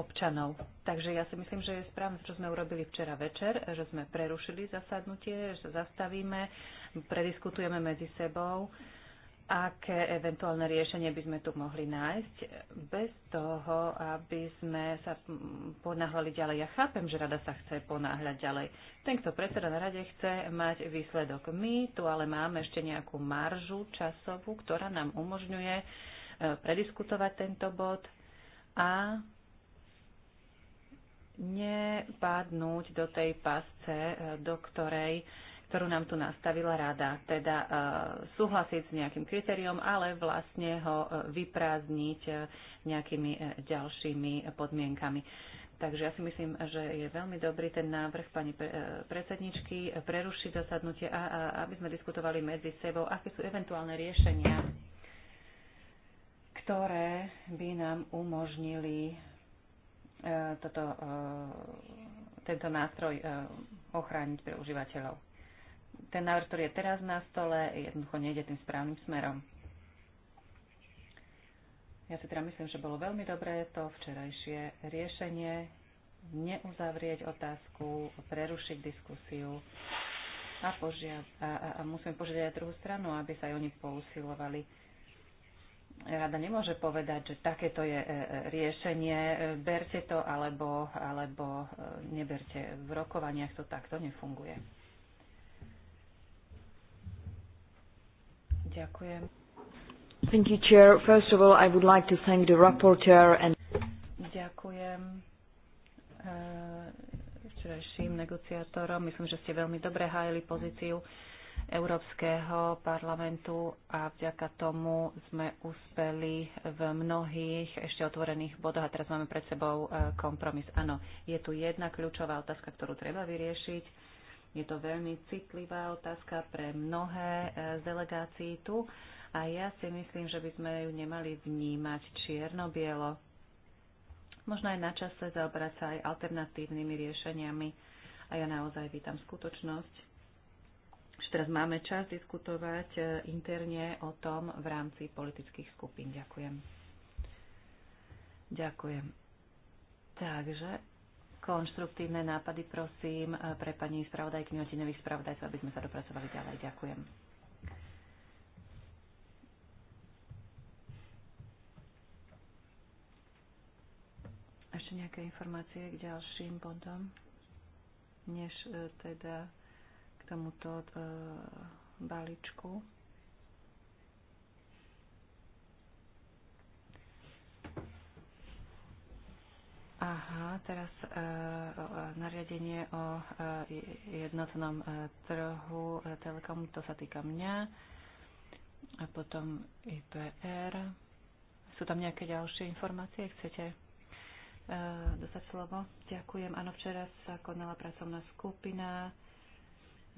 občanov. Takže ja si myslím, že je správne, čo sme urobili včera večer, že sme prerušili zasadnutie, že sa zastavíme, prediskutujeme medzi sebou aké eventuálne riešenie by sme tu mohli nájsť, bez toho, aby sme sa ponáhľali ďalej. Ja chápem, že rada sa chce ponáhľať ďalej. Ten, kto predseda na rade chce mať výsledok. My tu ale máme ešte nejakú maržu časovú, ktorá nám umožňuje e, prediskutovať tento bod a nepadnúť do tej pasce, e, do ktorej ktorú nám tu nastavila rada. Teda e, súhlasiť s nejakým kritériom, ale vlastne ho e, vyprázdniť e, nejakými ďalšími podmienkami. Takže ja si myslím, že je veľmi dobrý ten návrh pani predsedničky prerušiť zasadnutie a, a aby sme diskutovali medzi sebou, aké sú eventuálne riešenia, ktoré by nám umožnili toto, tento nástroj ochrániť pre užívateľov ten návrh, ktorý je teraz na stole, jednoducho nejde tým správnym smerom. Ja si teda myslím, že bolo veľmi dobré to včerajšie riešenie neuzavrieť otázku, prerušiť diskusiu a, požia- a, a, a musíme požiadať aj druhú stranu, aby sa aj oni pousilovali. Rada nemôže povedať, že takéto je e, e riešenie, e, berte to alebo, alebo e, neberte. V rokovaniach to takto nefunguje. Ďakujem. Thank you, Chair. First of all, I would like to thank the rapporteur and... Ďakujem eh, včerajším negociátorom. Myslím, že ste veľmi dobre hájili pozíciu Európskeho parlamentu a vďaka tomu sme uspeli v mnohých ešte otvorených bodoch a teraz máme pred sebou eh, kompromis. Áno, je tu jedna kľúčová otázka, ktorú treba vyriešiť je to veľmi citlivá otázka pre mnohé e, z delegácií tu a ja si myslím, že by sme ju nemali vnímať čierno-bielo. Možno aj na čase zaobrať sa aj alternatívnymi riešeniami a ja naozaj vítam skutočnosť, že teraz máme čas diskutovať e, interne o tom v rámci politických skupín. Ďakujem. Ďakujem. Takže konštruktívne nápady, prosím, e, pre pani spravodajkyňu a spravodajcov, aby sme sa dopracovali ďalej. Ďakujem. Ešte nejaké informácie k ďalším bodom, než e, teda k tomuto e, balíčku. Aha, teraz e, e, nariadenie o e, jednotnom e, trhu e, Telekom, to sa týka mňa. A potom IPR. Sú tam nejaké ďalšie informácie? Chcete e, dostať slovo? Ďakujem. Áno, včera sa konala pracovná skupina.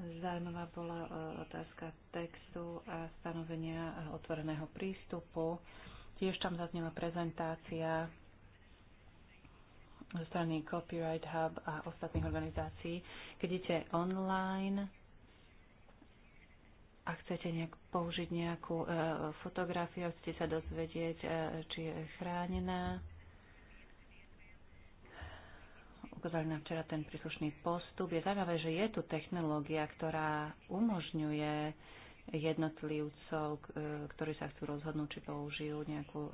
Zaujímavá bola e, otázka textu a stanovenia otvoreného prístupu. Tiež tam zaznela prezentácia zo strany Copyright Hub a ostatných organizácií. Keď idete online a chcete nejak použiť nejakú e, fotografiu, chcete sa dozvedieť, e, či je chránená, ukázali nám včera ten príslušný postup. Je zaujímavé, že je tu technológia, ktorá umožňuje jednotlivcov, e, ktorí sa chcú rozhodnúť, či použijú nejakú e,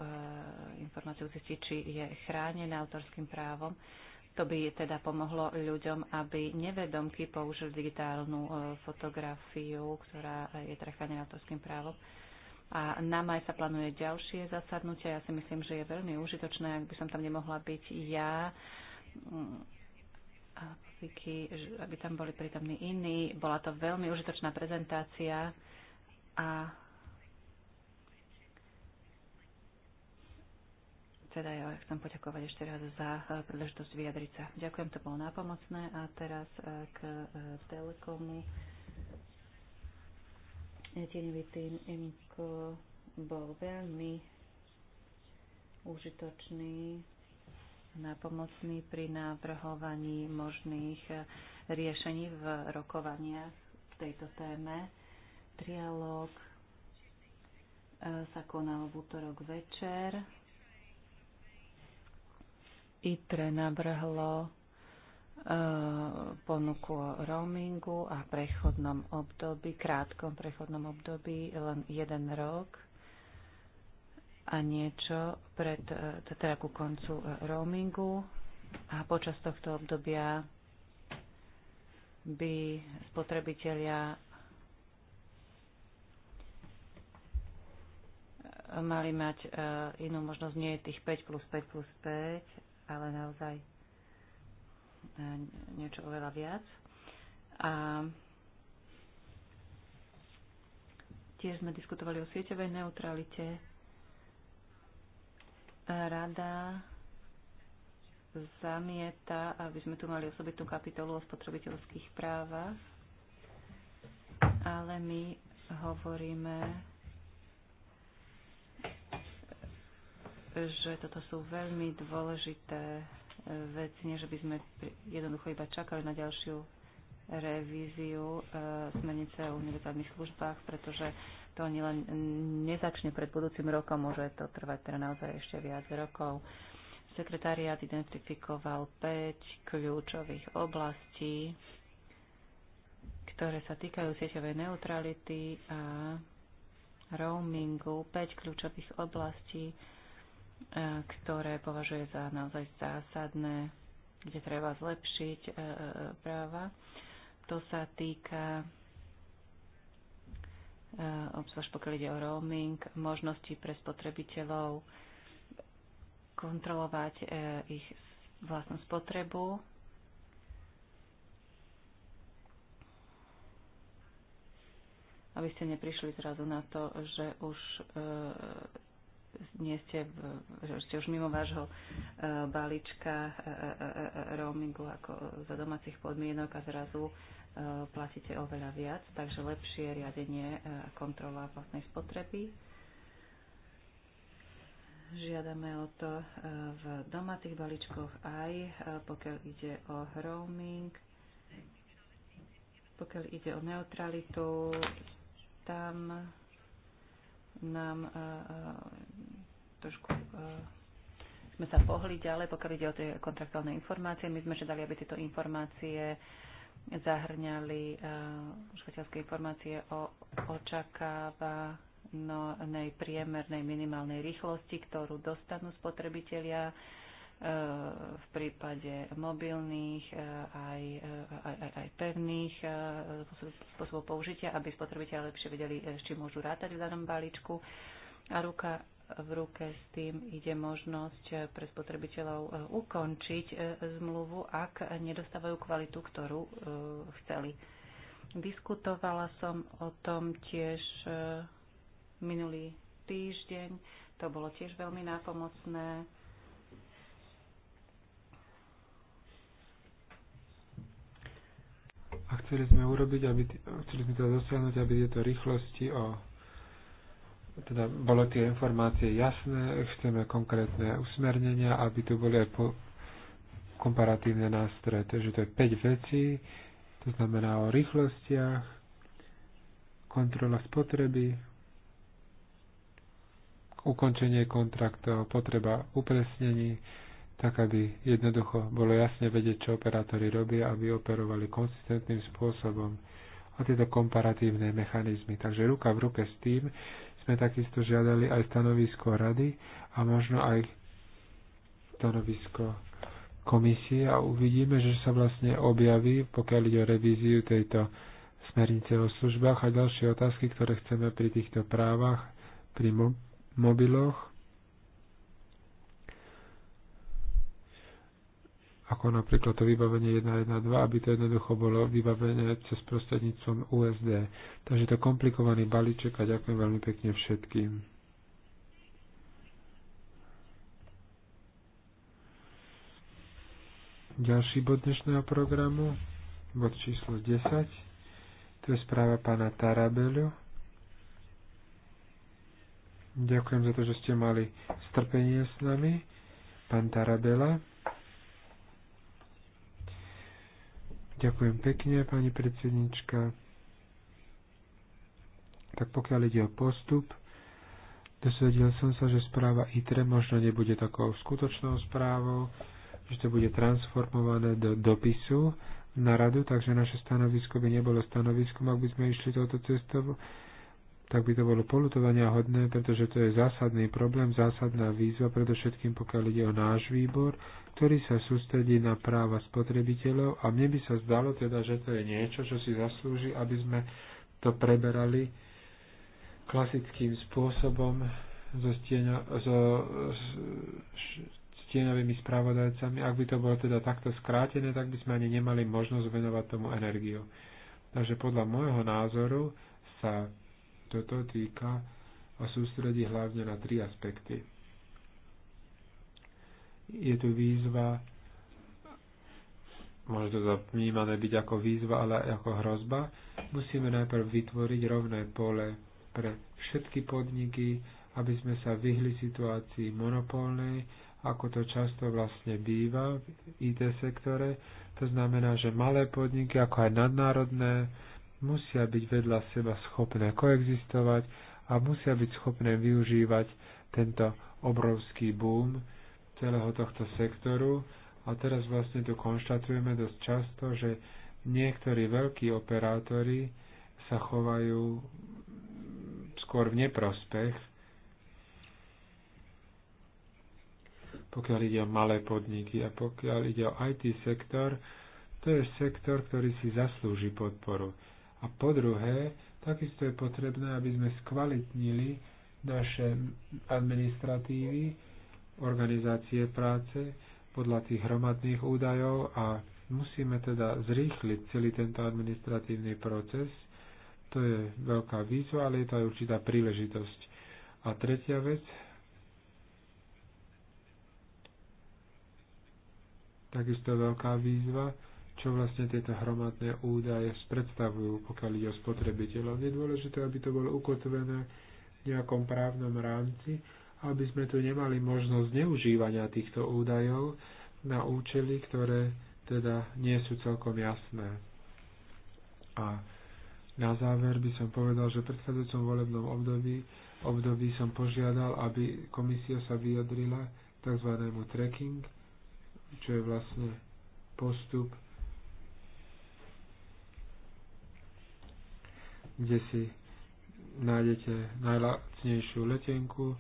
informáciu, zistiť, či je chránená autorským právom. To by teda pomohlo ľuďom, aby nevedomky použili digitálnu e, fotografiu, ktorá je teda chránená autorským právom. A na maj sa plánuje ďalšie zasadnutie. Ja si myslím, že je veľmi užitočné, ak by som tam nemohla byť ja, mm, aby tam boli prítomní iní. Bola to veľmi užitočná prezentácia a teda ja chcem poďakovať ešte raz za eh, príležitosť vyjadriť sa. Ďakujem, to bolo nápomocné a teraz eh, k eh, Telekomu. Tieňový tým Imko bol veľmi užitočný nápomocný pri navrhovaní možných riešení v rokovaniach v tejto téme trialóg e, sa konal v útorok večer. ITRE navrhlo e, ponuku o roamingu a prechodnom období, krátkom prechodnom období, len jeden rok a niečo pred, e, teda ku koncu roamingu a počas tohto obdobia by spotrebitelia mali mať e, inú možnosť, nie tých 5 plus 5 plus 5, ale naozaj e, niečo oveľa viac. A tiež sme diskutovali o sieťovej neutralite. Rada zamieta, aby sme tu mali osobitnú kapitolu o spotrebiteľských právach, ale my hovoríme že toto sú veľmi dôležité e, veci, nie že by sme jednoducho iba čakali na ďalšiu revíziu e, smernice o univerzálnych službách, pretože to ani len nezačne pred budúcim rokom, môže to trvať teda naozaj ešte viac rokov. Sekretariat identifikoval 5 kľúčových oblastí, ktoré sa týkajú sieťovej neutrality a roamingu, 5 kľúčových oblastí, E, ktoré považuje za naozaj zásadné, kde treba zlepšiť e, e, práva. To sa týka obzvlášť pokiaľ ide o roaming, možnosti pre spotrebiteľov kontrolovať ich vlastnú spotrebu. Aby ste neprišli zrazu na to, že už nie ste, že ste už mimo vášho e, balíčka e, e, roamingu ako za domácich podmienok a zrazu platíte oveľa viac, takže lepšie riadenie a kontrola vlastnej spotreby. Žiadame o to v domácich balíčkoch aj pokiaľ ide o roaming, pokiaľ ide o neutralitu, tam nám e, e, trošku e, sme sa pohli ďalej, pokiaľ ide o tie kontraktálne informácie. My sme žiadali, aby tieto informácie zahrňali užívateľské informácie o očakávanej priemernej minimálnej rýchlosti, ktorú dostanú spotrebitelia v prípade mobilných e, aj, e, aj, aj, aj pevných e, spôsobov použitia, aby spotrebitelia lepšie vedeli, s čím môžu rátať v danom balíčku. A ruka v ruke s tým ide možnosť pre spotrebiteľov ukončiť zmluvu, ak nedostávajú kvalitu, ktorú chceli. Diskutovala som o tom tiež minulý týždeň. To bolo tiež veľmi nápomocné a chceli sme urobiť, aby, chceli sme to teda dosiahnuť, aby tieto rýchlosti o teda bolo tie informácie jasné, chceme konkrétne usmernenia, aby tu boli aj po, komparatívne nástroje. Takže to je 5 vecí, to znamená o rýchlostiach, kontrola spotreby, ukončenie kontraktov, potreba upresnení, tak aby jednoducho bolo jasne vedieť, čo operátori robia, aby operovali konsistentným spôsobom a tieto komparatívne mechanizmy. Takže ruka v ruke s tým sme takisto žiadali aj stanovisko rady a možno aj stanovisko komisie a uvidíme, že sa vlastne objaví, pokiaľ ide o revíziu tejto smernice o službách a ďalšie otázky, ktoré chceme pri týchto právach, pri mo- mobiloch ako napríklad to vybavenie 112, aby to jednoducho bolo vybavené cez prostredníctvom USD. Takže to komplikovaný balíček a ďakujem veľmi pekne všetkým. Ďalší bod dnešného programu, bod číslo 10, to je správa pána Tarabelu. Ďakujem za to, že ste mali strpenie s nami, pán Tarabela. Ďakujem pekne, pani predsednička. Tak pokiaľ ide o postup, dosvedil som sa, že správa ITRE možno nebude takou skutočnou správou, že to bude transformované do dopisu na radu, takže naše stanovisko by nebolo stanoviskom, ak by sme išli touto cestou tak by to bolo polutovania hodné, pretože to je zásadný problém, zásadná výzva, predovšetkým pokiaľ ide o náš výbor, ktorý sa sústredí na práva spotrebiteľov a mne by sa zdalo teda, že to je niečo, čo si zaslúži, aby sme to preberali klasickým spôsobom so, stieňo, so stieňovými spravodajcami. Ak by to bolo teda takto skrátené, tak by sme ani nemali možnosť venovať tomu energiu. Takže podľa môjho názoru sa toto týka a sústredí hlavne na tri aspekty. Je tu výzva, môže to zapnímané byť ako výzva, ale aj ako hrozba. Musíme najprv vytvoriť rovné pole pre všetky podniky, aby sme sa vyhli situácii monopolnej, ako to často vlastne býva v IT sektore. To znamená, že malé podniky, ako aj nadnárodné, musia byť vedľa seba schopné koexistovať a musia byť schopné využívať tento obrovský boom celého tohto sektoru. A teraz vlastne tu konštatujeme dosť často, že niektorí veľkí operátori sa chovajú skôr v neprospech, pokiaľ ide o malé podniky a pokiaľ ide o IT sektor, to je sektor, ktorý si zaslúži podporu. A po druhé, takisto je potrebné, aby sme skvalitnili naše administratívy, organizácie práce podľa tých hromadných údajov a musíme teda zrýchliť celý tento administratívny proces. To je veľká výzva, ale je to aj určitá príležitosť. A tretia vec, takisto veľká výzva, čo vlastne tieto hromadné údaje predstavujú, pokiaľ ide o spotrebiteľov. Je dôležité, aby to bolo ukotvené v nejakom právnom rámci, aby sme tu nemali možnosť zneužívania týchto údajov na účely, ktoré teda nie sú celkom jasné. A na záver by som povedal, že v predchádzajúcom volebnom období, období som požiadal, aby komisia sa vyjadrila tzv. tracking, čo je vlastne postup kde si nájdete najlacnejšiu letenku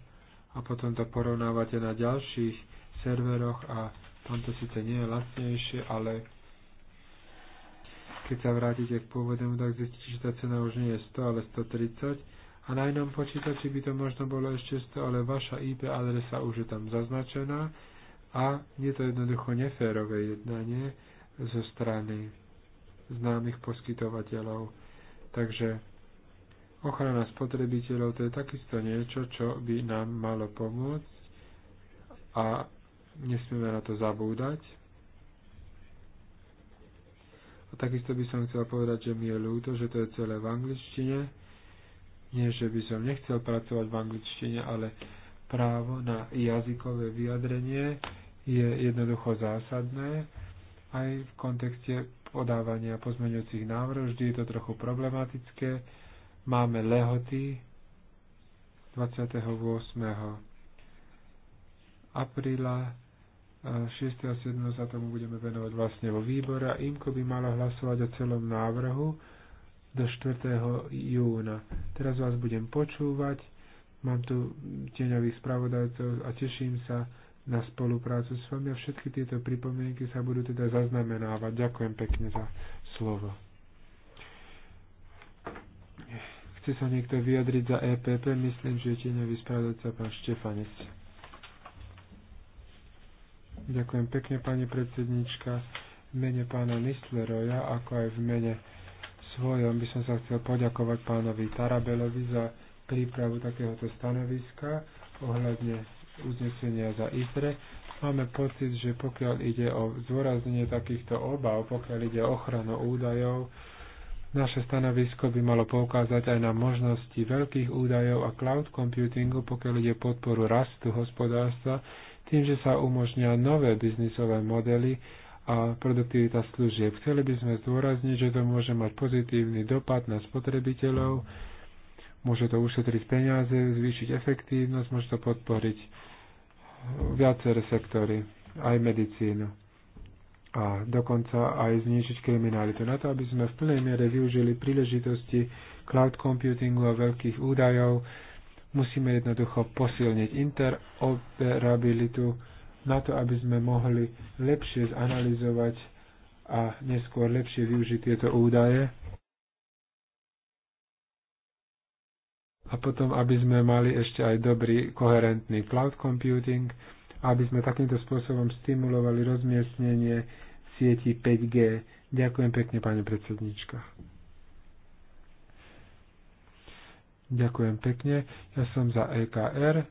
a potom to porovnávate na ďalších serveroch a tamto síce nie je lacnejšie, ale keď sa vrátite k pôvodnému, tak zistíte, že tá cena už nie je 100, ale 130 a na inom počítači by to možno bolo ešte 100, ale vaša IP adresa už je tam zaznačená a je to jednoducho neférové jednanie zo strany známych poskytovateľov Takže ochrana spotrebiteľov to je takisto niečo, čo by nám malo pomôcť a nesmieme na to zabúdať. A takisto by som chcel povedať, že mi je ľúto, že to je celé v angličtine. Nie, že by som nechcel pracovať v angličtine, ale právo na jazykové vyjadrenie je jednoducho zásadné aj v kontekste podávania pozmeňujúcich návrhov, vždy je to trochu problematické. Máme lehoty 28. apríla 6. a 7. sa tomu budeme venovať vlastne vo výbore a IMKO by malo hlasovať o celom návrhu do 4. júna. Teraz vás budem počúvať, mám tu tieňových spravodajcov a teším sa na spoluprácu s vami a všetky tieto pripomienky sa budú teda zaznamenávať. Ďakujem pekne za slovo. Chce sa niekto vyjadriť za EPP? Myslím, že je tieňový sa pán Štefanec. Ďakujem pekne, pani predsednička. V mene pána Nistleroja, ako aj v mene svojom by som sa chcel poďakovať pánovi Tarabelovi za prípravu takéhoto stanoviska ohľadne uznesenia za ITRE, máme pocit, že pokiaľ ide o zdôraznenie takýchto obav, pokiaľ ide o ochranu údajov, naše stanovisko by malo poukázať aj na možnosti veľkých údajov a cloud computingu, pokiaľ ide podporu rastu hospodárstva, tým, že sa umožňia nové biznisové modely a produktivita služieb. Chceli by sme zdôrazniť, že to môže mať pozitívny dopad na spotrebiteľov, Môže to ušetriť peniaze, zvýšiť efektívnosť, môže to podporiť eh, viaceré sektory, aj medicínu a dokonca aj znižiť kriminalitu. Na to, aby sme v plnej miere využili príležitosti cloud computingu a veľkých údajov, musíme jednoducho posilniť interoperabilitu na to, aby sme mohli lepšie zanalizovať a neskôr lepšie využiť tieto údaje a potom, aby sme mali ešte aj dobrý koherentný cloud computing, aby sme takýmto spôsobom stimulovali rozmiestnenie sieti 5G. Ďakujem pekne, pani predsednička. Ďakujem pekne. Ja som za EKR.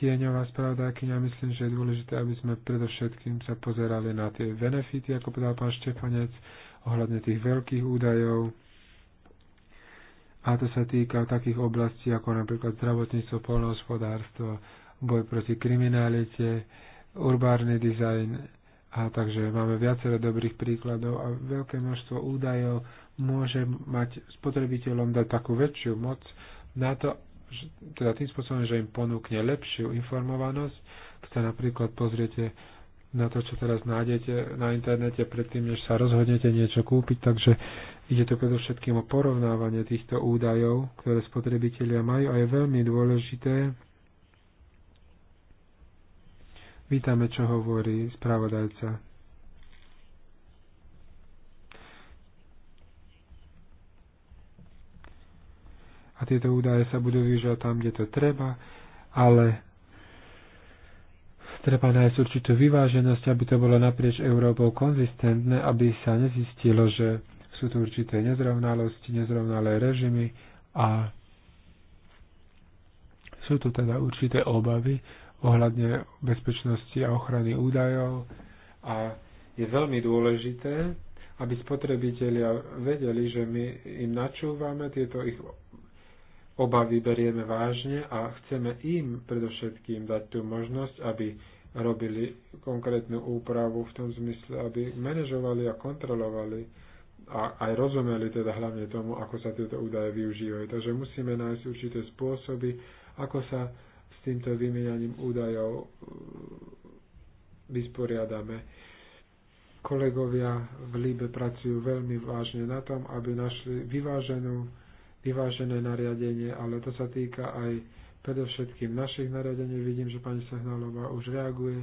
Tieňová spravodajkyňa, myslím, že je dôležité, aby sme predovšetkým sa pozerali na tie benefity, ako povedal pán Štefanec, ohľadne tých veľkých údajov, a to sa týka takých oblastí ako napríklad zdravotníctvo, polnohospodárstvo, boj proti kriminalite, urbárny dizajn. A takže máme viacero dobrých príkladov a veľké množstvo údajov môže mať spotrebiteľom dať takú väčšiu moc na to, teda tým spôsobom, že im ponúkne lepšiu informovanosť. Keď sa napríklad pozriete na to, čo teraz nájdete na internete predtým, než sa rozhodnete niečo kúpiť, takže Ide tu predovšetkým o porovnávanie týchto údajov, ktoré spotrebitelia majú a je veľmi dôležité. Vítame, čo hovorí správodajca. A tieto údaje sa budú využívať tam, kde to treba, ale treba nájsť určitú vyváženosť, aby to bolo naprieč Európou konzistentné, aby sa nezistilo, že sú tu určité nezrovnalosti, nezrovnalé režimy a sú tu teda určité obavy ohľadne bezpečnosti a ochrany údajov a je veľmi dôležité, aby spotrebitelia vedeli, že my im načúvame, tieto ich obavy berieme vážne a chceme im predovšetkým dať tú možnosť, aby robili konkrétnu úpravu v tom zmysle, aby manažovali a kontrolovali a aj rozumeli teda hlavne tomu, ako sa tieto údaje využívajú. Takže musíme nájsť určité spôsoby, ako sa s týmto vymieňaním údajov e, vysporiadame. Kolegovia v Líbe pracujú veľmi vážne na tom, aby našli vyváženú, vyvážené nariadenie, ale to sa týka aj predovšetkým našich nariadení. Vidím, že pani Sehnalová už reaguje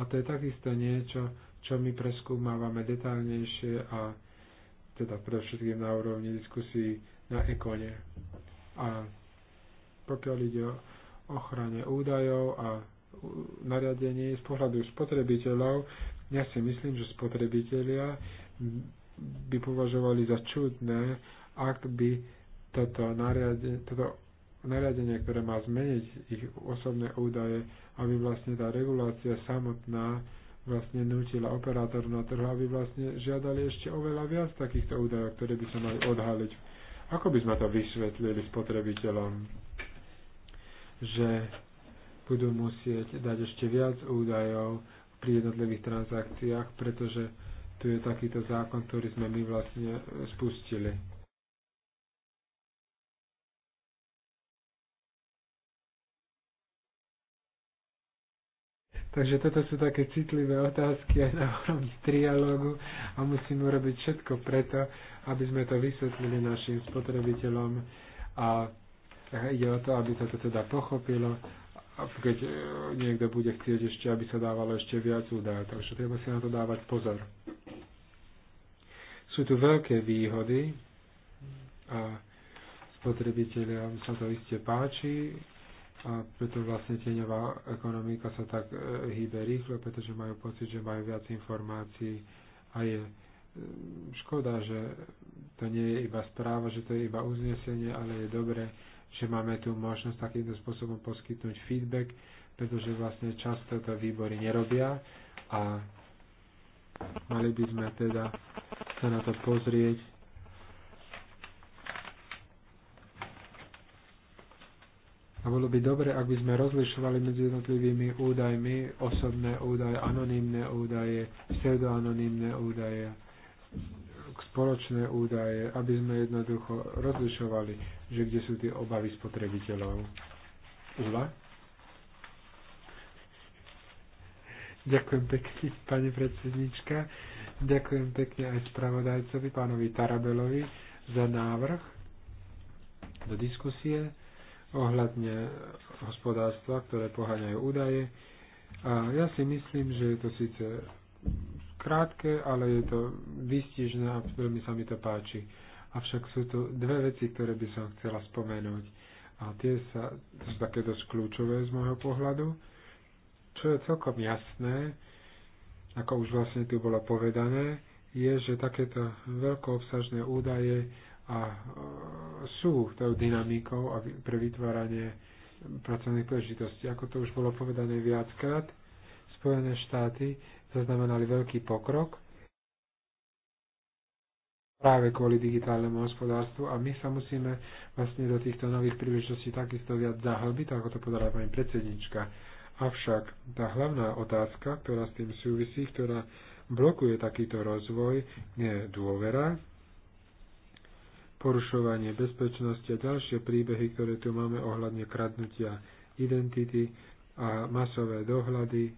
a to je takisto niečo, čo my preskúmávame detálnejšie a teda predovšetkým na úrovni diskusí na ekone. A pokiaľ ide o ochrane údajov a nariadení z pohľadu spotrebiteľov, ja si myslím, že spotrebitelia by považovali za čudné, ak by toto nariadenie, toto nariadenie, ktoré má zmeniť ich osobné údaje, aby vlastne tá regulácia samotná vlastne nutila operátor na trhu, aby vlastne žiadali ešte oveľa viac takýchto údajov, ktoré by sa mali odhaliť. Ako by sme to vysvetlili spotrebiteľom? Že budú musieť dať ešte viac údajov pri jednotlivých transakciách, pretože tu je takýto zákon, ktorý sme my vlastne spustili. Takže toto sú také citlivé otázky aj na úrovni trialógu a musíme urobiť všetko preto, aby sme to vysvetlili našim spotrebiteľom a ide o to, aby sa to teda pochopilo a keď e, niekto bude chcieť ešte, aby sa dávalo ešte viac údajov. Takže treba si na to dávať pozor. Sú tu veľké výhody a spotrebiteľom sa to iste páči, a preto vlastne tieňová ekonomika sa tak e, hýbe rýchlo, pretože majú pocit, že majú viac informácií a je e, škoda, že to nie je iba správa, že to je iba uznesenie, ale je dobré, že máme tu možnosť takýmto spôsobom poskytnúť feedback, pretože vlastne často to výbory nerobia a mali by sme teda sa na to pozrieť A bolo by dobre, ak by sme rozlišovali medzi jednotlivými údajmi, osobné údaje, anonimné údaje, pseudoanonimné údaje, spoločné údaje, aby sme jednoducho rozlišovali, že kde sú tie obavy spotrebiteľov. Uva. Ďakujem pekne, pani predsednička. Ďakujem pekne aj spravodajcovi, pánovi Tarabelovi, za návrh do diskusie ohľadne hospodárstva, ktoré poháňajú údaje. A ja si myslím, že je to síce krátke, ale je to vystižné a veľmi sa mi to páči. Avšak sú tu dve veci, ktoré by som chcela spomenúť. A tie sa, sú také dosť kľúčové z môjho pohľadu, čo je celkom jasné, ako už vlastne tu bolo povedané, je, že takéto veľkoobsažné údaje a e, sú tou dynamikou pre vytváranie pracovných príležitostí. Ako to už bolo povedané viackrát, Spojené štáty zaznamenali veľký pokrok práve kvôli digitálnemu hospodárstvu a my sa musíme vlastne do týchto nových príležitostí takisto viac zahlbiť, ako to podala pani predsednička. Avšak tá hlavná otázka, ktorá s tým súvisí, ktorá blokuje takýto rozvoj, je dôvera porušovanie bezpečnosti a ďalšie príbehy, ktoré tu máme ohľadne kradnutia identity a masové dohľady,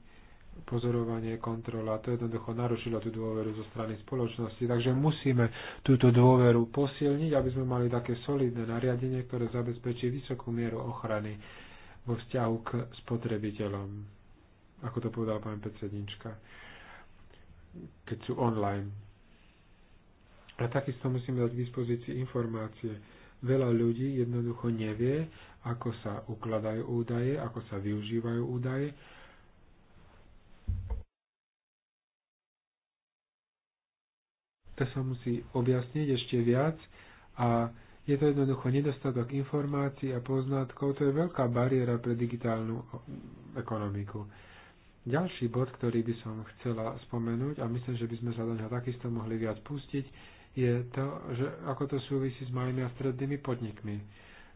pozorovanie, kontrola. To jednoducho narušilo tú dôveru zo strany spoločnosti. Takže musíme túto dôveru posilniť, aby sme mali také solidné nariadenie, ktoré zabezpečí vysokú mieru ochrany vo vzťahu k spotrebiteľom, ako to povedal pani predsednička, keď sú online a takisto musíme dať k dispozícii informácie. Veľa ľudí jednoducho nevie, ako sa ukladajú údaje, ako sa využívajú údaje. To sa musí objasniť ešte viac a je to jednoducho nedostatok informácií a poznatkov, to je veľká bariéra pre digitálnu ekonomiku. Ďalší bod, ktorý by som chcela spomenúť a myslím, že by sme sa do neho takisto mohli viac pustiť, je to, že ako to súvisí s malými a strednými podnikmi.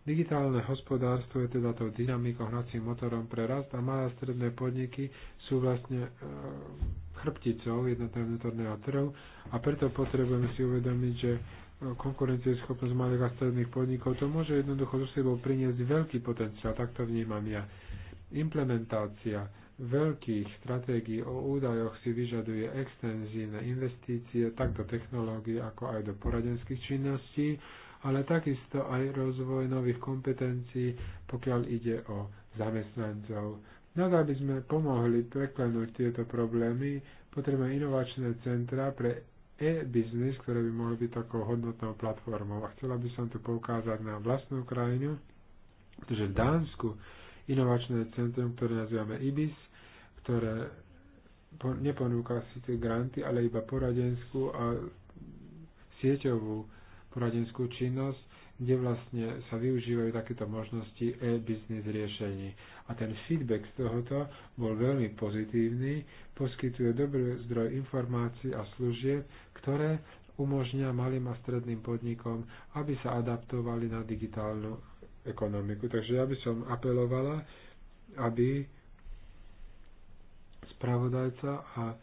Digitálne hospodárstvo je teda tou dynamikou hnacím motorom pre rast a malé a stredné podniky sú vlastne e, chrbticou jednotného vnútorného trhu a preto potrebujeme si uvedomiť, že e, konkurencieschopnosť malých a stredných podnikov to môže jednoducho so sebou priniesť veľký potenciál, tak to vnímam ja. Implementácia veľkých stratégií o údajoch si vyžaduje extenzívne investície tak do technológií ako aj do poradenských činností, ale takisto aj rozvoj nových kompetencií, pokiaľ ide o zamestnancov. Na to, aby sme pomohli preklenúť tieto problémy, potrebujeme inovačné centra pre e-biznis, ktoré by mohli byť takou hodnotnou platformou. A chcela by som tu poukázať na vlastnú krajinu, pretože v Dánsku inovačné centrum, ktoré nazývame IBIS, ktoré neponúka síce granty, ale iba poradenskú a sieťovú poradenskú činnosť, kde vlastne sa využívajú takéto možnosti e-business riešení. A ten feedback z tohoto bol veľmi pozitívny, poskytuje dobrý zdroj informácií a služieb, ktoré umožňa malým a stredným podnikom, aby sa adaptovali na digitálnu ekonomiku. Takže ja by som apelovala, aby spravodajca a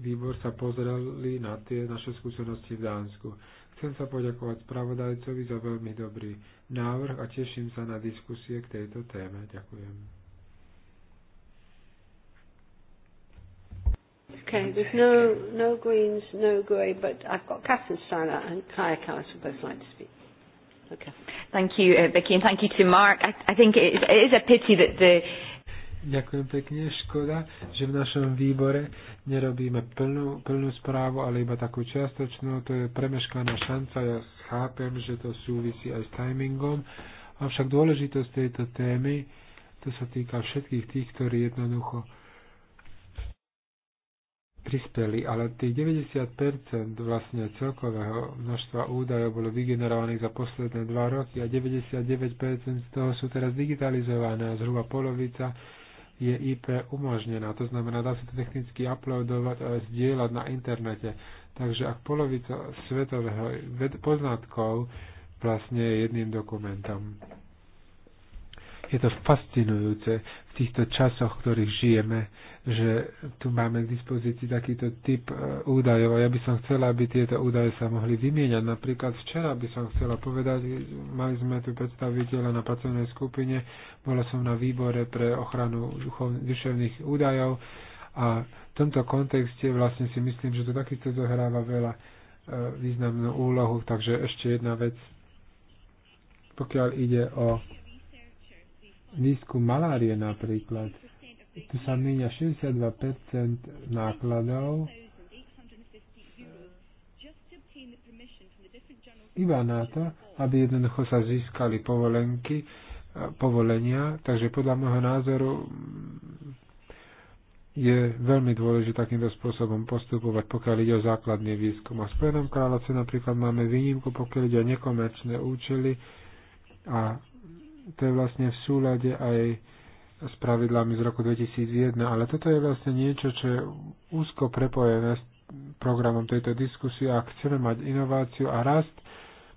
výbor sa pozreli na tie naše skúsenosti v Dánsku. Chcem sa poďakovať spravodajcovi za veľmi dobrý návrh a teším sa na diskusie k tejto téme. Ďakujem. Okay, there's no, no Greens, no Grey, but I've got Catherine Steiner and Kaya Callas would both like to speak. Okay. Thank you, uh, Vicky, and thank you to Mark. I, I think it, it is a pity that the Ďakujem pekne, škoda, že v našom výbore nerobíme plnú, plnú správu, ale iba takú čiastočnú. To je premeškaná šanca, ja chápem, že to súvisí aj s timingom. Avšak dôležitosť tejto témy, to sa týka všetkých tých, ktorí jednoducho prispeli, ale tých 90% vlastne celkového množstva údajov bolo vygenerovaných za posledné dva roky a 99% z toho sú teraz digitalizované a zhruba polovica je IP umožnená. To znamená, dá sa to technicky uploadovať a zdieľať na internete. Takže ak polovica svetového poznatkov vlastne je jedným dokumentom. Je to fascinujúce v týchto časoch, v ktorých žijeme, že tu máme k dispozícii takýto typ e, údajov a ja by som chcela, aby tieto údaje sa mohli vymieňať. Napríklad včera by som chcela povedať, mali sme tu predstaviteľa na pracovnej skupine, bola som na výbore pre ochranu duševných údajov a v tomto kontexte vlastne si myslím, že to takisto zohráva veľa e, významnú úlohu. Takže ešte jedna vec, pokiaľ ide o výskum malárie napríklad, tu sa míňa 62% nákladov iba na to, aby jednoducho sa získali povolenky, povolenia, takže podľa môjho názoru je veľmi dôležité takýmto spôsobom postupovať, pokiaľ ide o základný výskum. A v Spojenom kráľovstve napríklad máme výnimku, pokiaľ ide o nekomerčné účely a to je vlastne v súlade aj s pravidlami z roku 2001, ale toto je vlastne niečo, čo je úzko prepojené s programom tejto diskusie. Ak chceme mať inováciu a rast,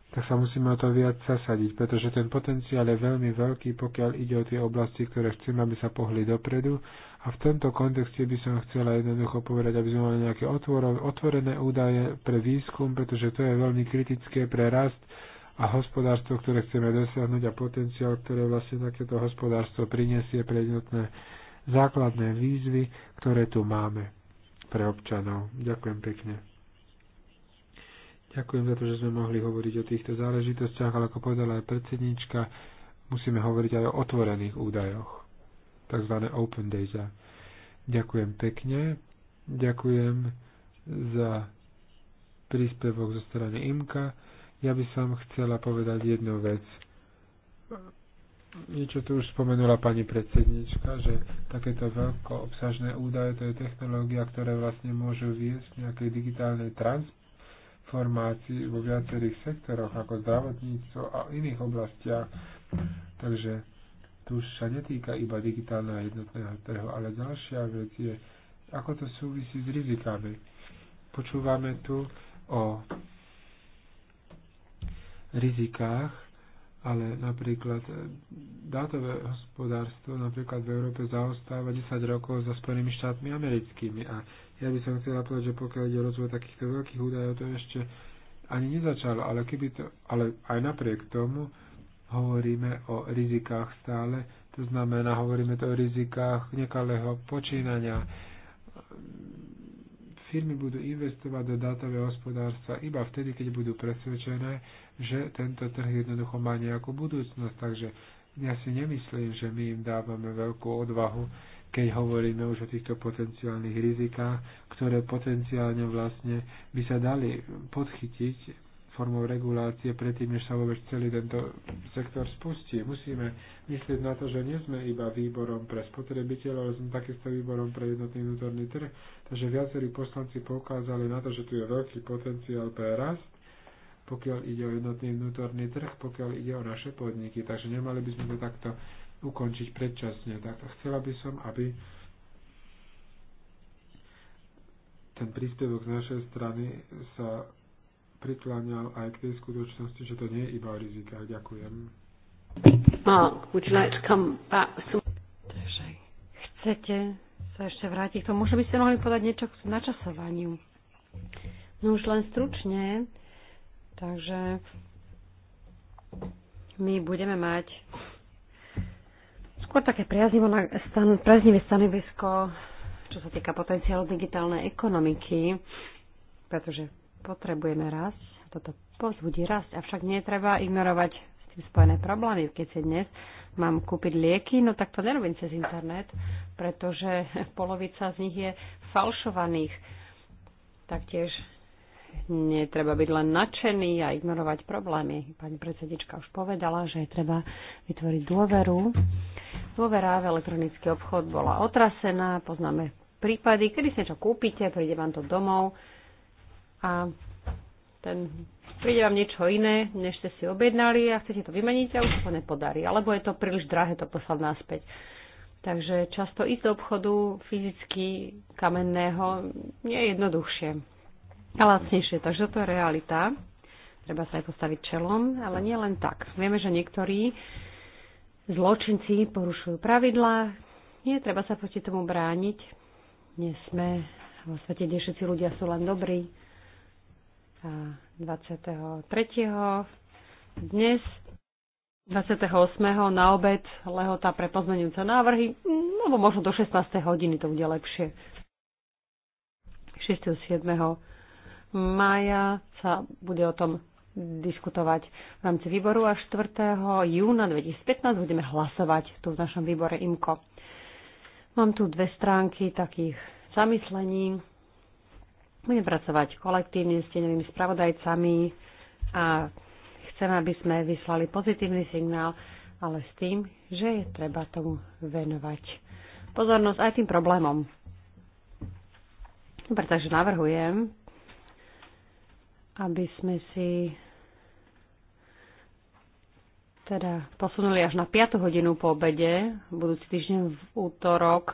tak sa musíme o to viac zasadiť, pretože ten potenciál je veľmi veľký, pokiaľ ide o tie oblasti, ktoré chceme, aby sa pohli dopredu. A v tomto kontexte by som chcela jednoducho povedať, aby sme mali nejaké otvorené údaje pre výskum, pretože to je veľmi kritické pre rast a hospodárstvo, ktoré chceme dosiahnuť a potenciál, ktoré vlastne takéto hospodárstvo prinesie pre jednotné základné výzvy, ktoré tu máme pre občanov. Ďakujem pekne. Ďakujem za to, že sme mohli hovoriť o týchto záležitostiach, ale ako povedala aj predsednička, musíme hovoriť aj o otvorených údajoch, tzv. open data. Ďakujem pekne, ďakujem za príspevok zo strany IMKA ja by som chcela povedať jednu vec. Niečo tu už spomenula pani predsednička, že takéto veľko obsažné údaje to je technológia, ktoré vlastne môžu viesť nejakej digitálne transformácii vo viacerých sektoroch, ako zdravotníctvo a iných oblastiach. Takže tu už sa netýka iba digitálneho jednotného trhu, ale ďalšia vec je, ako to súvisí s rizikami. Počúvame tu o rizikách, ale napríklad eh, dátové hospodárstvo napríklad v Európe zaostáva 10 rokov za Spojenými štátmi americkými a ja by som chcela povedať, že pokiaľ ide rozvoj takýchto veľkých údajov, to ešte ani nezačalo, ale, keby to, ale aj napriek tomu hovoríme o rizikách stále, to znamená, hovoríme to o rizikách nekalého počínania, firmy budú investovať do dátového hospodárstva iba vtedy, keď budú presvedčené, že tento trh jednoducho má nejakú budúcnosť. Takže ja si nemyslím, že my im dávame veľkú odvahu, keď hovoríme už o týchto potenciálnych rizikách, ktoré potenciálne vlastne by sa dali podchytiť formou regulácie predtým, než sa vôbec celý tento sektor spustí. Musíme myslieť na to, že nie sme iba výborom pre spotrebiteľov, ale sme takisto výborom pre jednotný vnútorný trh. Takže viacerí poslanci poukázali na to, že tu je veľký potenciál pre rast pokiaľ ide o jednotný vnútorný trh, pokiaľ ide o naše podniky. Takže nemali by sme to takto ukončiť predčasne. Tak chcela by som, aby ten príspevok z našej strany sa prikláňal aj k tej skutočnosti, že to nie je iba o rizikách. Ďakujem. Mark, would you like to come back with some... Takže chcete sa ešte vrátiť k tomu? Možno by ste mohli povedať niečo k načasovaniu. No už len stručne, Takže my budeme mať skôr také priaznivé stanovisko, čo sa týka potenciálu digitálnej ekonomiky, pretože potrebujeme rast, toto pozbudí rast, avšak netreba ignorovať s tým spojené problémy. Keď si dnes mám kúpiť lieky, no tak to nerobím cez internet, pretože polovica z nich je falšovaných. Taktiež netreba byť len nadšený a ignorovať problémy. Pani predsednička už povedala, že je treba vytvoriť dôveru. Dôvera v elektronický obchod bola otrasená, poznáme prípady, kedy si niečo kúpite, príde vám to domov a ten, príde vám niečo iné, než ste si objednali a chcete to vymeniť a už sa to nepodarí. Alebo je to príliš drahé to poslať naspäť. Takže často ísť do obchodu fyzicky kamenného nie je jednoduchšie a lacnejšie. Takže to je realita. Treba sa aj postaviť čelom, ale nie len tak. Vieme, že niektorí zločinci porušujú pravidlá. Nie, treba sa proti tomu brániť. sme vo svete, kde všetci ľudia sú len dobrí. A 23. dnes 28. na obed lehota pre pozmenujúce návrhy, alebo no, možno do 16. hodiny to bude lepšie. 6. 7 mája sa bude o tom diskutovať v rámci výboru a 4. júna 2015 budeme hlasovať tu v našom výbore IMKO. Mám tu dve stránky takých zamyslení. Budem pracovať kolektívne s tieňovými spravodajcami a chcem, aby sme vyslali pozitívny signál, ale s tým, že je treba tomu venovať pozornosť aj tým problémom. Pretože navrhujem, aby sme si teda posunuli až na 5. hodinu po obede, budúci týždeň v útorok,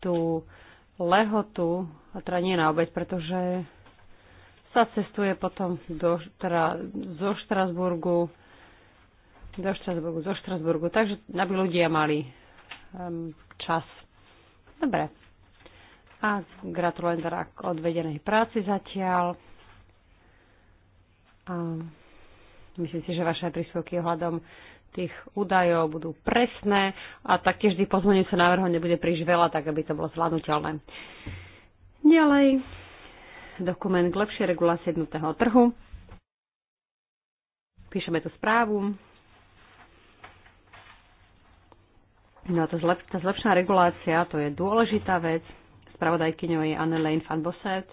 tú lehotu, a teda nie na obed, pretože sa cestuje potom do, teda zo Štrasburgu, do Štrasburgu, zo Štrasburgu, takže aby ľudia mali um, čas. Dobre. A gratulujem teda k odvedenej práci zatiaľ. A myslím si, že vaše príspevky ohľadom tých údajov budú presné a taktiež tých pozmeňujúcich návrhov nebude príliš veľa, tak aby to bolo zvládnutelné. Ďalej, dokument k lepšej regulácii jednotného trhu. Píšeme tu správu. No a tá zlepšená regulácia, to je dôležitá vec. Spravodajkyňou je Anne-Lane van Bosset.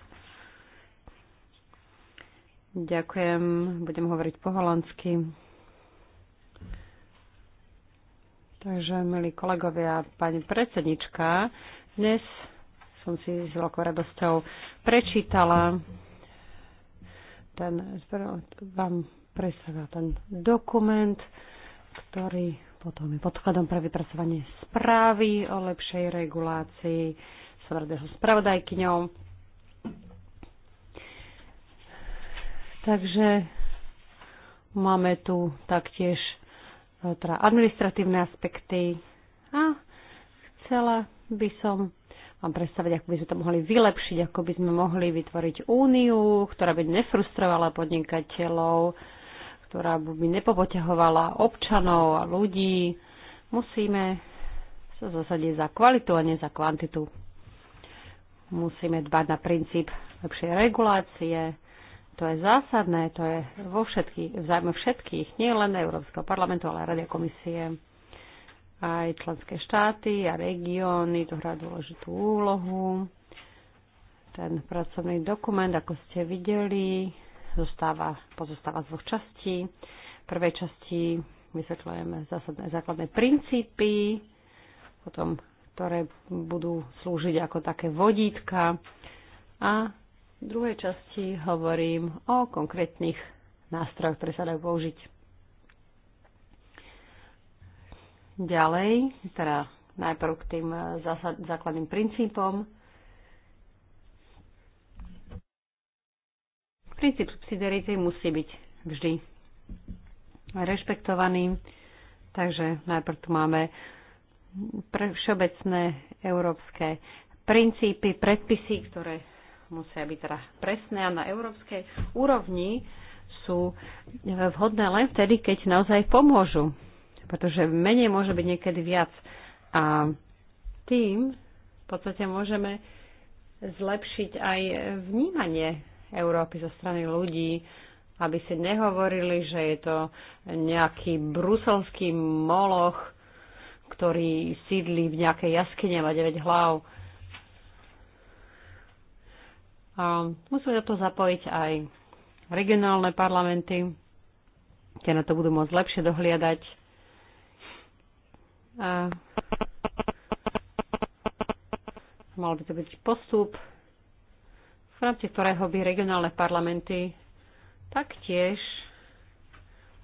Ďakujem, budem hovoriť po holandsky. Takže, milí kolegovia, pani predsednička, dnes som si s veľkou radosťou prečítala ten, vám predstavila ten dokument, ktorý potom je podkladom pre vypracovanie správy o lepšej regulácii. Som že spravodajkyňou Takže máme tu taktiež e, teda administratívne aspekty a chcela by som vám predstaviť, ako by sme to mohli vylepšiť, ako by sme mohli vytvoriť úniu, ktorá by nefrustrovala podnikateľov, ktorá by nepopoťahovala občanov a ľudí. Musíme sa zasadiť za kvalitu a nie za kvantitu. Musíme dbať na princíp lepšej regulácie, to je zásadné, to je vo všetkých, zájme všetkých, nie len Európskeho parlamentu, ale aj Rady komisie. Aj členské štáty a regióny to hrá dôležitú úlohu. Ten pracovný dokument, ako ste videli, zostáva, pozostáva z dvoch častí. V prvej časti vysvetľujeme zásadné, základné princípy, potom, ktoré budú slúžiť ako také vodítka a v druhej časti hovorím o konkrétnych nástrojoch, ktoré sa dajú použiť. Ďalej, teda najprv k tým zásad, základným princípom. Princíp subsidiarity musí byť vždy rešpektovaný. Takže najprv tu máme všeobecné európske princípy, predpisy, ktoré musia byť teda presné a na európskej úrovni sú e, vhodné len vtedy, keď naozaj pomôžu. Pretože menej môže byť niekedy viac. A tým v podstate môžeme zlepšiť aj vnímanie Európy zo strany ľudí, aby si nehovorili, že je to nejaký bruselský moloch, ktorý sídli v nejakej jaskyne, má 9 hlav. A musíme do toho zapojiť aj regionálne parlamenty, tie na to budú môcť lepšie dohliadať. A mal by to byť postup, v rámci ktorého by regionálne parlamenty taktiež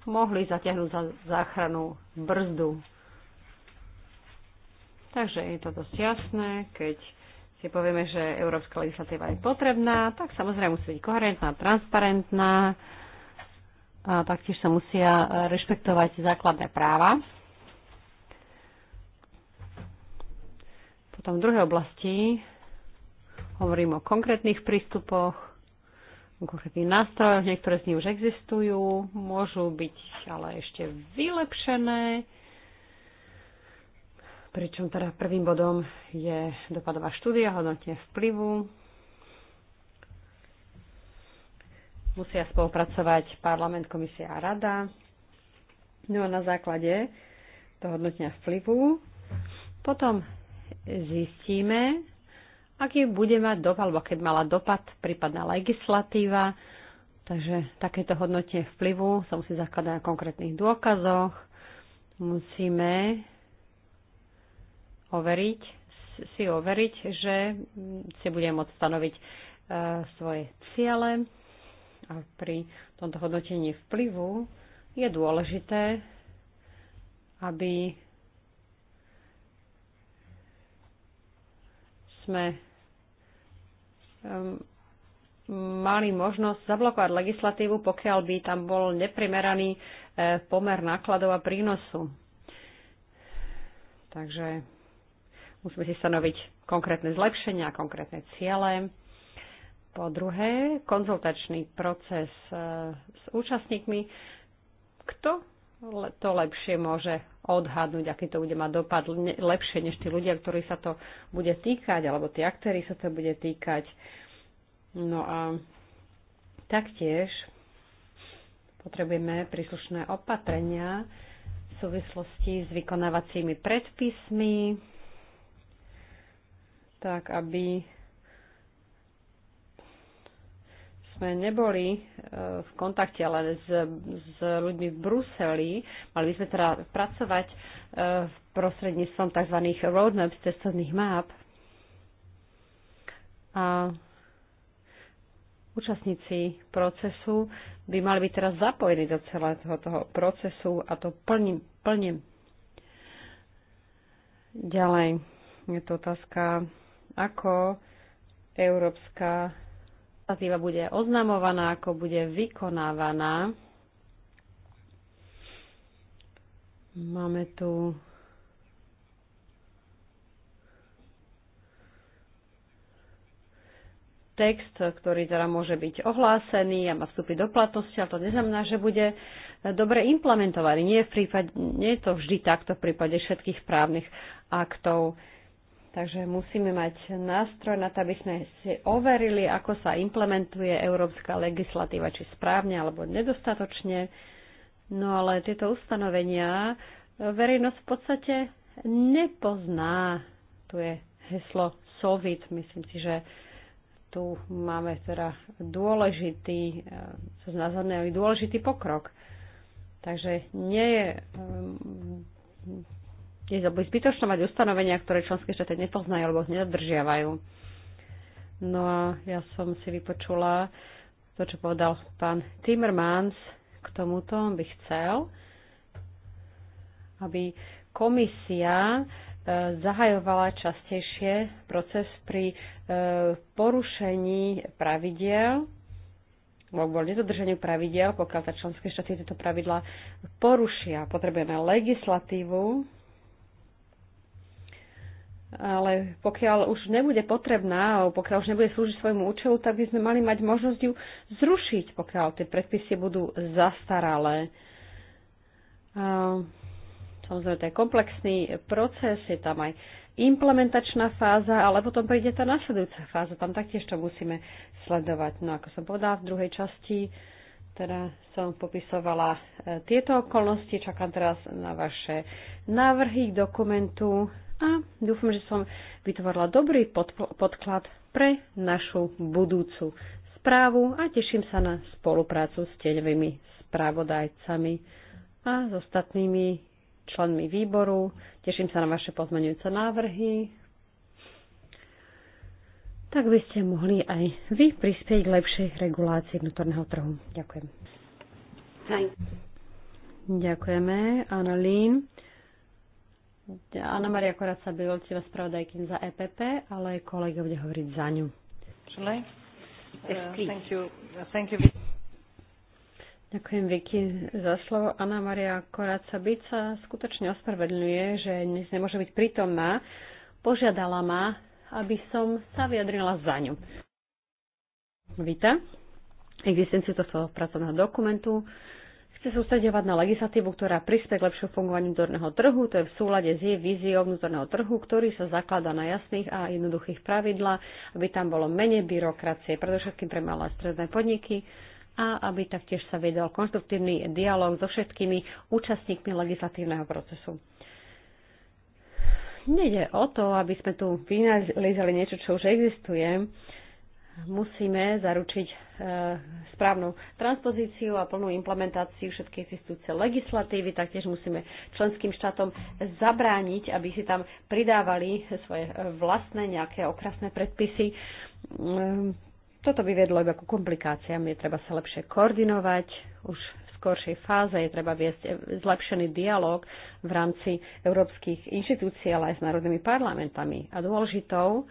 mohli zatiahnuť za záchranu brzdu. Takže je to dosť jasné, keď si povieme, že európska legislatíva je potrebná, tak samozrejme musí byť koherentná, transparentná a taktiež sa musia rešpektovať základné práva. Potom v druhej oblasti hovorím o konkrétnych prístupoch, o konkrétnych nástrojoch, niektoré z nich už existujú, môžu byť ale ešte vylepšené pričom teda prvým bodom je dopadová štúdia, hodnotenie vplyvu. Musia spolupracovať parlament, komisia a rada. No a na základe toho hodnotenia vplyvu potom zistíme, aký bude mať dopad, alebo keď mala dopad prípadná legislatíva. Takže takéto hodnotenie vplyvu sa musí zakladať na konkrétnych dôkazoch. Musíme overiť, si overiť, že mm, si budem môcť stanoviť e, svoje ciele a pri tomto hodnotení vplyvu je dôležité, aby sme mali možnosť zablokovať legislatívu, pokiaľ by tam bol neprimeraný e, pomer nákladov a prínosu. Takže Musíme si stanoviť konkrétne zlepšenia, konkrétne ciele. Po druhé, konzultačný proces e, s účastníkmi. Kto to lepšie môže odhadnúť, aký to bude mať dopad lepšie než tí ľudia, ktorí sa to bude týkať, alebo tí aktéry sa to bude týkať. No a taktiež potrebujeme príslušné opatrenia v súvislosti s vykonávacími predpismi, tak aby sme neboli e, v kontakte len s, s ľuďmi v Bruseli, mali by sme teda pracovať e, v prostredníctvom tzv. roadmaps, cestovných map. A účastníci procesu by mali byť teraz zapojení do celého toho procesu a to plne, plním. Ďalej je to otázka ako európska legislatíva bude oznamovaná, ako bude vykonávaná. Máme tu text, ktorý teda môže byť ohlásený a má vstúpiť do platnosti, ale to neznamená, že bude dobre implementovaný. Nie je, v prípade, nie je to vždy takto v prípade všetkých právnych aktov. Takže musíme mať nástroj na to, aby sme si overili, ako sa implementuje európska legislatíva, či správne alebo nedostatočne. No ale tieto ustanovenia verejnosť v podstate nepozná. Tu je heslo SOVIT. Myslím si, že tu máme teda dôležitý, eh, sa znázorne, dôležitý pokrok. Takže nie je eh, je zbytočné mať ustanovenia, ktoré členské štáty nepoznajú alebo nedodržiavajú. No a ja som si vypočula to, čo povedal pán Timmermans k tomuto. by chcel, aby komisia e, zahajovala častejšie proces pri e, porušení pravidiel alebo nedodržaniu pravidel, pokiaľ sa členské štáty tieto pravidla porušia. Potrebujeme legislatívu, ale pokiaľ už nebude potrebná, alebo pokiaľ už nebude slúžiť svojmu účelu, tak by sme mali mať možnosť ju zrušiť, pokiaľ tie predpisy budú zastaralé. Samozrejme, to je komplexný proces, je tam aj implementačná fáza, ale potom príde tá nasledujúca fáza. Tam taktiež to musíme sledovať. No ako som povedala v druhej časti, teda som popisovala e, tieto okolnosti. Čakám teraz na vaše návrhy k dokumentu a dúfam, že som vytvorila dobrý podklad pre našu budúcu správu a teším sa na spoluprácu s tieňovými správodajcami a s ostatnými členmi výboru. Teším sa na vaše pozmenujúce návrhy tak by ste mohli aj vy prispieť k lepšej regulácii vnútorného trhu. Ďakujem. Hej. Ďakujeme, Lín. Anna Maria Koraca Bilolceva, spravodajkým za EPP, ale kolega bude hovoriť za ňu. Uh, uh, Ďakujem, Vicky, za slovo. Anna Maria Koraca Bica skutočne ospravedlňuje, že dnes nemôže byť prítomná. Požiadala ma, aby som sa vyjadrila za ňu. Víta existenciu tohto pracovného dokumentu. Chce sústredovať na legislatívu, ktorá prispie k lepšiu fungovaniu vnútorného trhu. To je v súlade s jej víziou vnútorného trhu, ktorý sa zaklada na jasných a jednoduchých pravidlá, aby tam bolo menej byrokracie, predovšetkým pre malé stredné podniky a aby taktiež sa vedel konstruktívny dialog so všetkými účastníkmi legislatívneho procesu. Nede o to, aby sme tu vynalizali niečo, čo už existuje. Musíme zaručiť e, správnu transpozíciu a plnú implementáciu všetkej existujúcej legislatívy. Taktiež musíme členským štátom zabrániť, aby si tam pridávali svoje e, vlastné nejaké okrasné predpisy. E, toto by vedlo iba ku komplikáciám. Je treba sa lepšie koordinovať. Už skoršej fáze. Je treba viesť zlepšený dialog v rámci európskych inštitúcií, ale aj s národnými parlamentami. A dôležitou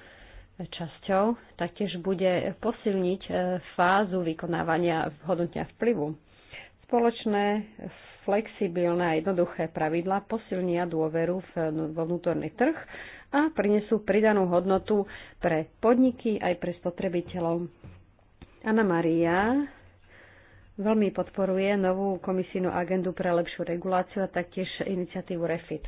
časťou taktiež bude posilniť e, fázu vykonávania hodnotenia vplyvu. Spoločné, flexibilné a jednoduché pravidla posilnia dôveru vo vnútorný trh a prinesú pridanú hodnotu pre podniky aj pre spotrebiteľov. Anna Maria veľmi podporuje novú komisijnú agendu pre lepšiu reguláciu a taktiež iniciatívu REFIT.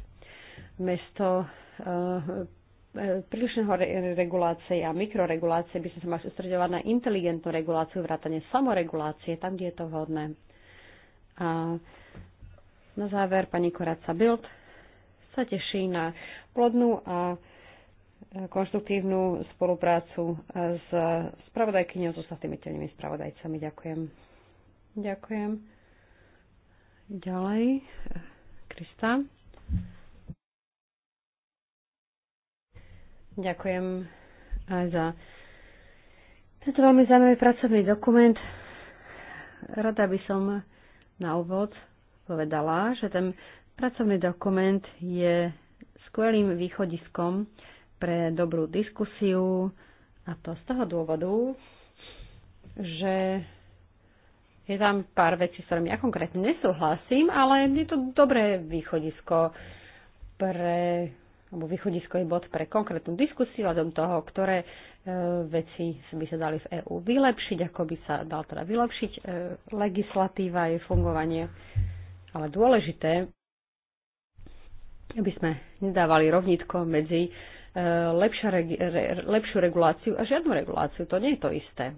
Mesto eh, eh, prílišného regulácie a mikroregulácie by sme sa mali sústredovať na inteligentnú reguláciu, vrátane samoregulácie, tam, kde je to vhodné. A na záver pani Koraca Bild sa teší na plodnú a eh, konštruktívnu spoluprácu s spravodajkyňou, s ostatnými telnými spravodajcami. Ďakujem. Ďakujem. Ďalej, Krista. Ďakujem aj za tento veľmi zaujímavý pracovný dokument. Rada by som na úvod povedala, že ten pracovný dokument je skvelým východiskom pre dobrú diskusiu a to z toho dôvodu, že je tam pár vecí, s ktorými ja konkrétne nesúhlasím, ale je to dobré východisko pre alebo východiskový bod pre konkrétnu diskusiu hľadom toho, ktoré e, veci by sa dali v EÚ vylepšiť, ako by sa dal teda vylepšiť e, legislatíva, jej fungovanie. Ale dôležité, aby sme nedávali rovnitko medzi e, lepšia, re, lepšiu reguláciu a žiadnu reguláciu. To nie je to isté.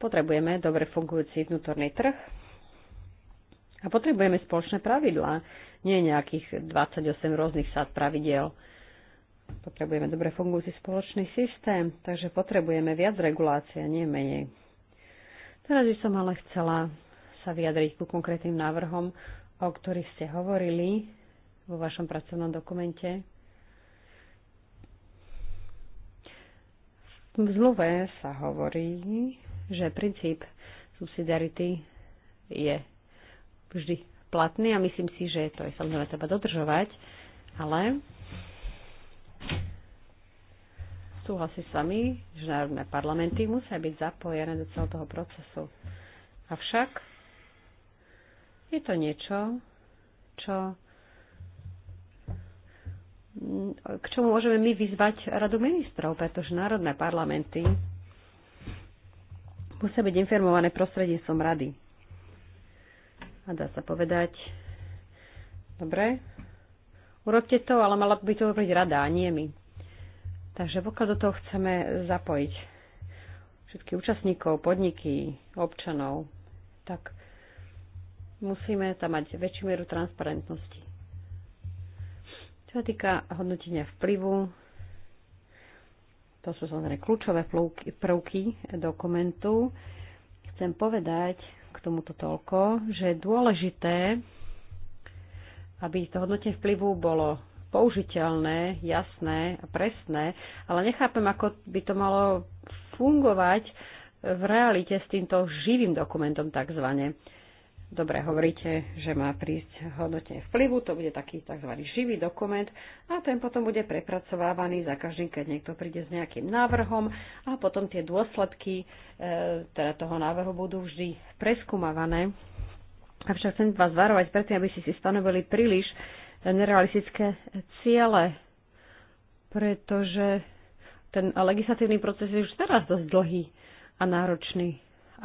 Potrebujeme dobre fungujúci vnútorný trh a potrebujeme spoločné pravidlá, nie nejakých 28 rôznych sád pravidel. Potrebujeme dobre fungujúci spoločný systém, takže potrebujeme viac regulácie, nie menej. Teraz by som ale chcela sa vyjadriť ku konkrétnym návrhom, o ktorých ste hovorili vo vašom pracovnom dokumente. V zmluve sa hovorí že princíp subsidiarity je vždy platný a myslím si, že to je samozrejme treba dodržovať, ale súhlasí s vami, že národné parlamenty musia byť zapojené do celého toho procesu. Avšak je to niečo, čo k čomu môžeme my vyzvať Radu ministrov, pretože národné parlamenty musia byť informované prostredníctvom rady. A dá sa povedať, dobre, urobte to, ale mala by to robiť rada, a nie my. Takže pokiaľ do toho chceme zapojiť všetkých účastníkov, podniky, občanov, tak musíme tam mať väčšiu mieru transparentnosti. Čo sa týka hodnotenia vplyvu, to sú samozrejme kľúčové prvky dokumentu. Chcem povedať k tomuto toľko, že je dôležité, aby to hodnotenie vplyvu bolo použiteľné, jasné a presné, ale nechápem, ako by to malo fungovať v realite s týmto živým dokumentom takzvané dobre hovoríte, že má prísť hodnotenie vplyvu, to bude taký tzv. živý dokument a ten potom bude prepracovávaný za každým, keď niekto príde s nejakým návrhom a potom tie dôsledky e, teda toho návrhu budú vždy preskúmavané. Avšak chcem vás varovať predtým, aby ste si stanovili príliš nerealistické ciele, pretože ten legislatívny proces je už teraz dosť dlhý a náročný.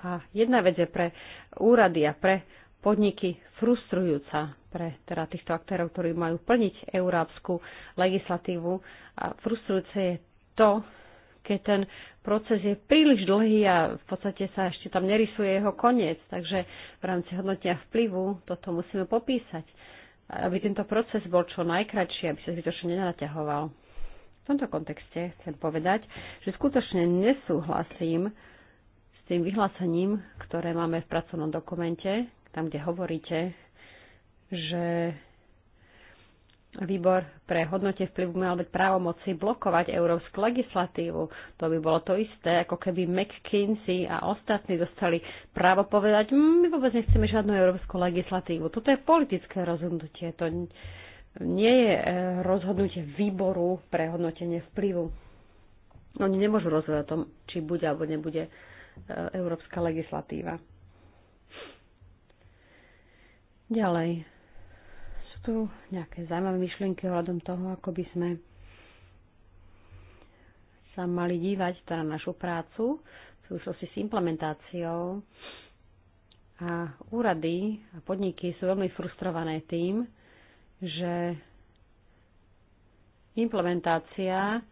A jedna vec je pre úrady a pre podniky frustrujúca pre teda týchto aktérov, ktorí majú plniť európsku legislatívu. A frustrujúce je to, keď ten proces je príliš dlhý a v podstate sa ešte tam nerysuje jeho koniec. Takže v rámci hodnotenia vplyvu toto musíme popísať, aby tento proces bol čo najkračší, aby sa zbytočne nenaťahoval. V tomto kontexte chcem povedať, že skutočne nesúhlasím tým vyhlásením, ktoré máme v pracovnom dokumente, tam, kde hovoríte, že výbor pre hodnotie vplyvu mal byť právomoci blokovať európsku legislatívu. To by bolo to isté, ako keby McKinsey a ostatní dostali právo povedať, mm, my vôbec nechceme žiadnu európsku legislatívu. Toto je politické rozhodnutie, to nie je e, rozhodnutie výboru pre hodnotenie vplyvu. Oni nemôžu rozhodnúť o tom, či bude alebo nebude E, európska legislatíva. Ďalej, sú tu nejaké zaujímavé myšlienky ohľadom toho, ako by sme sa mali dívať teda na našu prácu v súvislosti s implementáciou. A úrady a podniky sú veľmi frustrované tým, že implementácia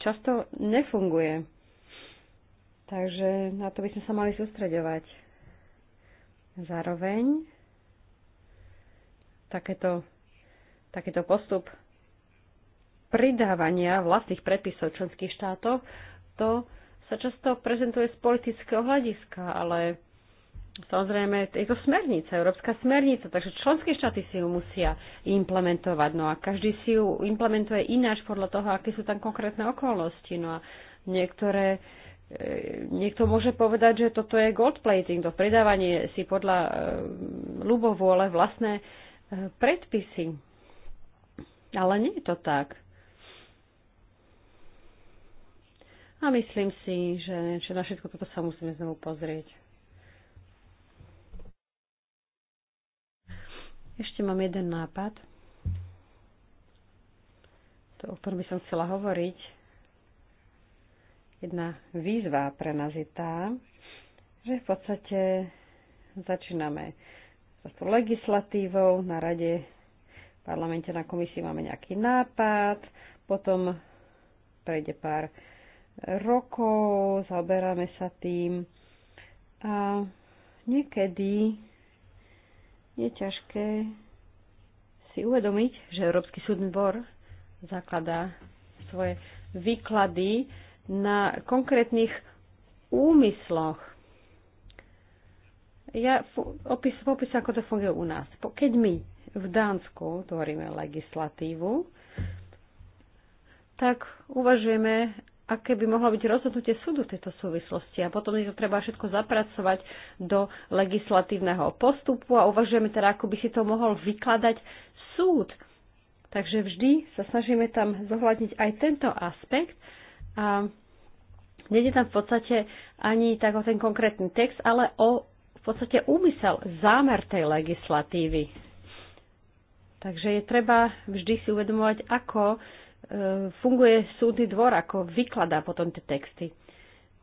často nefunguje. Takže na to by sme sa mali sústreďovať. Zároveň takéto, takéto postup pridávania vlastných predpisov členských štátov, to sa často prezentuje z politického hľadiska, ale samozrejme je to smernica, európska smernica, takže členské štáty si ju musia implementovať, no a každý si ju implementuje ináč podľa toho, aké sú tam konkrétne okolnosti, no a niektoré E, niekto môže povedať, že toto je gold plating, to predávanie si podľa e, ľubovôle vlastné e, predpisy. Ale nie je to tak. A myslím si, že, že na všetko toto sa musíme znovu pozrieť. Ešte mám jeden nápad, to, o ktorom by som chcela hovoriť Jedna výzva pre nás je tá, že v podstate začíname s tou legislatívou, na rade, v parlamente, na komisii máme nejaký nápad, potom prejde pár rokov, zaoberáme sa tým a niekedy je ťažké si uvedomiť, že Európsky súdny dvor zakladá svoje výklady na konkrétnych úmysloch. Ja opis, popísam, ako to funguje u nás. Keď my v Dánsku tvoríme legislatívu, tak uvažujeme, aké by mohlo byť rozhodnutie súdu v tejto súvislosti. A potom je to treba všetko zapracovať do legislatívneho postupu a uvažujeme teda, ako by si to mohol vykladať súd. Takže vždy sa snažíme tam zohľadniť aj tento aspekt a nejde tam v podstate ani tak o ten konkrétny text, ale o v podstate úmysel, zámer tej legislatívy. Takže je treba vždy si uvedomovať, ako e, funguje súdny dvor, ako vykladá potom tie texty.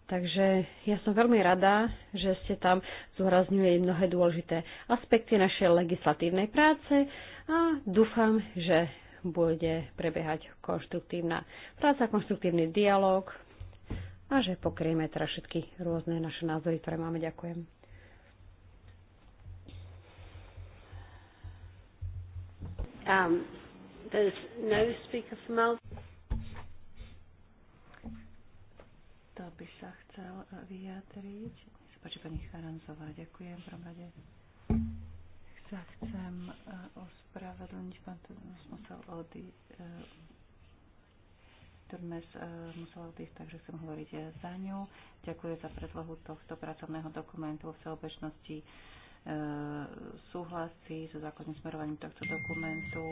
Takže ja som veľmi rada, že ste tam zúrazňuje mnohé dôležité aspekty našej legislatívnej práce a dúfam, že bude prebiehať konštruktívna práca, konštruktívny dialog a že pokrieme teraz všetky rôzne naše názory, ktoré máme. Ďakujem. Um, there's no speaker from Malta. To by sa chcel vyjadriť. Sa páči pani Charanzová. Ďakujem. V prvom rade sa chcem e, ospravedlniť, pán Turmes musel odísť, uh, musel odísť, takže chcem hovoriť za ňu. Ďakujem za predlohu tohto pracovného dokumentu o všeobecnosti súhlasí so základným smerovaním tohto dokumentu.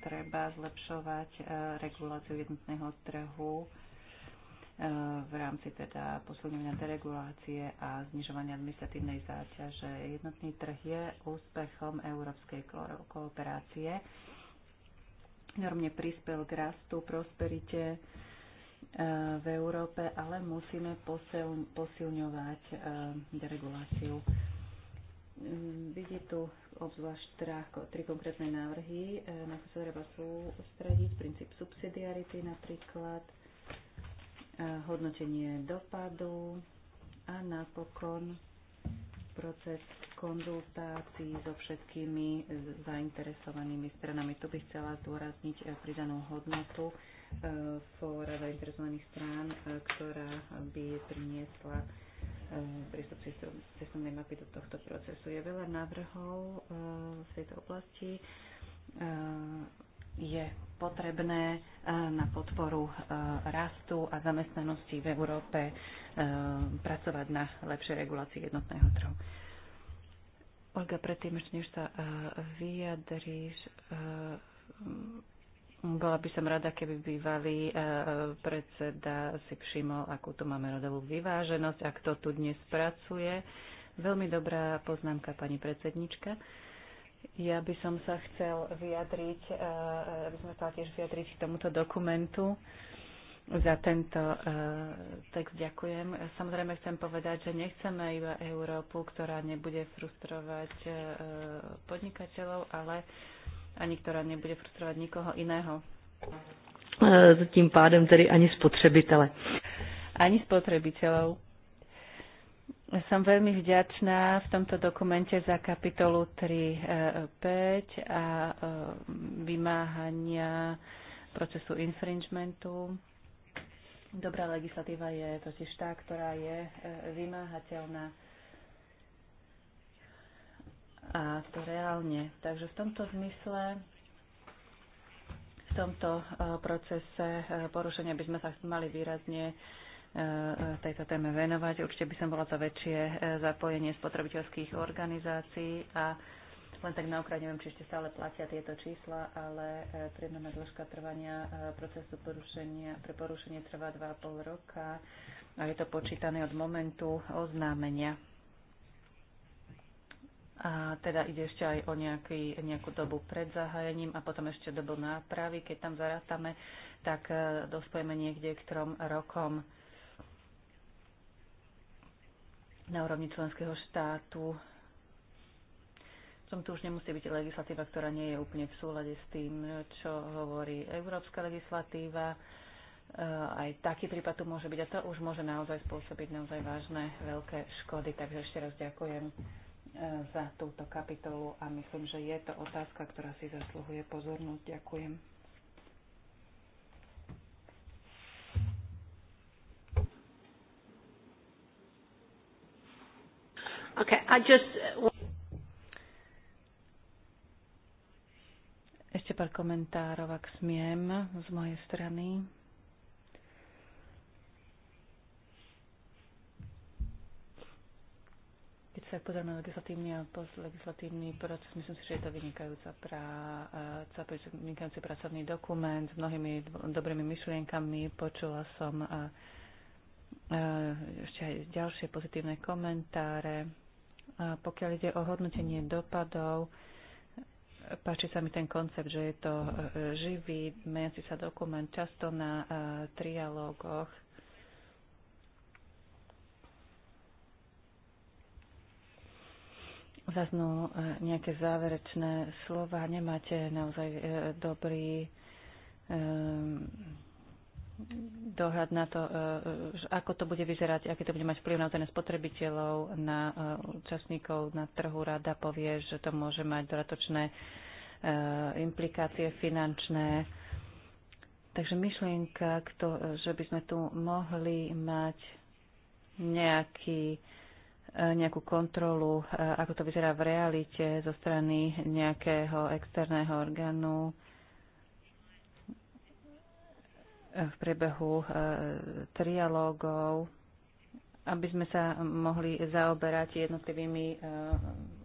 Treba zlepšovať reguláciu jednotného trhu E, v rámci teda posilňovania deregulácie a znižovania administratívnej záťaže. Jednotný trh je úspechom európskej kooperácie. Normne prispel k rastu, prosperite e, v Európe, ale musíme posilňovať e, dereguláciu. Mm, vidí tu obzvlášť tri konkrétne návrhy, na ktoré sa treba sústrediť, princíp subsidiarity napríklad, hodnotenie dopadu a napokon proces konzultácií so všetkými zainteresovanými stranami. Tu by chcela zdôrazniť eh, pridanú hodnotu eh, fóra zainteresovaných strán, eh, ktorá by priniesla prístup cestovnej mapy do tohto procesu. Je veľa návrhov v tejto oblasti je potrebné e, na podporu e, rastu a zamestnanosti v Európe e, pracovať na lepšej regulácii jednotného trhu. Olga, predtým ešte než sa vyjadríš, bola by som rada, keby bývalý predseda si všimol, akú tu máme rodovú vyváženosť a kto tu dnes pracuje. Veľmi dobrá poznámka, pani predsednička. Ja by som sa chcel vyjadriť, eh, eh, by som sa tiež vyjadriť k tomuto dokumentu. Za tento eh, text ďakujem. Samozrejme chcem povedať, že nechceme iba Európu, ktorá nebude frustrovať podnikateľov, ale ani ktorá nebude frustrovať nikoho iného. Tým pádem tedy ani spotrebitele. Ani spotrebiteľov. Som veľmi vďačná v tomto dokumente za kapitolu 3.5 e, a e, vymáhania procesu infringementu. Dobrá legislatíva je totiž tá, ktorá je e, vymáhateľná a to reálne. Takže v tomto zmysle, v tomto procese porušenia by sme sa mali výrazne E, tejto téme venovať. Určite by som bola za väčšie e, zapojenie spotrebiteľských organizácií a len tak okraj neviem, či ešte stále platia tieto čísla, ale priemerná e, dĺžka trvania procesu porušenia, pre porušenie trvá 2,5 roka a je to počítané od momentu oznámenia. A teda ide ešte aj o nejaký, nejakú dobu pred zahájením a potom ešte dobu nápravy. Keď tam zarátame, tak dospojeme niekde k trom rokom na úrovni členského štátu. Som tu už nemusí byť legislatíva, ktorá nie je úplne v súlade s tým, čo hovorí európska legislatíva. E, aj taký prípad tu môže byť a to už môže naozaj spôsobiť naozaj vážne veľké škody. Takže ešte raz ďakujem e, za túto kapitolu a myslím, že je to otázka, ktorá si zasluhuje pozornosť. Ďakujem. Okay, I just... Uh, ešte pár komentárov, ak smiem, z mojej strany. Keď sa pozrieme na legislatívny a postlegislatívny proces, myslím si, že je to vynikajúca práca, vynikajúci pracovný dokument s mnohými dobrými myšlienkami. Počula som ešte aj ďalšie pozitívne komentáre a pokiaľ ide o hodnotenie dopadov, páči sa mi ten koncept, že je to e, živý, meniaci sa dokument často na e, trialógoch. Zaznú e, nejaké záverečné slova, nemáte naozaj dobrý dohľad na to, e, e, ako to bude vyzerať, aký to bude mať vplyv na na spotrebiteľov, na e, účastníkov na trhu. Rada povie, že to môže mať dodatočné implikácie finančné. Takže myšlienka, kto, že by sme tu mohli mať nejaký nejakú kontrolu, ako to vyzerá v realite zo strany nejakého externého orgánu, v priebehu e, trialógov, aby sme sa mohli zaoberať jednotlivými e,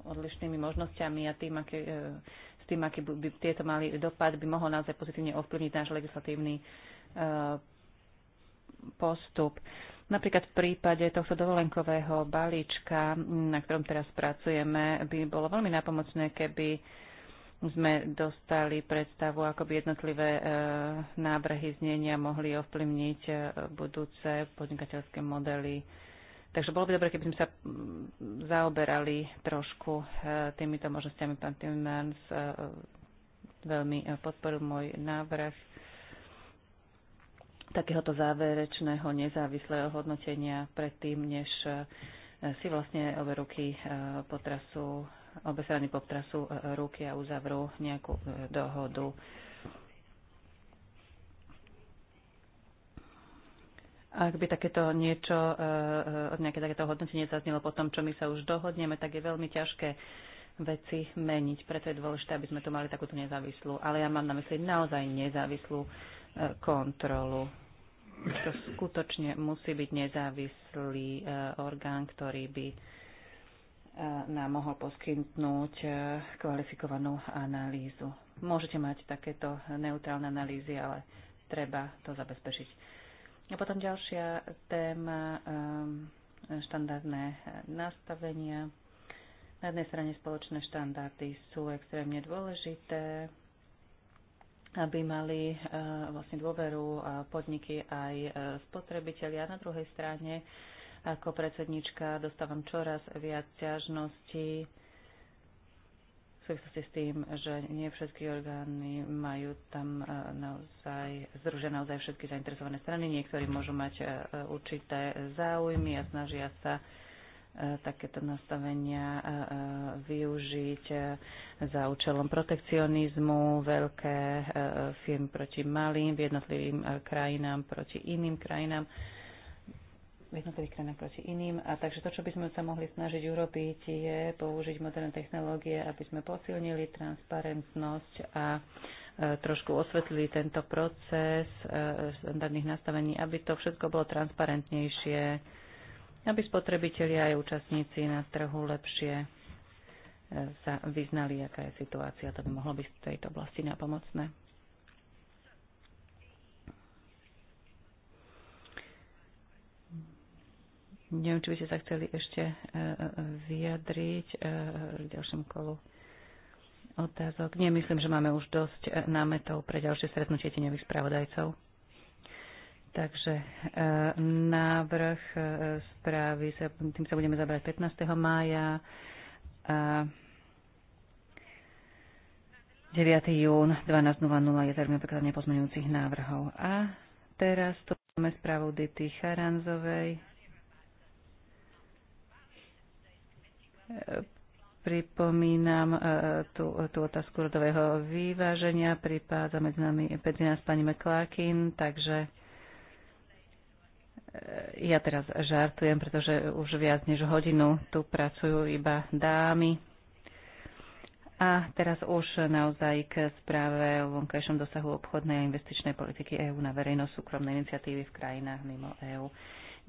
odlišnými možnosťami a tým, aké, e, s tým, aký by tieto mali dopad, by mohol naozaj pozitívne ovplyvniť náš legislatívny postup. Napríklad v prípade tohto dovolenkového balíčka, na ktorom teraz pracujeme, by bolo veľmi napomocné, keby sme dostali predstavu, ako by jednotlivé e, návrhy znenia mohli ovplyvniť e, budúce podnikateľské modely. Takže bolo by dobre, keby sme sa mm, zaoberali trošku e, týmito možnosťami. Pán Timmans veľmi podporil môj návrh takéhoto záverečného nezávislého hodnotenia predtým, než si vlastne obe ruky potrasú obe strany potrasú e, ruky a uzavrú nejakú e, dohodu. Ak by takéto niečo, e, nejaké takéto hodnotenie zaznelo po tom, čo my sa už dohodneme, tak je veľmi ťažké veci meniť. Preto je dôležité, aby sme tu mali takúto nezávislú, ale ja mám na mysli naozaj nezávislú kontrolu. To skutočne musí byť nezávislý orgán, ktorý by nám mohol poskytnúť e, kvalifikovanú analýzu. Môžete mať takéto neutrálne analýzy, ale treba to zabezpečiť. A potom ďalšia téma, e, štandardné nastavenia. Na jednej strane spoločné štandardy sú extrémne dôležité, aby mali e, vlastne dôveru podniky aj spotrebitelia. Na druhej strane ako predsednička dostávam čoraz viac ťažností v súvislosti s tým, že nie všetky orgány majú tam e, naozaj, združené naozaj všetky zainteresované strany. Niektorí môžu mať e, určité záujmy a snažia sa e, takéto nastavenia využiť za účelom protekcionizmu, veľké firmy proti malým, jednotlivým krajinám proti iným krajinám v jednotlivých krajinách proti iným. A takže to, čo by sme sa mohli snažiť urobiť, je použiť moderné technológie, aby sme posilnili transparentnosť a e, trošku osvetlili tento proces e, standardných nastavení, aby to všetko bolo transparentnejšie, aby spotrebitelia aj účastníci na trhu lepšie e, sa vyznali, aká je situácia. To by mohlo byť v tejto oblasti napomocné. Neviem, či by ste sa chceli ešte e, e, vyjadriť v e, ďalšom kolu otázok. Nie, myslím, že máme už dosť námetov pre ďalšie stretnutie tieňových spravodajcov. Takže návrh správy, sa, tým sa budeme zabrať 15. mája. A 9. jún 12.00 je termín prekladania pozmeňujúcich návrhov. A teraz tu máme správu Dity Charanzovej Pripomínam e, tú, tú otázku rodového vyváženia. Pripádza medzi, nami, medzi nás pani McClarkin, takže e, ja teraz žartujem, pretože už viac než hodinu tu pracujú iba dámy. A teraz už naozaj k správe o vonkajšom dosahu obchodnej a investičnej politiky EÚ na verejno-súkromné iniciatívy v krajinách mimo EÚ.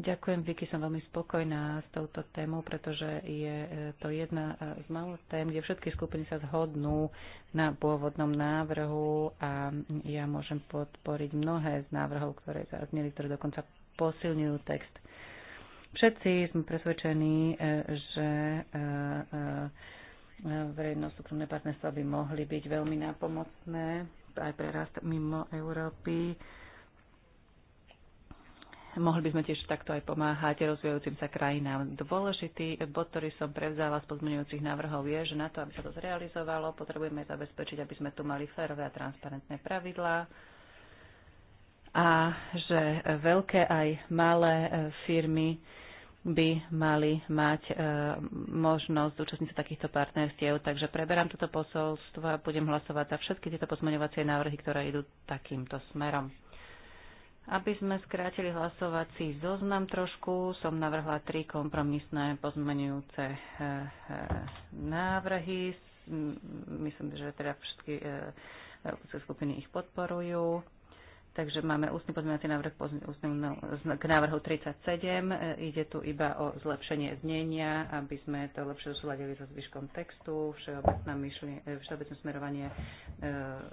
Ďakujem, Vicky, som veľmi spokojná s touto témou, pretože je e, to jedna e, z málo tém, kde všetky skupiny sa zhodnú na pôvodnom návrhu a ja môžem podporiť mnohé z návrhov, ktoré zazneli, ktoré dokonca posilňujú text. Všetci sme presvedčení, e, že verejno-súkromné partnerstva by mohli byť veľmi nápomocné aj pre rast mimo Európy mohli by sme tiež takto aj pomáhať rozvíjajúcim sa krajinám. Dôležitý bod, ktorý som prevzala z pozmeňujúcich návrhov, je, že na to, aby sa to zrealizovalo, potrebujeme zabezpečiť, aby sme tu mali férové a transparentné pravidlá a že veľké aj malé e, firmy by mali mať e, možnosť zúčastniť sa takýchto partnerstiev. Takže preberám toto posolstvo a budem hlasovať za všetky tieto pozmeňovacie návrhy, ktoré idú takýmto smerom. Aby sme skrátili hlasovací zoznam trošku, som navrhla tri kompromisné pozmenujúce eh, eh, návrhy. Myslím, že teda všetky eh, skupiny ich podporujú. Takže máme ústny pozmeňovací návrh k návrhu 37. E, ide tu iba o zlepšenie znenia, aby sme to lepšie zosúladili so zvyškom textu. E, všeobecné smerovanie e,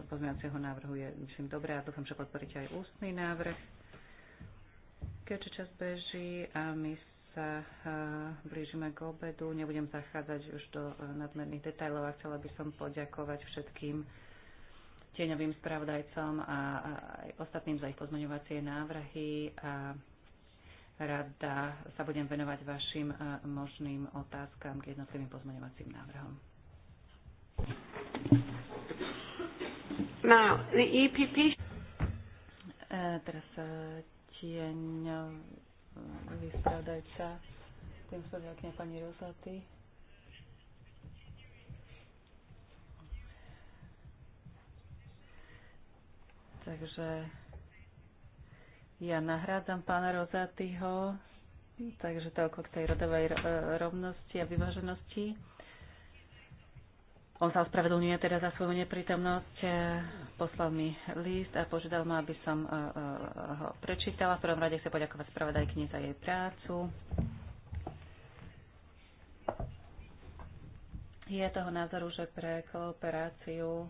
pozmeňovacieho návrhu je, myslím, dobré a dúfam, že podporíte aj ústny návrh. Keďže čas beží a my sa blížime k obedu, nebudem zachádzať už do nadmerných detajlov a chcela by som poďakovať všetkým tieňovým spravodajcom a aj ostatným za ich pozmeňovacie návrhy a rada sa budem venovať vašim e, možným otázkam k jednotlivým pozmeňovacím návrhom. Now, the EPP... E, teraz e, tieňový spravodajca, tým spravodajkňa pani Rosaty. Takže ja nahrádzam pána Rozatyho, takže toľko k tej rodovej e, rovnosti a vyváženosti. On sa ospravedlňuje teda za svoju neprítomnosť, e, poslal mi list a požiadal ma, aby som e, ho prečítala. V prvom rade chcem poďakovať spravodajkyni za jej prácu. Je toho názoru, že pre kooperáciu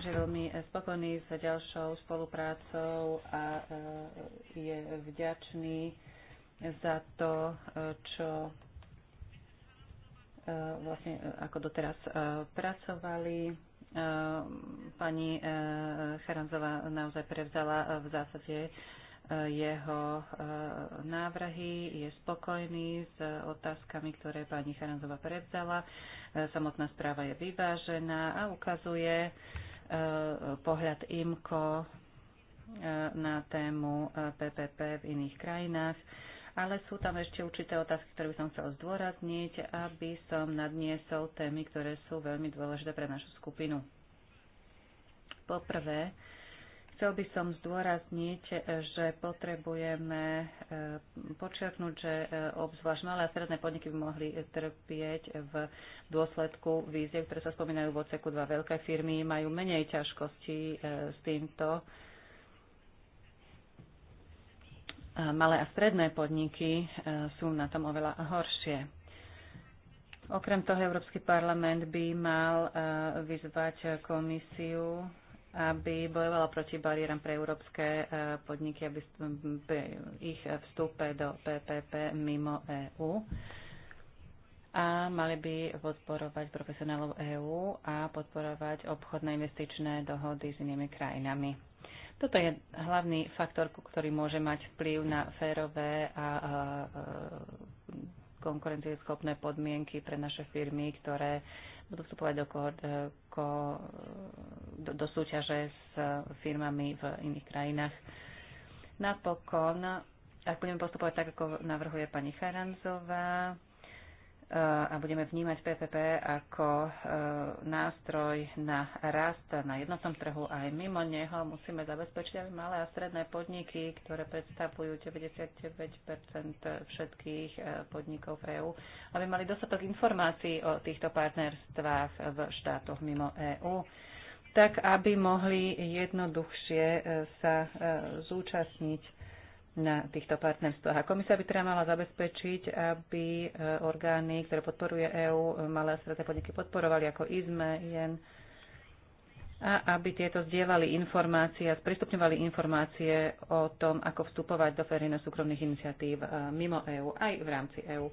že je veľmi spokojný s ďalšou spoluprácou a e, je vďačný za to, čo e, vlastne e, ako doteraz pracovali. Pani Charanzová naozaj prevzala v zásade jeho návrhy, je spokojný s otázkami, ktoré pani Charanzová prevzala. Samotná správa je vyvážená a ukazuje, pohľad IMCO e, na tému PPP e, v iných krajinách, ale sú tam ešte určité otázky, ktoré by som chcel zdôrazniť, aby som nadniesol témy, ktoré sú veľmi dôležité pre našu skupinu. Poprvé, Chcel by som zdôrazniť, že potrebujeme eh, počiarknúť, že eh, obzvlášť malé a stredné podniky by mohli trpieť v dôsledku vízie, ktoré sa spomínajú v odseku 2. Veľké firmy majú menej ťažkostí eh, s týmto. Malé a stredné podniky sú na tom oveľa horšie. Okrem toho Európsky parlament by mal vyzvať komisiu aby bojovala proti bariéram pre európske eh, podniky, aby ich vstúpe do PPP mimo EÚ a mali by podporovať profesionálov EÚ a podporovať obchodné investičné dohody s inými krajinami. Toto je hlavný faktor, ktorý môže mať vplyv na férové a eh, eh, konkurencieschopné podmienky pre naše firmy, ktoré budú vstupovať do, ko, eh, ko, do, do súťaže s firmami v iných krajinách. Napokon, ak budeme postupovať tak, ako navrhuje pani Charanzová, a budeme vnímať PPP ako e, nástroj na rast na jednotnom trhu aj mimo neho. Musíme zabezpečiť, aj malé a stredné podniky, ktoré predstavujú 99 všetkých e, podnikov v EÚ, aby mali dostatok informácií o týchto partnerstvách v štátoch mimo EÚ tak aby mohli jednoduchšie e, sa zúčastniť na týchto partnerstvách. A komisia by teda mala zabezpečiť, aby e, orgány, ktoré podporuje EÚ, malé a stredné podniky podporovali ako IZME, IEN, a aby tieto zdieľali informácie a sprístupňovali informácie o tom, ako vstupovať do verejno-súkromných iniciatív e, mimo EÚ, aj v rámci EÚ.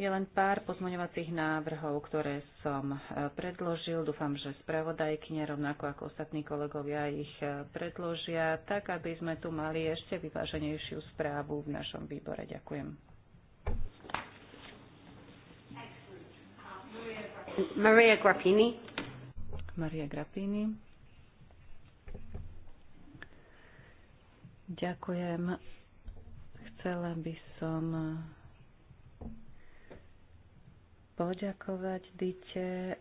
Je len pár pozmoňovacích návrhov, ktoré som e, predložil. Dúfam, že spravodajkne, rovnako ako ostatní kolegovia, ich e, predložia, tak aby sme tu mali ešte vyváženejšiu správu v našom výbore. Ďakujem. Maria Grappini. Maria Grappini. Ďakujem. Chcela by som poďakovať Dite e,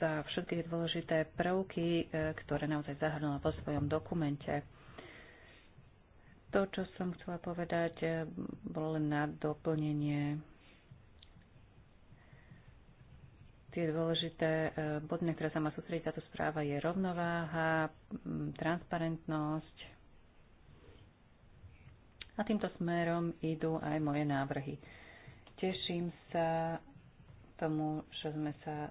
za všetky dôležité prvky, e, ktoré naozaj zahrnula vo svojom dokumente. To, čo som chcela povedať, e, bolo len na doplnenie tie dôležité body, na ktoré sa má sústrediť táto správa, je rovnováha, transparentnosť. A týmto smerom idú aj moje návrhy. Teším sa tomu, že sme sa e,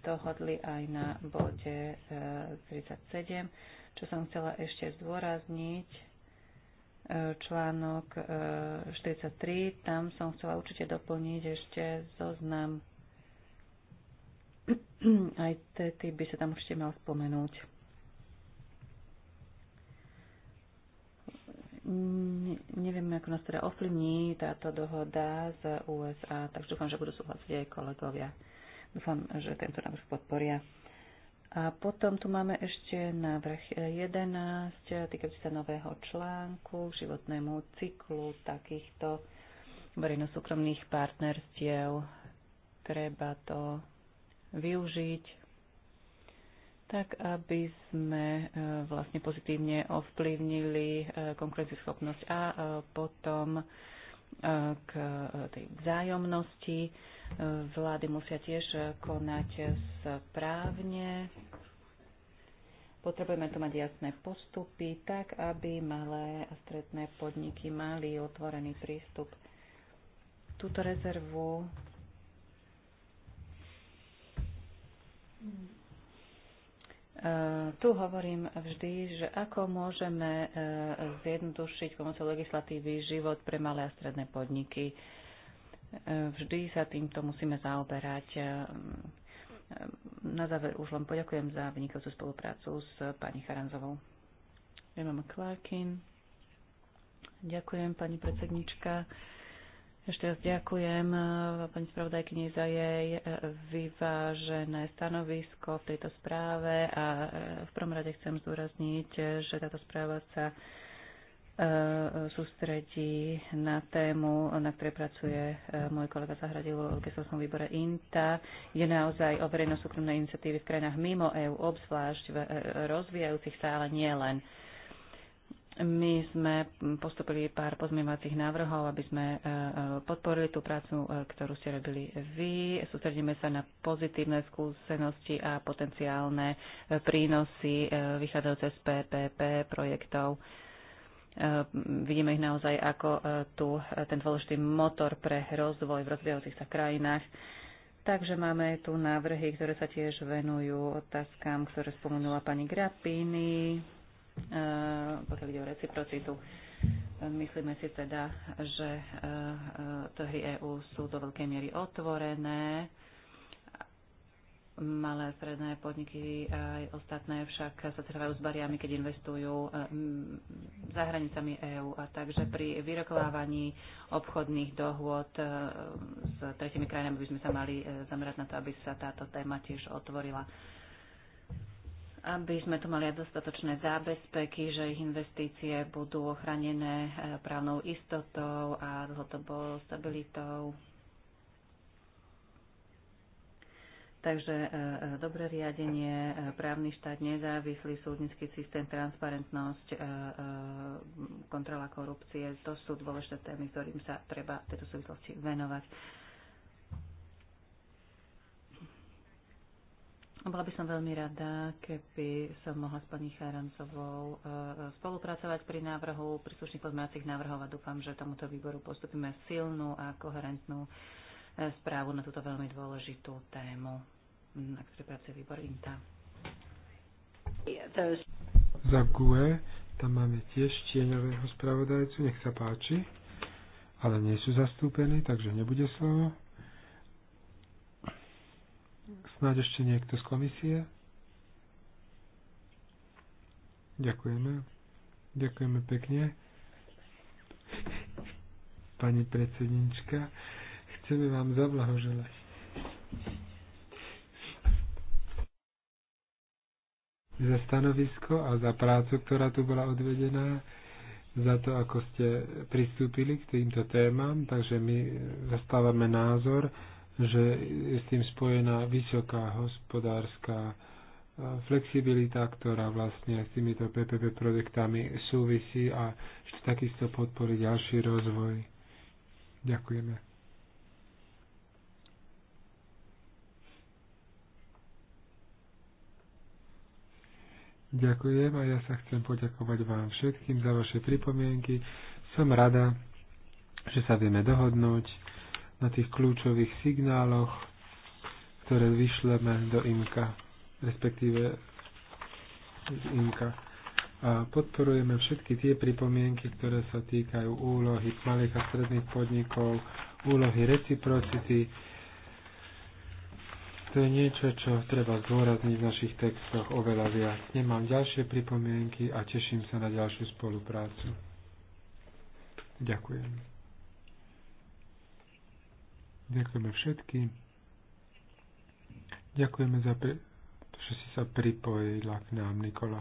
dohodli aj na bode 37. E, Čo som chcela ešte zdôrazniť, e, článok 43, tam som chcela určite doplniť ešte zoznam. Aj ty by sa tam určite mal spomenúť. Mm, neviem, ako nás teda ovplyvní táto dohoda z USA, takže dúfam, že budú súhlasiť aj kolegovia. Dúfam, že tento návrh podporia. A potom tu máme ešte návrh 11, týkajúci sa nového článku k životnému cyklu takýchto verejno-súkromných partnerstiev. Treba to využiť tak aby sme e, vlastne pozitívne ovplyvnili e, konkurencieschopnosť a e, potom k tej vzájomnosti. Vlády musia tiež konať správne. Potrebujeme tu mať jasné postupy, tak aby malé a stredné podniky mali otvorený prístup. Túto rezervu. Hmm. Eh, tu hovorím vždy, že ako môžeme eh, zjednodušiť pomocou legislatívy život pre malé a stredné podniky. Eh, vždy sa týmto musíme zaoberať. Na záver už len poďakujem za vynikajúcu spoluprácu s pani Charanzovou. Ja mám Clarkin. Ďakujem, pani predsednička. Ešte raz ďakujem e, pani spravodajkyni za jej e, vyvážené stanovisko v tejto správe a e, v prvom rade chcem zdôrazniť, že táto správa sa sústredí na tému, na ktorej pracuje môj kolega Zahradil v gestovskom výbore INTA. Je naozaj o verejno-súkromné iniciatívy v krajinách mimo EÚ, obzvlášť v rozvíjajúcich sa, ale nie len. My sme postupili pár pozmievacích návrhov, aby sme e, e, podporili tú prácu, e, ktorú ste robili vy. Sústredíme sa na pozitívne skúsenosti a potenciálne prínosy vychádzajúce z PPP projektov. Vidíme ich naozaj ako tu ten dôležitý motor pre rozvoj v rozvíjajúcich sa krajinách. Takže máme tu návrhy, ktoré sa tiež venujú otázkam, ktoré spomenula pani Grappini, Eh, pokiaľ ide o reciprocitu. Myslíme si teda, že eh, trhy EÚ sú do veľkej miery otvorené, malé stredné podniky aj ostatné však sa trvajú s bariami, keď investujú eh, za hranicami EÚ. A takže pri vyrokovávaní obchodných dohôd s tretimi krajinami by sme sa mali zamerať na to, aby sa táto téma tiež otvorila aby sme tu mali aj dostatočné zábezpeky, že ich investície budú ochranené e, právnou istotou a dlhodobou stabilitou. Takže e, e, dobré riadenie, právny štát, nezávislý súdnický systém, transparentnosť, kontrola korupcie, to sú dôležité témy, ktorým sa treba v tejto súvislosti venovať. Bola by som veľmi rada, keby som mohla s pani Charancovou e, e, spolupracovať pri návrhu príslušných pozmeňovacích návrhov a dúfam, že tomuto výboru postupíme silnú a koherentnú e, správu na túto veľmi dôležitú tému, na ktorej pracuje výbor INTA. Za GUE tam máme tiež tieňového spravodajcu, nech sa páči, ale nie sú zastúpení, takže nebude slovo. Snáď ešte niekto z komisie? Ďakujeme. Ďakujeme pekne. Pani predsednička, chceme vám zablahoželať. za stanovisko a za prácu, ktorá tu bola odvedená, za to, ako ste pristúpili k týmto témam. Takže my zastávame názor, že je s tým spojená vysoká hospodárska e, flexibilita, ktorá vlastne s týmito PPP projektami súvisí a ešte takisto podporí ďalší rozvoj. Ďakujeme. Ďakujem a ja sa chcem poďakovať vám všetkým za vaše pripomienky. Som rada, že sa vieme dohodnúť na tých kľúčových signáloch, ktoré vyšleme do IMKA, respektíve z IMKA. A podporujeme všetky tie pripomienky, ktoré sa týkajú úlohy malých a stredných podnikov, úlohy reciprocity. To je niečo, čo treba zdôrazniť v našich textoch oveľa viac. Nemám ďalšie pripomienky a teším sa na ďalšiu spoluprácu. Ďakujem. Ďakujeme všetkým. Ďakujeme za pri... že si sa pripojila k nám, Nikola.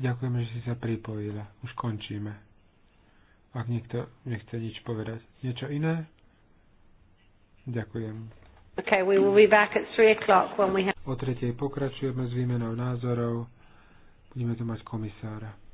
Ďakujeme, že si sa pripojila. Už končíme. Ak niekto nechce nič povedať. Niečo iné? Ďakujem. Okay, we will be back at 3 o'clock when we have... O tretej pokračujeme s výmenou názorov. Budeme tu mať komisára.